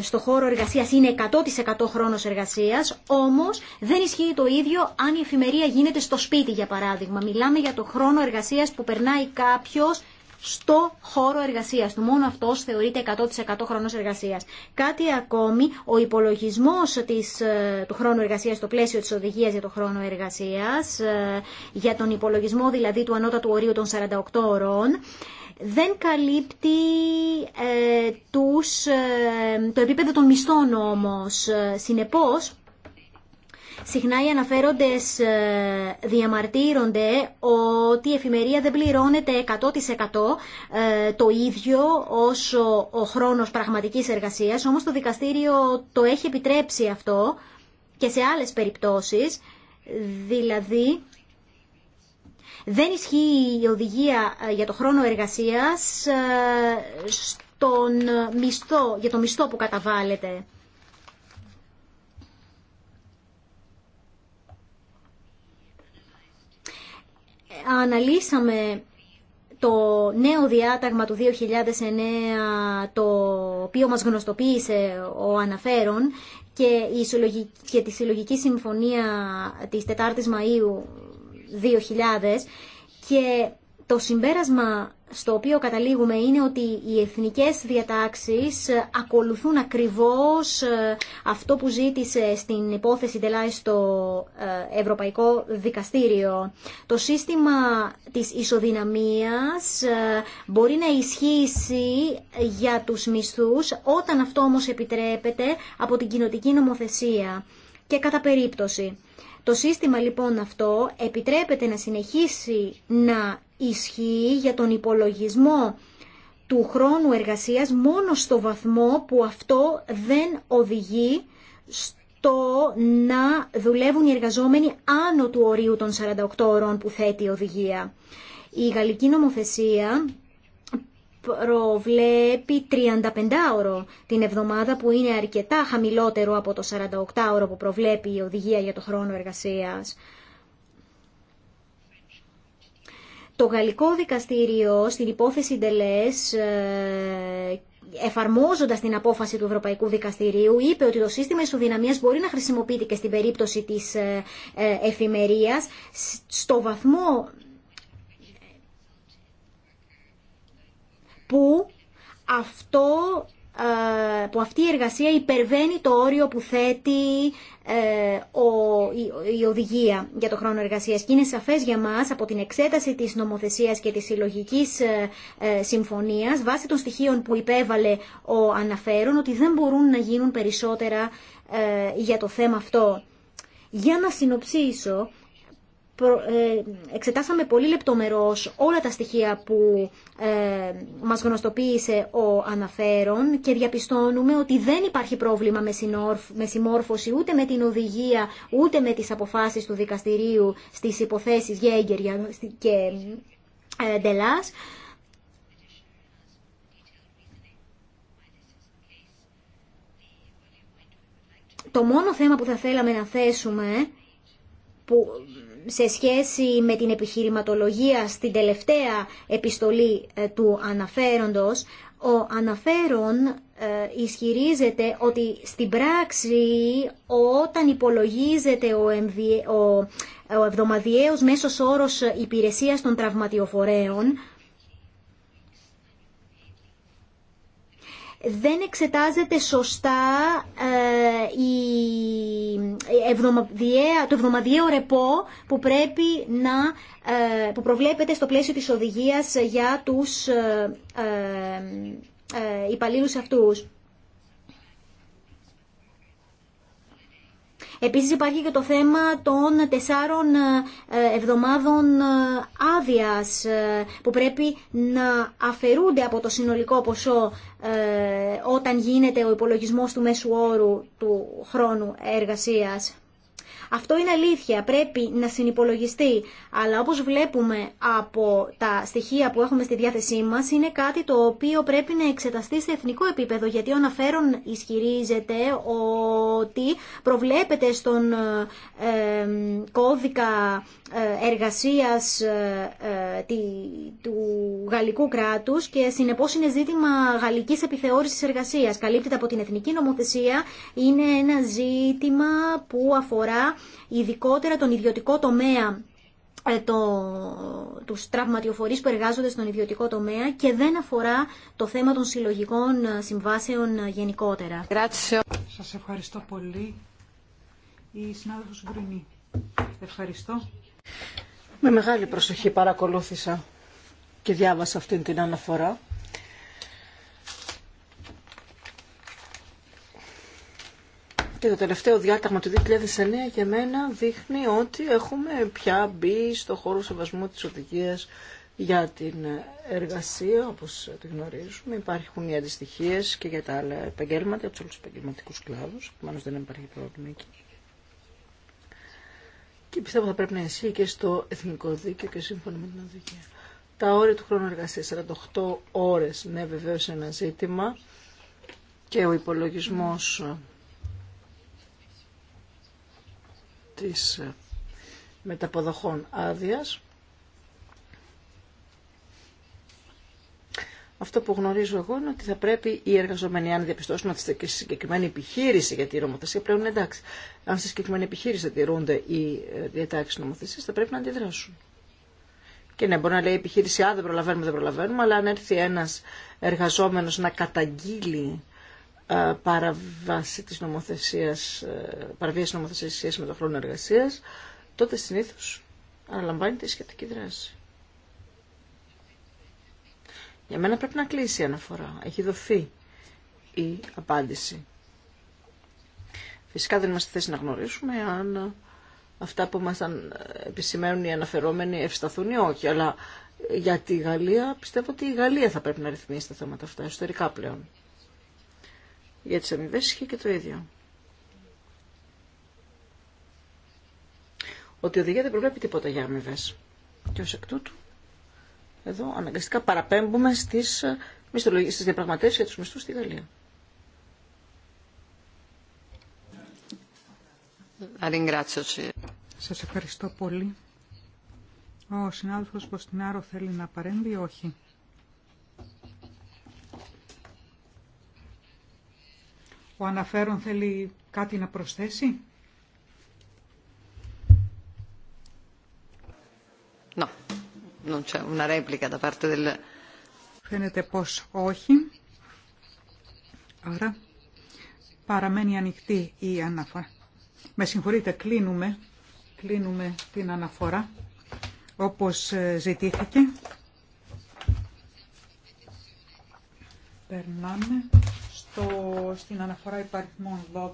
στο χώρο εργασίας είναι 100% χρόνος εργασίας, όμως δεν ισχύει το ίδιο αν η εφημερία γίνεται στο σπίτι, για παράδειγμα. Μιλάμε για το χρόνο εργασίας που περνάει κάποιος στο χώρο εργασίας του. Μόνο αυτός θεωρείται 100% χρόνος εργασίας. Κάτι ακόμη, ο υπολογισμός της, ε, του χρόνου εργασίας το πλαίσιο της οδηγίας για το χρόνο εργασίας, ε, για τον υπολογισμό δηλαδή του ανώτατου ορίου των 48 ωρών, δεν καλύπτει ε, τους, το επίπεδο των μισθών όμως. Συνεπώς, Συχνά οι αναφέροντες ε, διαμαρτύρονται ότι η εφημερία δεν πληρώνεται 100% ε, το ίδιο όσο ο χρόνος πραγματική εργασίας, όμως το δικαστήριο το έχει επιτρέψει αυτό και σε άλλες περιπτώσεις, δηλαδή δεν ισχύει η οδηγία ε, για το χρόνο εργασίας στον μισθό, για το μισθό που καταβάλλεται. αναλύσαμε το νέο διάταγμα του 2009 το οποίο μας γνωστοποίησε ο αναφέρον και, η συλλογική, και τη συλλογική συμφωνία της 4ης Μαΐου 2000 και το συμπέρασμα στο οποίο καταλήγουμε είναι ότι οι εθνικές διατάξεις ακολουθούν ακριβώς ε, αυτό που ζήτησε στην υπόθεση τελάει στο ε, Ευρωπαϊκό Δικαστήριο. Το σύστημα της ισοδυναμίας ε, μπορεί να ισχύσει για τους μισθούς όταν αυτό όμως επιτρέπεται από την κοινοτική νομοθεσία και κατά περίπτωση. Το σύστημα λοιπόν αυτό επιτρέπεται να συνεχίσει να ισχύει για τον υπολογισμό του χρόνου εργασίας μόνο στο βαθμό που αυτό δεν οδηγεί στο να δουλεύουν οι εργαζόμενοι άνω του ορίου των 48 ώρων που θέτει η οδηγία. Η γαλλική νομοθεσία προβλέπει 35 ώρο την εβδομάδα που είναι αρκετά χαμηλότερο από το 48 ώρο που προβλέπει η οδηγία για το χρόνο εργασίας. Το γαλλικό δικαστήριο στην υπόθεση Ντελές ε, εφαρμόζοντας την απόφαση του Ευρωπαϊκού Δικαστηρίου είπε ότι το σύστημα ισοδυναμίας μπορεί να χρησιμοποιείται και στην περίπτωση της ε, ε, εφημερίας στο βαθμό που αυτό ε, που αυτή η εργασία υπερβαίνει το όριο που θέτει ε, η οδηγία για το χρόνο εργασίας. Και είναι σαφές για μας από την εξέταση της νομοθεσίας και της συλλογική ε, συμφωνίας βάσει των στοιχείων που υπέβαλε ο αναφέρον ότι δεν μπορούν να γίνουν περισσότερα για το θέμα αυτό. Για να συνοψίσω, ε, εξετάσαμε πολύ λεπτομερώς όλα τα στοιχεία που ε, μας γνωστοποίησε ο αναφέρον και διαπιστώνουμε ότι δεν υπάρχει πρόβλημα με συμμόρφωση ούτε με την οδηγία ούτε με τις αποφάσεις του δικαστηρίου στις υποθέσεις Γέγκερ και ε, Ντελάς. Το μόνο θέμα που θα θέλαμε να θέσουμε που σε σχέση με την επιχειρηματολογία στην τελευταία επιστολή ε, του αναφέροντος, ο αναφέρον ε, ισχυρίζεται ότι στην πράξη όταν υπολογίζεται ο, ο, ο εβδομαδιαίος μέσος όρος υπηρεσίας των τραυματιοφορέων, δεν εξετάζεται σωστά ε, η το εβδομαδιαίο ρεπό που πρέπει να ε, που προβλέπεται στο πλαίσιο της οδηγίας για τους ε, υπαλλήλους αυτούς. Επίσης υπάρχει και το θέμα των τεσσάρων ε, εβδομάδων ε, άδειας ε, που πρέπει να αφαιρούνται από το συνολικό ποσό όταν γίνεται ο υπολογισμός του μέσου όρου του χρόνου εργασίας. Αυτό είναι αλήθεια, πρέπει να συνυπολογιστεί. Αλλά όπως βλέπουμε από τα στοιχεία που έχουμε στη διάθεσή μας, είναι κάτι το οποίο πρέπει να εξεταστεί σε εθνικό επίπεδο, γιατί ο αναφέρον ισχυρίζεται ότι προβλέπεται στον ε, κώδικα ε, εργασίας ε, τη, του γαλλικού κράτους και συνεπώς είναι ζήτημα γαλλικής επιθεώρησης εργασίας. Καλύπτεται από την εθνική νομοθεσία, είναι ένα ζήτημα που αφορά ειδικότερα τον ιδιωτικό τομέα ε, το, τους τραυματιοφορείς που εργάζονται στον ιδιωτικό τομέα και δεν αφορά το θέμα των συλλογικών ε, συμβάσεων ε, γενικότερα. Σας ευχαριστώ πολύ. Η συνάδελφος Γκρινή. Ευχαριστώ. Με μεγάλη προσοχή παρακολούθησα και διάβασα αυτήν την αναφορά Και το τελευταίο διάταγμα του 2009 για μένα δείχνει ότι έχουμε πια μπει στο χώρο σεβασμού της οδηγίας για την εργασία, όπως τη γνωρίζουμε. Υπάρχουν οι αντιστοιχίε και για τα άλλα επαγγέλματα, για τους όλους τους επαγγελματικούς κλάδους. Μάλλον δεν υπάρχει πρόβλημα εκεί. Και πιστεύω θα πρέπει να ισχύει και στο εθνικό δίκαιο και σύμφωνα με την οδηγία. Τα όρια του χρόνου εργασία. 48 ώρες, ναι βεβαίως ένα ζήτημα και ο υπολογισμός της ε, μεταποδοχών άδεια. Αυτό που γνωρίζω εγώ είναι ότι θα πρέπει οι εργαζομένοι, αν διαπιστώσουν ότι στη συγκεκριμένη επιχείρηση για τη νομοθεσία να εντάξει, αν στη συγκεκριμένη επιχείρηση δεν τηρούνται οι ε, διατάξει νομοθεσία, θα πρέπει να αντιδράσουν. Και ναι, μπορεί να λέει η επιχείρηση, α, δεν προλαβαίνουμε, δεν προλαβαίνουμε, αλλά αν έρθει ένα εργαζόμενο να καταγγείλει ε, παραβάση της νομοθεσίας, ε, παραβίαση νομοθεσίας σχέση με το χρόνο εργασίας, τότε συνήθως αναλαμβάνει τη σχετική δράση. Για μένα πρέπει να κλείσει η αναφορά. Έχει δοθεί η απάντηση. Φυσικά δεν είμαστε θέση να γνωρίσουμε αν αυτά που μας ε, επισημαίνουν οι αναφερόμενοι ευσταθούν ή όχι, αλλά για τη Γαλλία πιστεύω ότι η Γαλλία θα πρέπει να ρυθμίσει τα θέματα αυτά εσωτερικά πλέον. Για τις αμοιβές είχε και το ίδιο. Ότι οδηγία δεν προβλέπει τίποτα για αμοιβέ. Και ως εκ τούτου, εδώ αναγκαστικά παραπέμπουμε στις, στις διαπραγματεύσεις για τους μισθούς στη Γαλλία. Σας ευχαριστώ πολύ. Ο συνάδελφος Ποστινάρο θέλει να παρέμβει, όχι. Ο αναφέρον θέλει κάτι να προσθέσει. No. Non c'è una replica da parte Φαίνεται πως όχι. Άρα παραμένει ανοιχτή η αναφορά. Με συγχωρείτε, κλείνουμε, κλείνουμε την αναφορά όπως ε, ζητήθηκε. Περνάμε στο, στην αναφορά υπαριθμών 12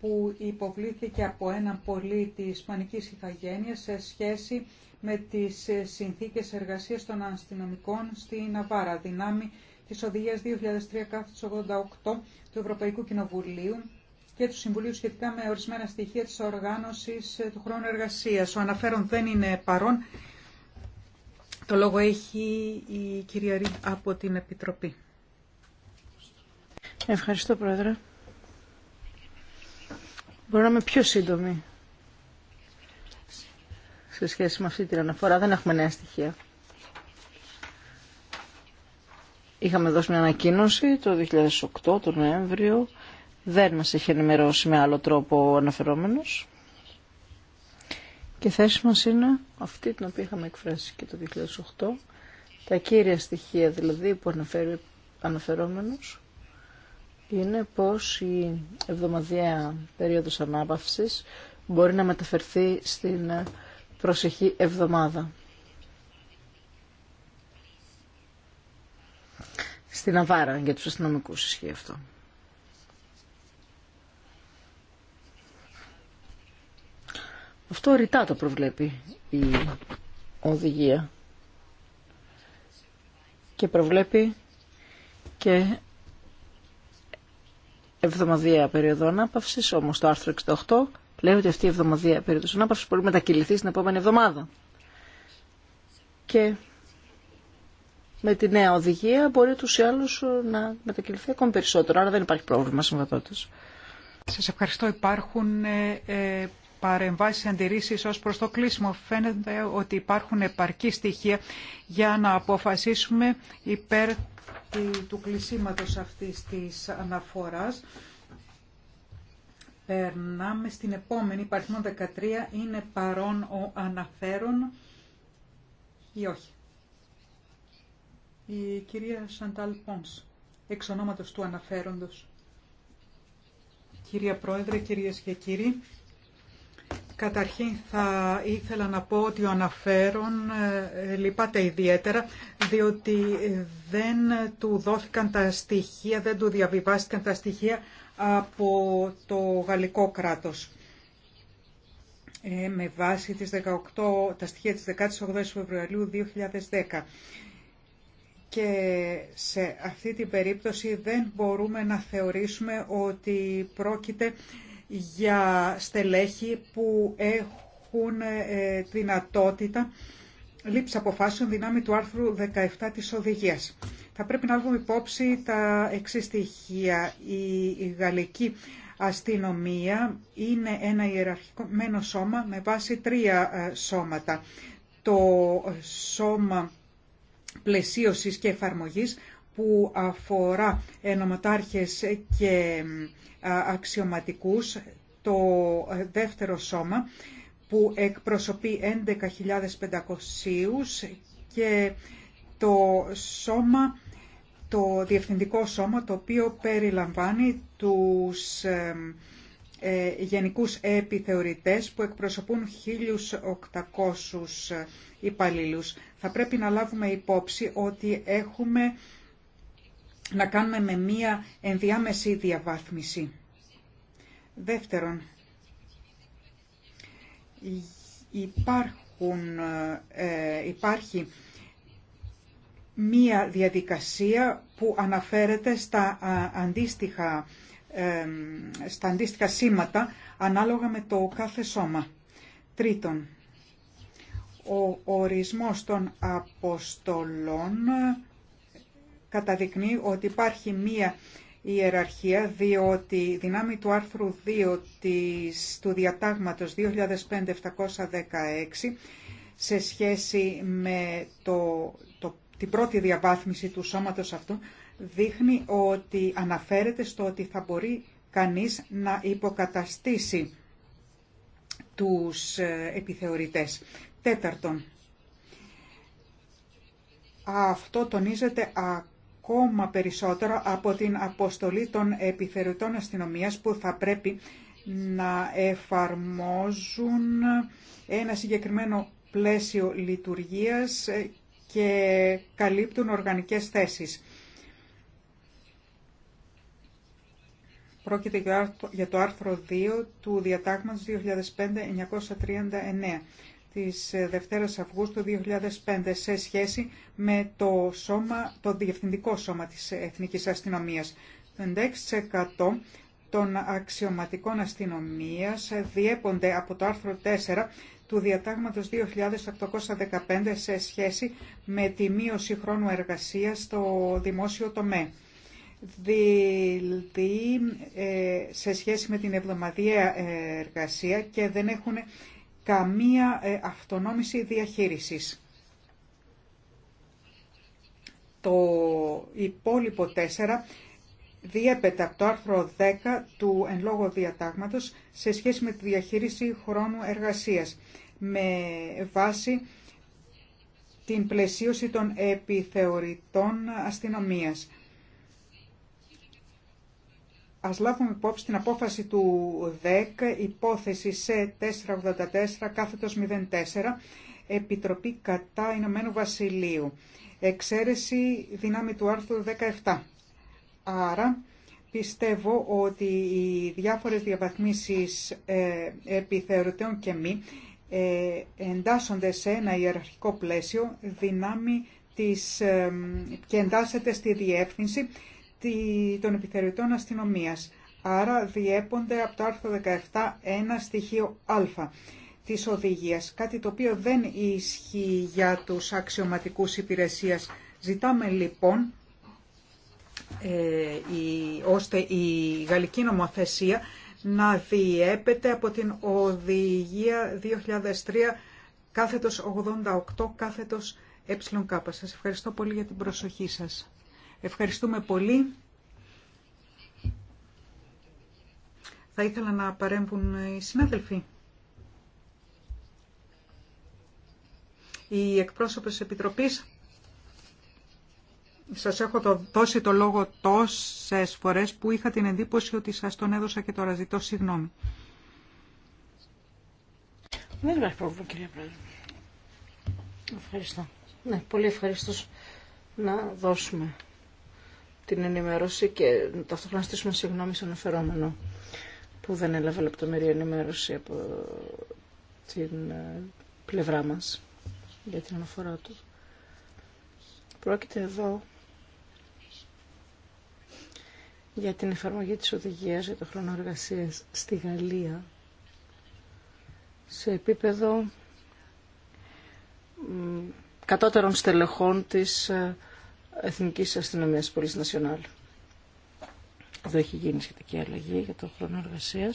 που υποβλήθηκε από έναν πολίτη ισπανικής ηθαγένειας σε σχέση με τις συνθήκες εργασίας των αστυνομικών στη Ναβάρα, δυνάμει της Οδηγίας 2003-88 του Ευρωπαϊκού Κοινοβουλίου και του Συμβουλίου σχετικά με ορισμένα στοιχεία της οργάνωσης του χρόνου εργασίας. Ο αναφέρον δεν είναι παρόν το λόγο έχει η κυρία από την Επιτροπή. Ευχαριστώ, Πρόεδρε. Μπορούμε πιο σύντομη σε σχέση με αυτή την αναφορά. Δεν έχουμε νέα στοιχεία. Είχαμε δώσει μια ανακοίνωση το 2008, τον Νοέμβριο. Δεν μας έχει ενημερώσει με άλλο τρόπο ο αναφερόμενος. Και η θέση μας είναι αυτή την οποία είχαμε εκφράσει και το 2008, τα κύρια στοιχεία δηλαδή που αναφέρει αναφερόμενος, είναι πως η εβδομαδιαία περίοδος ανάπαυσης μπορεί να μεταφερθεί στην προσεχή εβδομάδα. Στην Αβάρα για τους αστυνομικούς ισχύει αυτό. Αυτό ρητά το προβλέπει η οδηγία και προβλέπει και εβδομαδιαία περίοδο ανάπαυσης, όμως το άρθρο 68 λέει ότι αυτή η εβδομαδιαία περίοδο ανάπαυσης μπορεί να μετακυληθεί στην επόμενη εβδομάδα. Και με τη νέα οδηγία μπορεί τους ή άλλου να μετακυληθεί ακόμη περισσότερο, άρα δεν υπάρχει πρόβλημα συμβατότητας. Σας ευχαριστώ. Υπάρχουν ε, ε, παρεμβάσεις αντιρρήσεις ως προς το κλείσιμο. Φαίνεται ότι υπάρχουν επαρκή στοιχεία για να αποφασίσουμε υπέρ του κλεισίματος αυτής της αναφοράς. Περνάμε στην επόμενη, υπάρχει 13, είναι παρόν ο αναφέρον ή όχι. Η κυρία Σαντάλ Πόνς, εξ του αναφέροντος. Κυρία Πρόεδρε, κυρίες και κύριοι, Καταρχήν θα ήθελα να πω ότι ο αναφέρον ε, λυπάται ιδιαίτερα διότι δεν του δόθηκαν τα στοιχεία, δεν του διαβιβάστηκαν τα στοιχεία από το γαλλικό κράτος. Ε, με βάση τις 18, τα στοιχεία της 18 Φεβρουαρίου 2010. Και σε αυτή την περίπτωση δεν μπορούμε να θεωρήσουμε ότι πρόκειται για στελέχη που έχουν ε, δυνατότητα λήψη αποφάσεων δυνάμει του άρθρου 17 της οδηγίας. Θα πρέπει να λάβουμε υπόψη τα εξή Η γαλλική αστυνομία είναι ένα ιεραρχικό σώμα με βάση τρία ε, σώματα. Το σώμα πλαισίωσης και εφαρμογής που αφορά ενωματάρχες και αξιωματικούς, το ε, δεύτερο σώμα που εκπροσωπεί 11.500 και το σώμα, το διευθυντικό σώμα το οποίο περιλαμβάνει τους ε, γενικούς επιθεωρητές που εκπροσωπούν 1.800 υπαλλήλους. Θα πρέπει να λάβουμε υπόψη ότι έχουμε να κάνουμε με μία ενδιάμεση διαβάθμιση. Δεύτερον, υπάρχουν, ε, υπάρχει μία διαδικασία που αναφέρεται στα αντίστοιχα, ε, στα αντίστοιχα σήματα ανάλογα με το κάθε σώμα. Τρίτον, ο ορισμός των αποστολών καταδεικνύει ότι υπάρχει μία ιεραρχία διότι η δυνάμη του άρθρου 2 της, του διατάγματος 2005-716 σε σχέση με το, την πρώτη διαβάθμιση του σώματος αυτού δείχνει ότι αναφέρεται στο ότι θα μπορεί κανείς να υποκαταστήσει τους ε, επιθεωρητές. Τέταρτον, αυτό τονίζεται ακόμα ακόμα περισσότερο από την αποστολή των επιθεωρητών αστυνομίας που θα πρέπει να εφαρμόζουν ένα συγκεκριμένο πλαίσιο λειτουργίας και καλύπτουν οργανικές θέσεις. Πρόκειται για το άρθρο 2 του Διατάγματος 2005-939 της ε, Δευτέρας Αυγούστου 2005 σε σχέση με το, σώμα, το Διευθυντικό Σώμα της Εθνικής Αστυνομίας. Το 6% των αξιωματικών αστυνομίας διέπονται από το άρθρο 4 του Διατάγματος 2815 σε σχέση με τη μείωση χρόνου εργασίας στο δημόσιο τομέα. Δηλαδή ε, σε σχέση με την εβδομαδιαία εργασία και δεν έχουν καμία ε, αυτονόμηση διαχείρισης. Το υπόλοιπο 4 διέπεται από το άρθρο 10 του εν λόγω διατάγματος σε σχέση με τη διαχείριση χρόνου εργασίας με βάση την πλαισίωση των επιθεωρητών αστυνομίας. Ας λάβουμε υπόψη την απόφαση του ΔΕΚ, υπόθεση σε 484 κάθετος 04, Επιτροπή κατά Ηνωμένου Βασιλείου. Εξαίρεση δυνάμει του άρθρου 17. Άρα πιστεύω ότι οι διάφορες διαβαθμίσεις ε, επιθεωρητέων και μη ε, εντάσσονται σε ένα ιεραρχικό πλαίσιο δυνάμει της, ε, και εντάσσεται στη διεύθυνση των επιθεωρητών αστυνομίας. Άρα διέπονται από το άρθρο 17 ένα στοιχείο α της οδηγίας, κάτι το οποίο δεν ισχύει για τους αξιωματικούς υπηρεσίας. Ζητάμε λοιπόν ε, η, ώστε η γαλλική νομοθεσία να διέπεται από την οδηγία 2003 κάθετος 88 κάθετος ΕΚ. Σας ευχαριστώ πολύ για την προσοχή σας. Ευχαριστούμε πολύ. Θα ήθελα να παρέμβουν οι συνάδελφοι. Οι εκπρόσωπες της Επιτροπής σας έχω το, δώσει το λόγο τόσες φορές που είχα την εντύπωση ότι σας τον έδωσα και τώρα ζητώ συγγνώμη. Δεν υπάρχει πρόβλημα κυρία Πρόεδρε. Ευχαριστώ. Ναι, πολύ ευχαριστώ να δώσουμε την ενημέρωση και ταυτόχρονα στήσουμε συγγνώμη στον αφαιρόμενο που δεν έλαβε λεπτομερή ενημέρωση από την ε, πλευρά μας για την αναφορά του. Πρόκειται εδώ για την εφαρμογή της οδηγίας για το χρόνο εργασία στη Γαλλία σε επίπεδο κατώτερων στελεχών της ε, Εθνικής Αστυνομίας Πολύ Νασιονάλ. Εδώ έχει γίνει σχετική αλλαγή για τον χρόνο εργασία.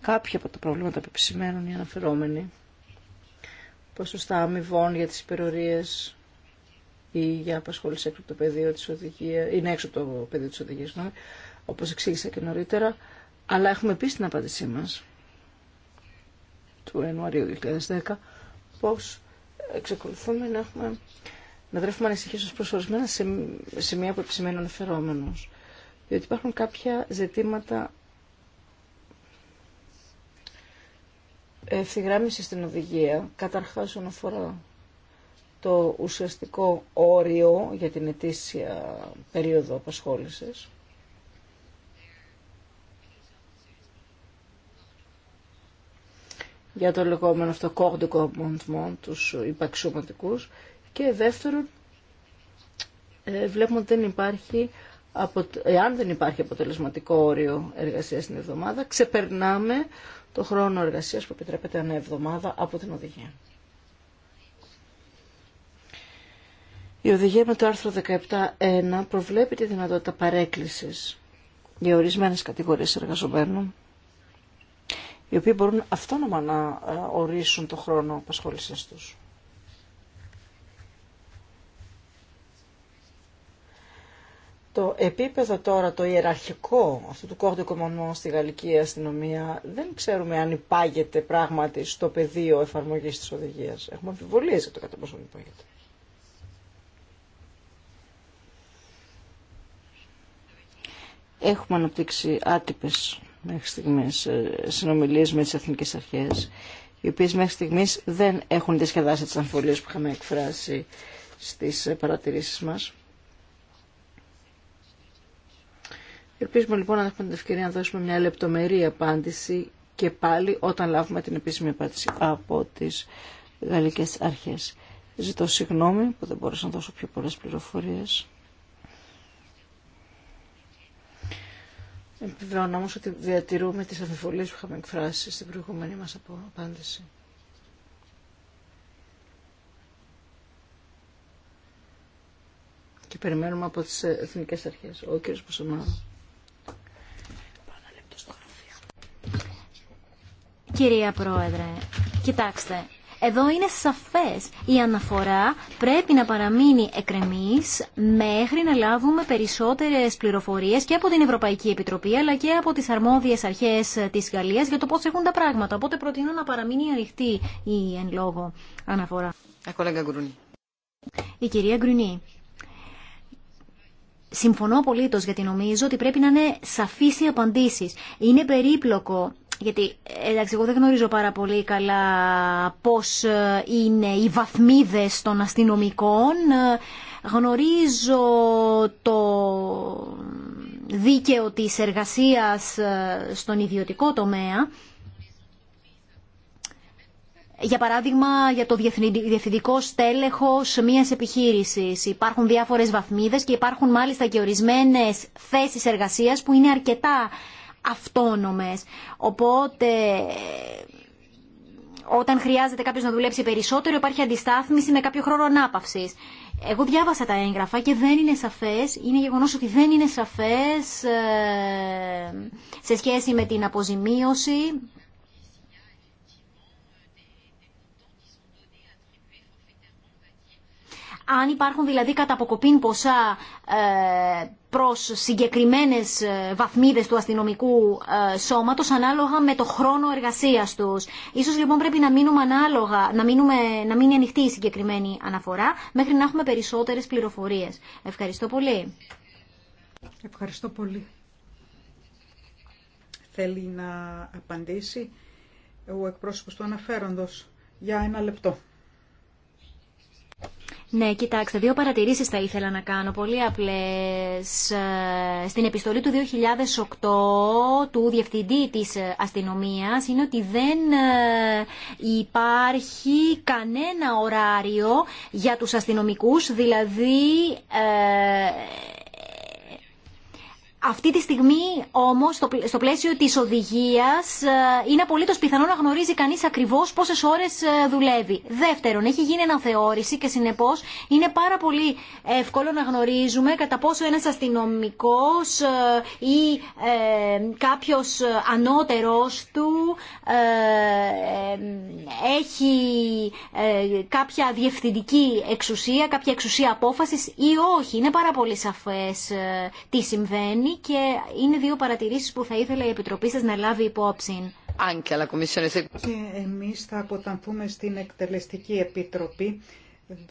Κάποια από τα προβλήματα που επισημαίνουν οι αναφερόμενοι, ποσοστά αμοιβών για τι υπερορίε ή για απασχόληση έξω από το πεδίο τη οδηγία. είναι έξω από το πεδίο τη οδηγία, ναι, όπως εξήγησα και νωρίτερα, αλλά έχουμε επίση την απάντησή μα, του Ιανουαρίου 2010 πώ εξακολουθούμε να έχουμε να τρέφουμε ανησυχίες ως σε, σε σημεία που επισημαίνει ο Διότι υπάρχουν κάποια ζητήματα ευθυγράμμιση στην οδηγία, καταρχάς όσον αφορά το ουσιαστικό όριο για την ετήσια περίοδο απασχόληση. για το λεγόμενο αυτό corps de τους υπαξιωματικούς, και δεύτερον, ε, βλέπουμε ότι δεν υπάρχει, εάν δεν υπάρχει αποτελεσματικό όριο εργασίας την εβδομάδα, ξεπερνάμε το χρόνο εργασίας που επιτρέπεται ανά εβδομάδα από την οδηγία. Η οδηγία με το άρθρο 17.1 προβλέπει τη δυνατότητα παρέκκλησης για ορισμένες κατηγορίες εργαζομένων, οι οποίοι μπορούν αυτόνομα να ε, ορίσουν το χρόνο απασχόλησης τους. Το επίπεδο τώρα, το ιεραρχικό αυτού του κόρτου κομμανού στη γαλλική αστυνομία δεν ξέρουμε αν υπάγεται πράγματι στο πεδίο εφαρμογής της οδηγίας. Έχουμε αμφιβολίε για το κατά πόσο υπάγεται. Έχουμε αναπτύξει άτυπες μέχρι στιγμής ε, συνομιλίες με τι εθνικέ αρχέ, οι οποίε μέχρι στιγμή δεν έχουν διασκεδάσει τι αμφιβολίε που είχαμε εκφράσει στι ε, παρατηρήσει μα. Ελπίζουμε λοιπόν να έχουμε την ευκαιρία να δώσουμε μια λεπτομερή απάντηση και πάλι όταν λάβουμε την επίσημη απάντηση από τις γαλλικές αρχές. Ζητώ συγγνώμη που δεν μπορούσα να δώσω πιο πολλές πληροφορίες. Επιβεβαιώνω όμως ότι διατηρούμε τις αμφιβολίες που είχαμε εκφράσει στην προηγούμενη μας απάντηση. Και περιμένουμε από τις εθνικές αρχές. Ο κύριος Κυρία Πρόεδρε, κοιτάξτε, εδώ είναι σαφές. Η αναφορά πρέπει να παραμείνει εκρεμής μέχρι να λάβουμε περισσότερες πληροφορίες και από την Ευρωπαϊκή Επιτροπή αλλά και από τις αρμόδιες αρχές της Γαλλίας για το πώς έχουν τα πράγματα. Οπότε προτείνω να παραμείνει ανοιχτή η εν λόγω αναφορά. Ε, η κυρία Γκρουνή. Συμφωνώ απολύτω γιατί νομίζω ότι πρέπει να είναι σαφεί οι απαντήσει. Είναι περίπλοκο γιατί εντάξει, εγώ δεν γνωρίζω πάρα πολύ καλά πώς ε, είναι οι βαθμίδες των αστυνομικών. Ε, γνωρίζω το δίκαιο της εργασίας ε, στον ιδιωτικό τομέα. Για παράδειγμα, για το διευθυντικό στέλεχος μιας επιχείρησης. Υπάρχουν διάφορες βαθμίδες και υπάρχουν μάλιστα και ορισμένες θέσεις εργασίας που είναι αρκετά αυτόνομες. Οπότε όταν χρειάζεται κάποιο να δουλέψει περισσότερο, υπάρχει αντιστάθμιση με κάποιο χρόνο ανάπαυση. Εγώ διάβασα τα έγγραφα και δεν είναι σαφέ, είναι γεγονό ότι δεν είναι σαφέ ε, σε σχέση με την αποζημίωση. Αν υπάρχουν δηλαδή κατά αποκοπήν ποσά ε, προς συγκεκριμένες ε, βαθμίδες του αστυνομικού ε, σώματος ανάλογα με το χρόνο εργασίας τους. Ίσως λοιπόν πρέπει να μείνουμε ανάλογα, να, μείνουμε, να μείνει ανοιχτή η συγκεκριμένη αναφορά μέχρι να έχουμε περισσότερες πληροφορίες. Ευχαριστώ πολύ. Ευχαριστώ πολύ. Θέλει να απαντήσει ο εκπρόσωπος του αναφέροντος για ένα λεπτό. Ναι, κοιτάξτε, δύο παρατηρήσεις θα ήθελα να κάνω, πολύ απλές. Ε, στην επιστολή του 2008 του Διευθυντή της ε, Αστυνομίας είναι ότι δεν ε, υπάρχει κανένα ωράριο για τους αστυνομικούς, δηλαδή αυτή τη στιγμή όμως στο πλαίσιο της οδηγίας ε, είναι απολύτω πιθανό να γνωρίζει κανείς ακριβώς πόσες ώρες ε, δουλεύει. Δεύτερον, έχει γίνει αναθεώρηση και συνεπώς είναι πάρα πολύ εύκολο να γνωρίζουμε κατά πόσο ένας αστυνομικός ε, ή κάποιος ανώτερος του έχει κάποια διευθυντική εξουσία, κάποια εξουσία απόφασης ή όχι. Είναι πάρα πολύ σαφές τι συμβαίνει και είναι δύο παρατηρήσεις που θα ήθελα η Επιτροπή σας να λάβει υπόψη. Και εμείς θα αποτανθούμε στην Εκτελεστική Επιτροπή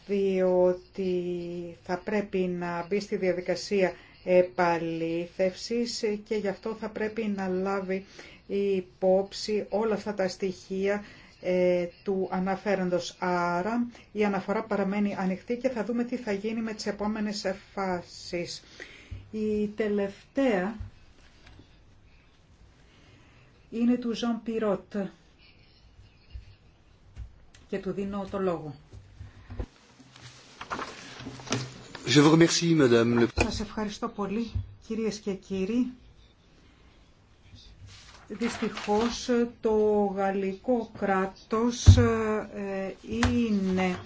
διότι θα πρέπει να μπει στη διαδικασία επαλήθευσης και γι' αυτό θα πρέπει να λάβει υπόψη όλα αυτά τα στοιχεία ε, του αναφέροντος. Άρα η αναφορά παραμένει ανοιχτή και θα δούμε τι θα γίνει με τις επόμενες φάσεις. Η τελευταία είναι του Ζων Πιρότ και του δίνω το λόγο. Je Σας ευχαριστώ πολύ, κυρίες και κύριοι. Δυστυχώς το γαλλικό κράτος ε, είναι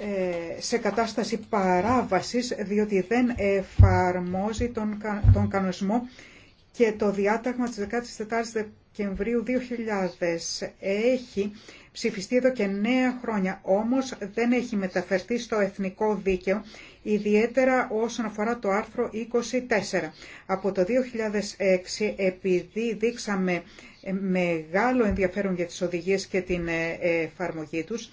ε, σε κατάσταση παράβασης διότι δεν εφαρμόζει τον, τον κανονισμό και το διάταγμα της 14ης Δεκεμβρίου 2000 έχει ψηφιστεί εδώ και 9 χρόνια, όμως δεν έχει μεταφερθεί στο εθνικό δίκαιο, ιδιαίτερα όσον αφορά το άρθρο 24. Από το 2006, επειδή δείξαμε μεγάλο ενδιαφέρον για τις οδηγίες και την ε, εφαρμογή τους,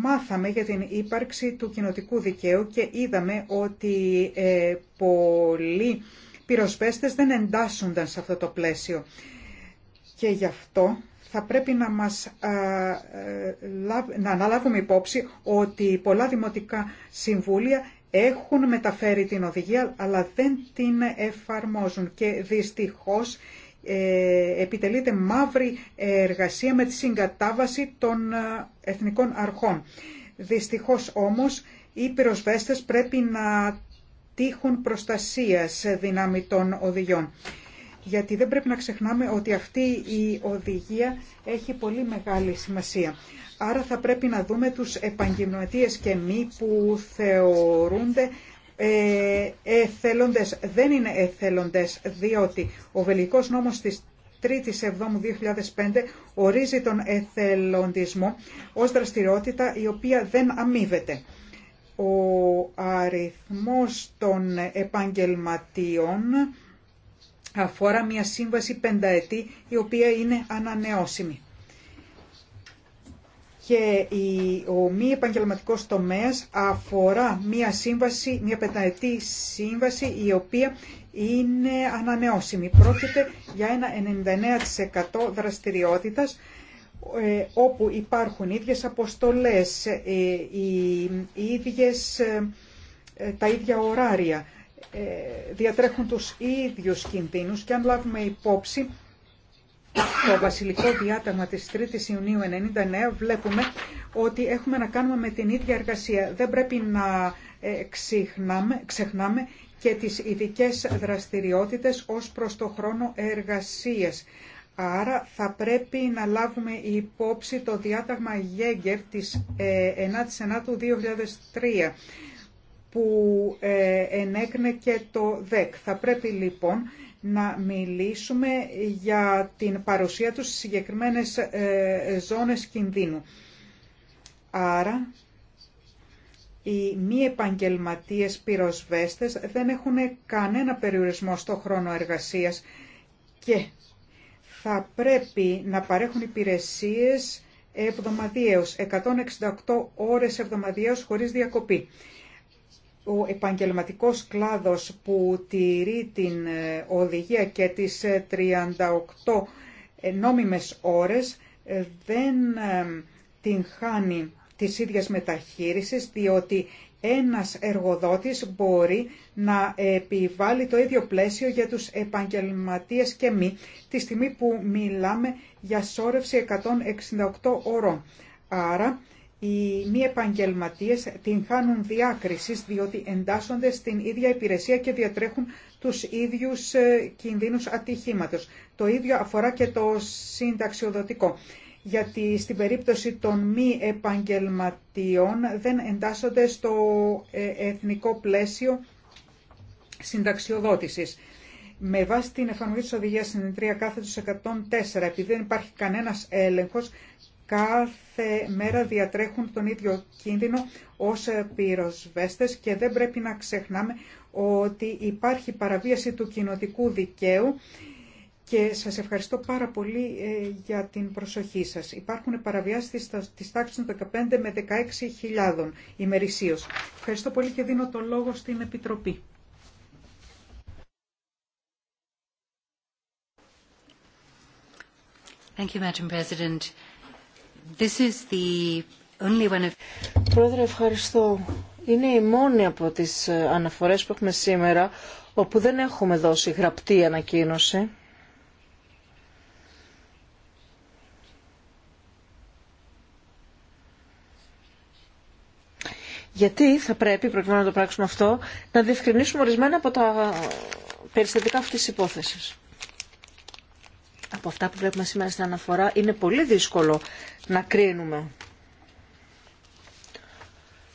Μάθαμε για την ύπαρξη του κοινοτικού δικαίου και είδαμε ότι ε, πολλοί πυροσβέστες δεν εντάσσονταν σε αυτό το πλαίσιο. Και γι' αυτό θα πρέπει να, μας, να αναλάβουμε υπόψη ότι πολλά δημοτικά συμβούλια έχουν μεταφέρει την οδηγία αλλά δεν την εφαρμόζουν και δυστυχώς ε, επιτελείται μαύρη εργασία με τη συγκατάβαση των ε, εθνικών αρχών. Δυστυχώς όμως οι πυροσβέστες πρέπει να τύχουν προστασία σε δύναμη των οδηγιών. Γιατί δεν πρέπει να ξεχνάμε ότι αυτή η οδηγία έχει πολύ μεγάλη σημασία. Άρα θα πρέπει να δούμε τους επαγγελματίες και μη που θεωρούνται ε, εθελοντές. Δεν είναι εθελοντές, διότι ο Βελικός νόμος της 3ης Εβδόμου 2005 ορίζει τον εθελοντισμό ως δραστηριότητα η οποία δεν αμείβεται. Ο αριθμός των επαγγελματίων αφορά μια σύμβαση πενταετή η οποία είναι ανανεώσιμη και ο μη επαγγελματικό τομέα αφορά μια σύμβαση, μια πενταετή σύμβαση η οποία είναι ανανεώσιμη. Πρόκειται για ένα 99% δραστηριότητας ε, όπου υπάρχουν ίδιες αποστολές, ε, οι ίδιες, ε, τα ίδια ωράρια, διατρέχουν τους ίδιους κινδύνους και αν λάβουμε υπόψη το βασιλικό διάταγμα της 3ης Ιουνίου 1999 βλέπουμε ότι έχουμε να κάνουμε με την ίδια εργασία. Δεν πρέπει να ε, ξεχνάμε, και τις ειδικέ δραστηριότητες ως προς το χρόνο εργασίας. Άρα θα πρέπει να λάβουμε υπόψη το διάταγμα Γέγκερ της 9ης ε, 2003 που ε, ενέκνε και το ΔΕΚ. Θα πρέπει λοιπόν να μιλήσουμε για την παρουσία τους στις συγκεκριμένες ε, ζώνες κινδύνου. Άρα, οι μη επαγγελματίες πυροσβέστες δεν έχουν κανένα περιορισμό στο χρόνο εργασίας και θα πρέπει να παρέχουν υπηρεσίες εβδομαδιαίως, 168 ώρες εβδομαδιαίως χωρίς διακοπή ο επαγγελματικός κλάδος που τηρεί την ε, οδηγία και τις 38 ε, ε, νόμιμες ώρες δεν την χάνει της ίδιας μεταχείρισης, διότι ένας εργοδότης μπορεί να επιβάλλει το ίδιο πλαίσιο για τους επαγγελματίες και μη, τη στιγμή που μιλάμε για σόρευση 168 ώρων. Άρα οι μη επαγγελματίε την χάνουν διάκριση διότι εντάσσονται στην ίδια υπηρεσία και διατρέχουν τους ίδιους ε, κινδύνους ατυχήματο. Το ίδιο αφορά και το συνταξιοδοτικό, γιατί στην περίπτωση των μη επαγγελματιών δεν εντάσσονται στο ε, εθνικό πλαίσιο συνταξιοδότησης. Με βάση την εφαρμογή της οδηγίας κάθε κάθετος 104, επειδή δεν υπάρχει κανένας έλεγχος, κάθε μέρα διατρέχουν τον ίδιο κίνδυνο ως πυροσβέστες και δεν πρέπει να ξεχνάμε ότι υπάρχει παραβίαση του κοινοτικού δικαίου και σας ευχαριστώ πάρα πολύ ε, για την προσοχή σας. Υπάρχουν παραβιάσεις της τάξης των 15 με 16.000 ημερησίως. Ευχαριστώ πολύ και δίνω το λόγο στην Επιτροπή. Thank you, Madam President. Πρόεδρε, ευχαριστώ. Είναι η μόνη από τις ε, αναφορές που έχουμε σήμερα όπου δεν έχουμε δώσει γραπτή ανακοίνωση. Γιατί θα πρέπει, προκειμένου να το πράξουμε αυτό, να διευκρινίσουμε ορισμένα από τα περιστατικά αυτής της υπόθεσης από αυτά που βλέπουμε σήμερα στην αναφορά είναι πολύ δύσκολο να κρίνουμε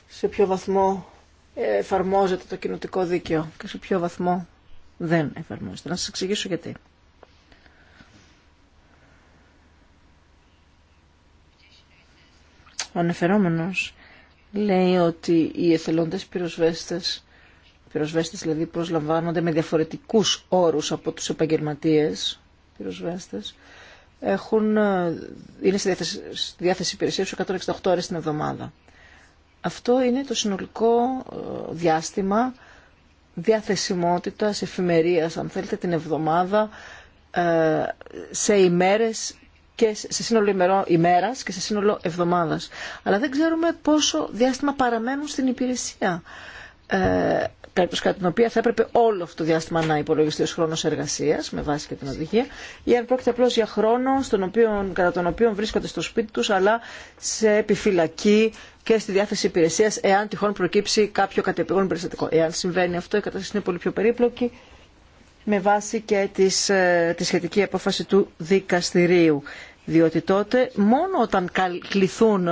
σε ποιο βαθμό εφαρμόζεται το κοινοτικό δίκαιο και σε ποιο βαθμό δεν εφαρμόζεται. Να σας εξηγήσω γιατί. Ο ανεφερόμενος λέει ότι οι εθελοντές πυροσβέστες, πυροσβέστες δηλαδή προσλαμβάνονται με διαφορετικούς όρους από τους επαγγελματίες έχουν, ε, είναι στη διάθεση, υπηρεσία του 168 ώρες την εβδομάδα. Αυτό είναι το συνολικό ε, διάστημα διαθεσιμότητας, εφημερίας, αν θέλετε, την εβδομάδα ε, σε ημέρες και σε σύνολο ημερό, και σε σύνολο εβδομάδας. Αλλά δεν ξέρουμε πόσο διάστημα παραμένουν στην υπηρεσία κατά την οποία θα έπρεπε όλο αυτό το διάστημα να υπολογιστεί ως χρόνος εργασίας με βάση και την οδηγία ή αν πρόκειται απλώς για χρόνο στον οποίο, κατά τον οποίο βρίσκονται στο σπίτι τους αλλά σε επιφυλακή και στη διάθεση υπηρεσίας, εάν τυχόν προκύψει κάποιο κατεπηγόν περιστατικό. Εάν συμβαίνει αυτό η κατάσταση είναι πολύ πιο περίπλοκη με βάση και ε, τη σχετική απόφαση του δικαστηρίου. Διότι τότε μόνο όταν κληθούν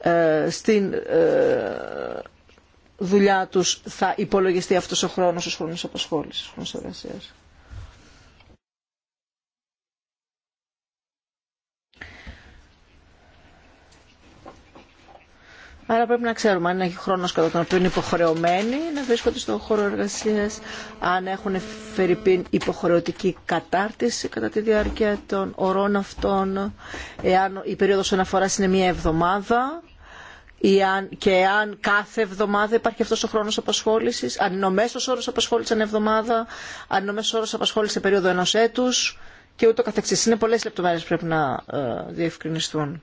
ε, στην ε, δουλειά τους θα υπολογιστεί αυτός ο χρόνος, ως χρόνος απασχόλησης, χρόνος εργασίας. Άρα πρέπει να ξέρουμε αν έχει χρόνος κατά τον οποίο είναι υποχρεωμένοι να βρίσκονται στον χώρο εργασίας, αν έχουν φερειπίν υποχρεωτική κατάρτιση κατά τη διάρκεια των ορών αυτών, εάν η περίοδος αναφοράς είναι μία εβδομάδα, και αν κάθε εβδομάδα υπάρχει αυτός ο χρόνος απασχόλησης, αν είναι ο μέσος όρος απασχόλησης ανά εβδομάδα, αν είναι ο μέσος όρος απασχόλησης σε περίοδο ενός έτους και ούτω καθεξής. Είναι πολλές λεπτομέρειες που πρέπει να ε, διευκρινιστούν.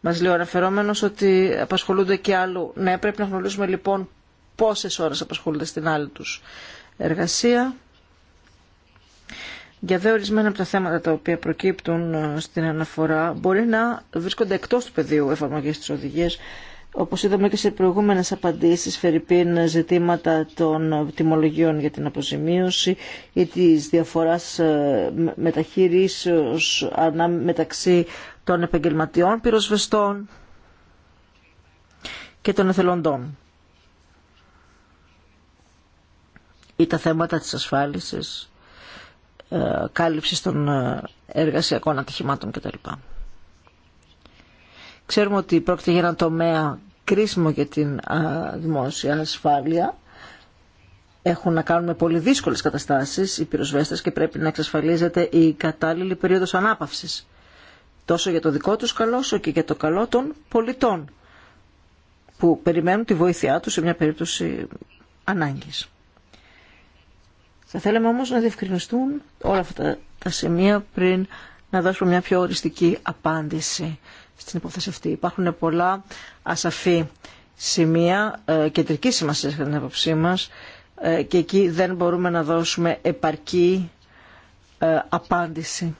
Μας λέει ο αναφερόμενος ότι απασχολούνται και άλλου. Ναι, πρέπει να γνωρίζουμε λοιπόν πόσες ώρες απασχολούνται στην άλλη τους εργασία. Για δε ορισμένα από τα θέματα τα οποία προκύπτουν ε, στην αναφορά μπορεί να βρίσκονται εκτός του πεδίου εφαρμογής της οδηγίας όπως είδαμε και σε προηγούμενες απαντήσεις, φερειπίν ζητήματα των τιμολογίων για την αποζημίωση ή της διαφοράς ε, μεταχείρισεως μεταξύ των επαγγελματιών πυροσβεστών και των εθελοντών. Ή τα θέματα της ασφάλισης, ε, κάλυψης των ε, εργασιακών ατυχημάτων κτλ. Ξέρουμε ότι πρόκειται για ένα τομέα κρίσιμο για την δημόσια ασφάλεια. Έχουν να κάνουν με πολύ δύσκολες καταστάσεις οι πυροσβέστες και πρέπει να εξασφαλίζεται η κατάλληλη περίοδος ανάπαυσης. Τόσο για το δικό τους καλό, όσο και για το καλό των πολιτών που περιμένουν τη βοήθειά τους σε μια περίπτωση ανάγκης. Θα θέλαμε όμως να διευκρινιστούν όλα αυτά τα σημεία πριν να δώσουμε μια πιο οριστική απάντηση στην υπόθεση αυτή. Υπάρχουν πολλά ασαφή σημεία ε, κεντρική σημασία στην την άποψή μα ε, και εκεί δεν μπορούμε να δώσουμε επαρκή ε, απάντηση.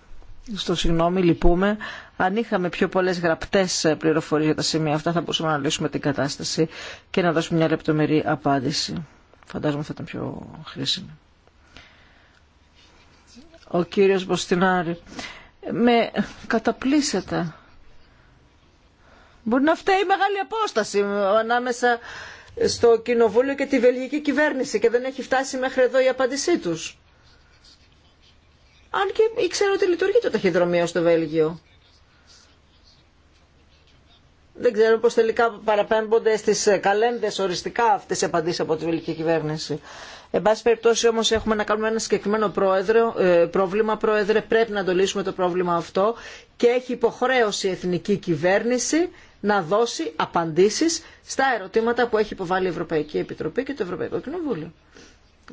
Στο συγγνώμη, λυπούμε. Αν είχαμε πιο πολλέ γραπτέ πληροφορίε για τα σημεία αυτά, θα μπορούσαμε να λύσουμε την κατάσταση και να δώσουμε μια λεπτομερή απάντηση. Φαντάζομαι θα ήταν πιο χρήσιμη. Ο κύριος Μποστινάρη. Με καταπλήσετε Μπορεί να φταίει μεγάλη απόσταση ανάμεσα στο κοινοβούλιο και τη βελγική κυβέρνηση και δεν έχει φτάσει μέχρι εδώ η απάντησή τους. Αν και ήξερα ότι λειτουργεί το ταχυδρομείο στο Βέλγιο. Δεν ξέρω πώς τελικά παραπέμπονται στις καλένδες οριστικά αυτές οι απαντήσεις από τη βελγική κυβέρνηση. Εν πάση περιπτώσει όμως έχουμε να κάνουμε ένα συγκεκριμένο πρόεδρο, ε, πρόβλημα. Πρόεδρε πρέπει να το λύσουμε το πρόβλημα αυτό και έχει υποχρέωση η εθνική κυβέρνηση να δώσει απαντήσεις στα ερωτήματα που έχει υποβάλει η Ευρωπαϊκή Επιτροπή και το Ευρωπαϊκό Κοινοβούλιο.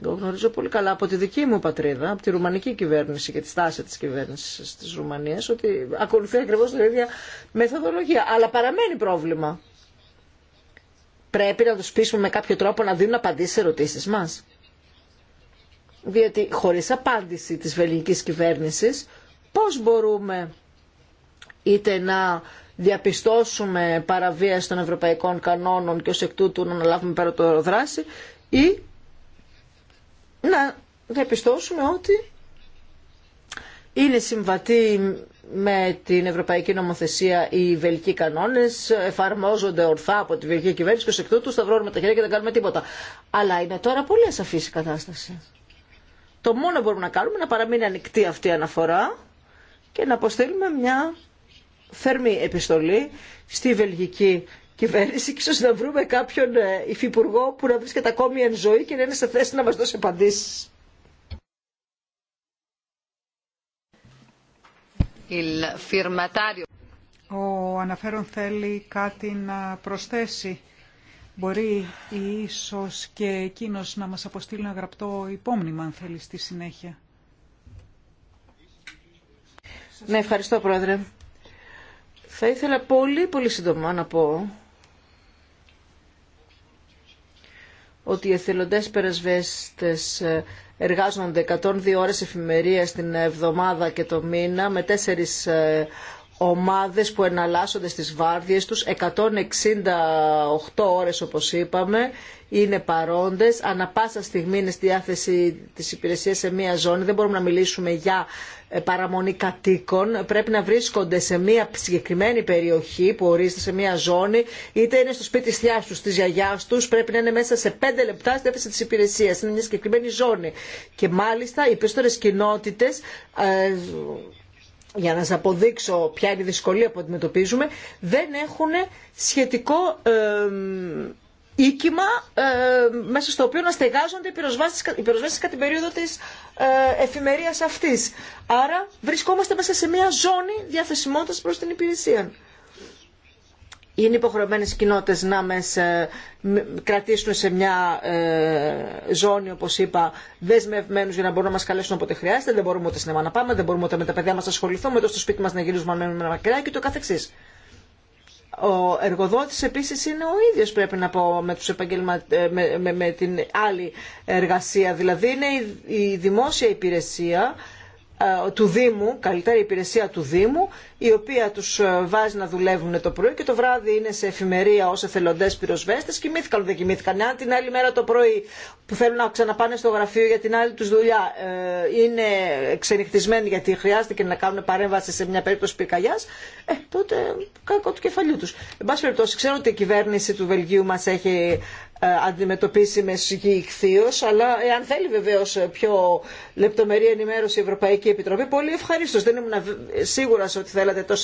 Εγώ γνωρίζω πολύ καλά από τη δική μου πατρίδα, από τη ρουμανική κυβέρνηση και τη στάση τη κυβέρνηση τη Ρουμανία, ότι ακολουθεί ακριβώ την ίδια μεθοδολογία. Αλλά παραμένει πρόβλημα. Πρέπει να του πείσουμε με κάποιο τρόπο να δίνουν απαντήσει σε ερωτήσει μα. Διότι χωρί απάντηση τη βελγική κυβέρνηση, πώ μπορούμε είτε να διαπιστώσουμε παραβίαση των ευρωπαϊκών κανόνων και ως εκ τούτου να αναλάβουμε πέρα το δράση ή να διαπιστώσουμε ότι είναι συμβατή με την Ευρωπαϊκή Νομοθεσία οι βελικοί κανόνε, εφαρμόζονται ορθά από τη βελική κυβέρνηση και ω εκ τούτου σταυρώνουμε τα χέρια και δεν κάνουμε τίποτα. Αλλά είναι τώρα πολύ ασαφή η κατάσταση. Το μόνο που μπορούμε να κάνουμε είναι να παραμείνει ανοιχτή αυτή η αναφορά και να αποστείλουμε μια θερμή επιστολή στη βελγική κυβέρνηση και ίσως να βρούμε κάποιον ε, υφυπουργό που να βρίσκεται ακόμη εν ζωή και να είναι σε θέση να μας δώσει απαντήσει. Ο αναφέρον θέλει κάτι να προσθέσει. Μπορεί ίσως και εκείνος να μας αποστείλει ένα γραπτό υπόμνημα, αν θέλει, στη συνέχεια. Ναι, ευχαριστώ, Πρόεδρε. Θα ήθελα πολύ πολύ σύντομα να πω ότι οι εθελοντές περασβέστες ε, εργάζονται 102 ώρες εφημερία την εβδομάδα και το μήνα με τέσσερις ε, ομάδες που εναλλάσσονται στις βάρδιες τους 168 ώρες όπως είπαμε είναι παρόντες ανα πάσα στιγμή είναι στη διάθεση της υπηρεσίας σε μία ζώνη δεν μπορούμε να μιλήσουμε για ε, παραμονή κατοίκων πρέπει να βρίσκονται σε μια συγκεκριμένη περιοχή που ορίζεται σε μια ζώνη, είτε είναι στο σπίτι τη θιά του, τη γιαγιά του, πρέπει να είναι μέσα σε πέντε λεπτά στην έφεση τη υπηρεσία. Είναι μια συγκεκριμένη ζώνη. Και μάλιστα οι περισσότερε κοινότητε ε, για να σας αποδείξω ποια είναι η δυσκολία που αντιμετωπίζουμε, δεν έχουν σχετικό ε, οίκημα ε, μέσα στο οποίο να στεγάζονται οι πυροσβάσεις, κατά την περίοδο της ε, εφημερίας αυτής. Άρα βρισκόμαστε μέσα σε μια ζώνη διαθεσιμότητας προς την υπηρεσία. Είναι υποχρεωμένες οι κοινότητες να ε, κρατήσουν σε μια ε, ζώνη, όπως είπα, δεσμευμένους για να μπορούν να μας καλέσουν όποτε χρειάζεται. Δεν μπορούμε ούτε σινεμά να πάμε, δεν μπορούμε ούτε με τα παιδιά μας να ασχοληθούμε, ούτε στο σπίτι μας να γυρίζουμε να μακριά και το καθεξής. Ο εργοδότης επίσης είναι ο ίδιος πρέπει να πω με, τους επαγγελμα... Ε, με, την άλλη εργασία. Δηλαδή είναι η δημόσια υπηρεσία ε, του Δήμου, καλύτερη υπηρεσία του Δήμου, η οποία του ε, βάζει να δουλεύουν το πρωί και το βράδυ είναι σε εφημερία ω εθελοντέ πυροσβέστε. κοιμήθηκαν δεν κοιμήθηκαν. Αν την άλλη μέρα το πρωί που θέλουν να ξαναπάνε στο γραφείο για την άλλη του δουλειά ε, είναι ξενυχτισμένοι γιατί χρειάστηκε να κάνουν παρέμβαση σε μια περίπτωση πυρκαγιά, ε, τότε κάκο του κεφαλιού του. Εν πάση περιπτώσει, ξέρω ότι η κυβέρνηση του Βελγίου μα έχει ε, αντιμετωπίσει με γη αλλά εάν θέλει βεβαίως πιο λεπτομερή ενημέρωση η Ευρωπαϊκή Επιτροπή, πολύ ευχαρίστω. Δεν ήμουν σίγουρα ότι θέλατε τόσο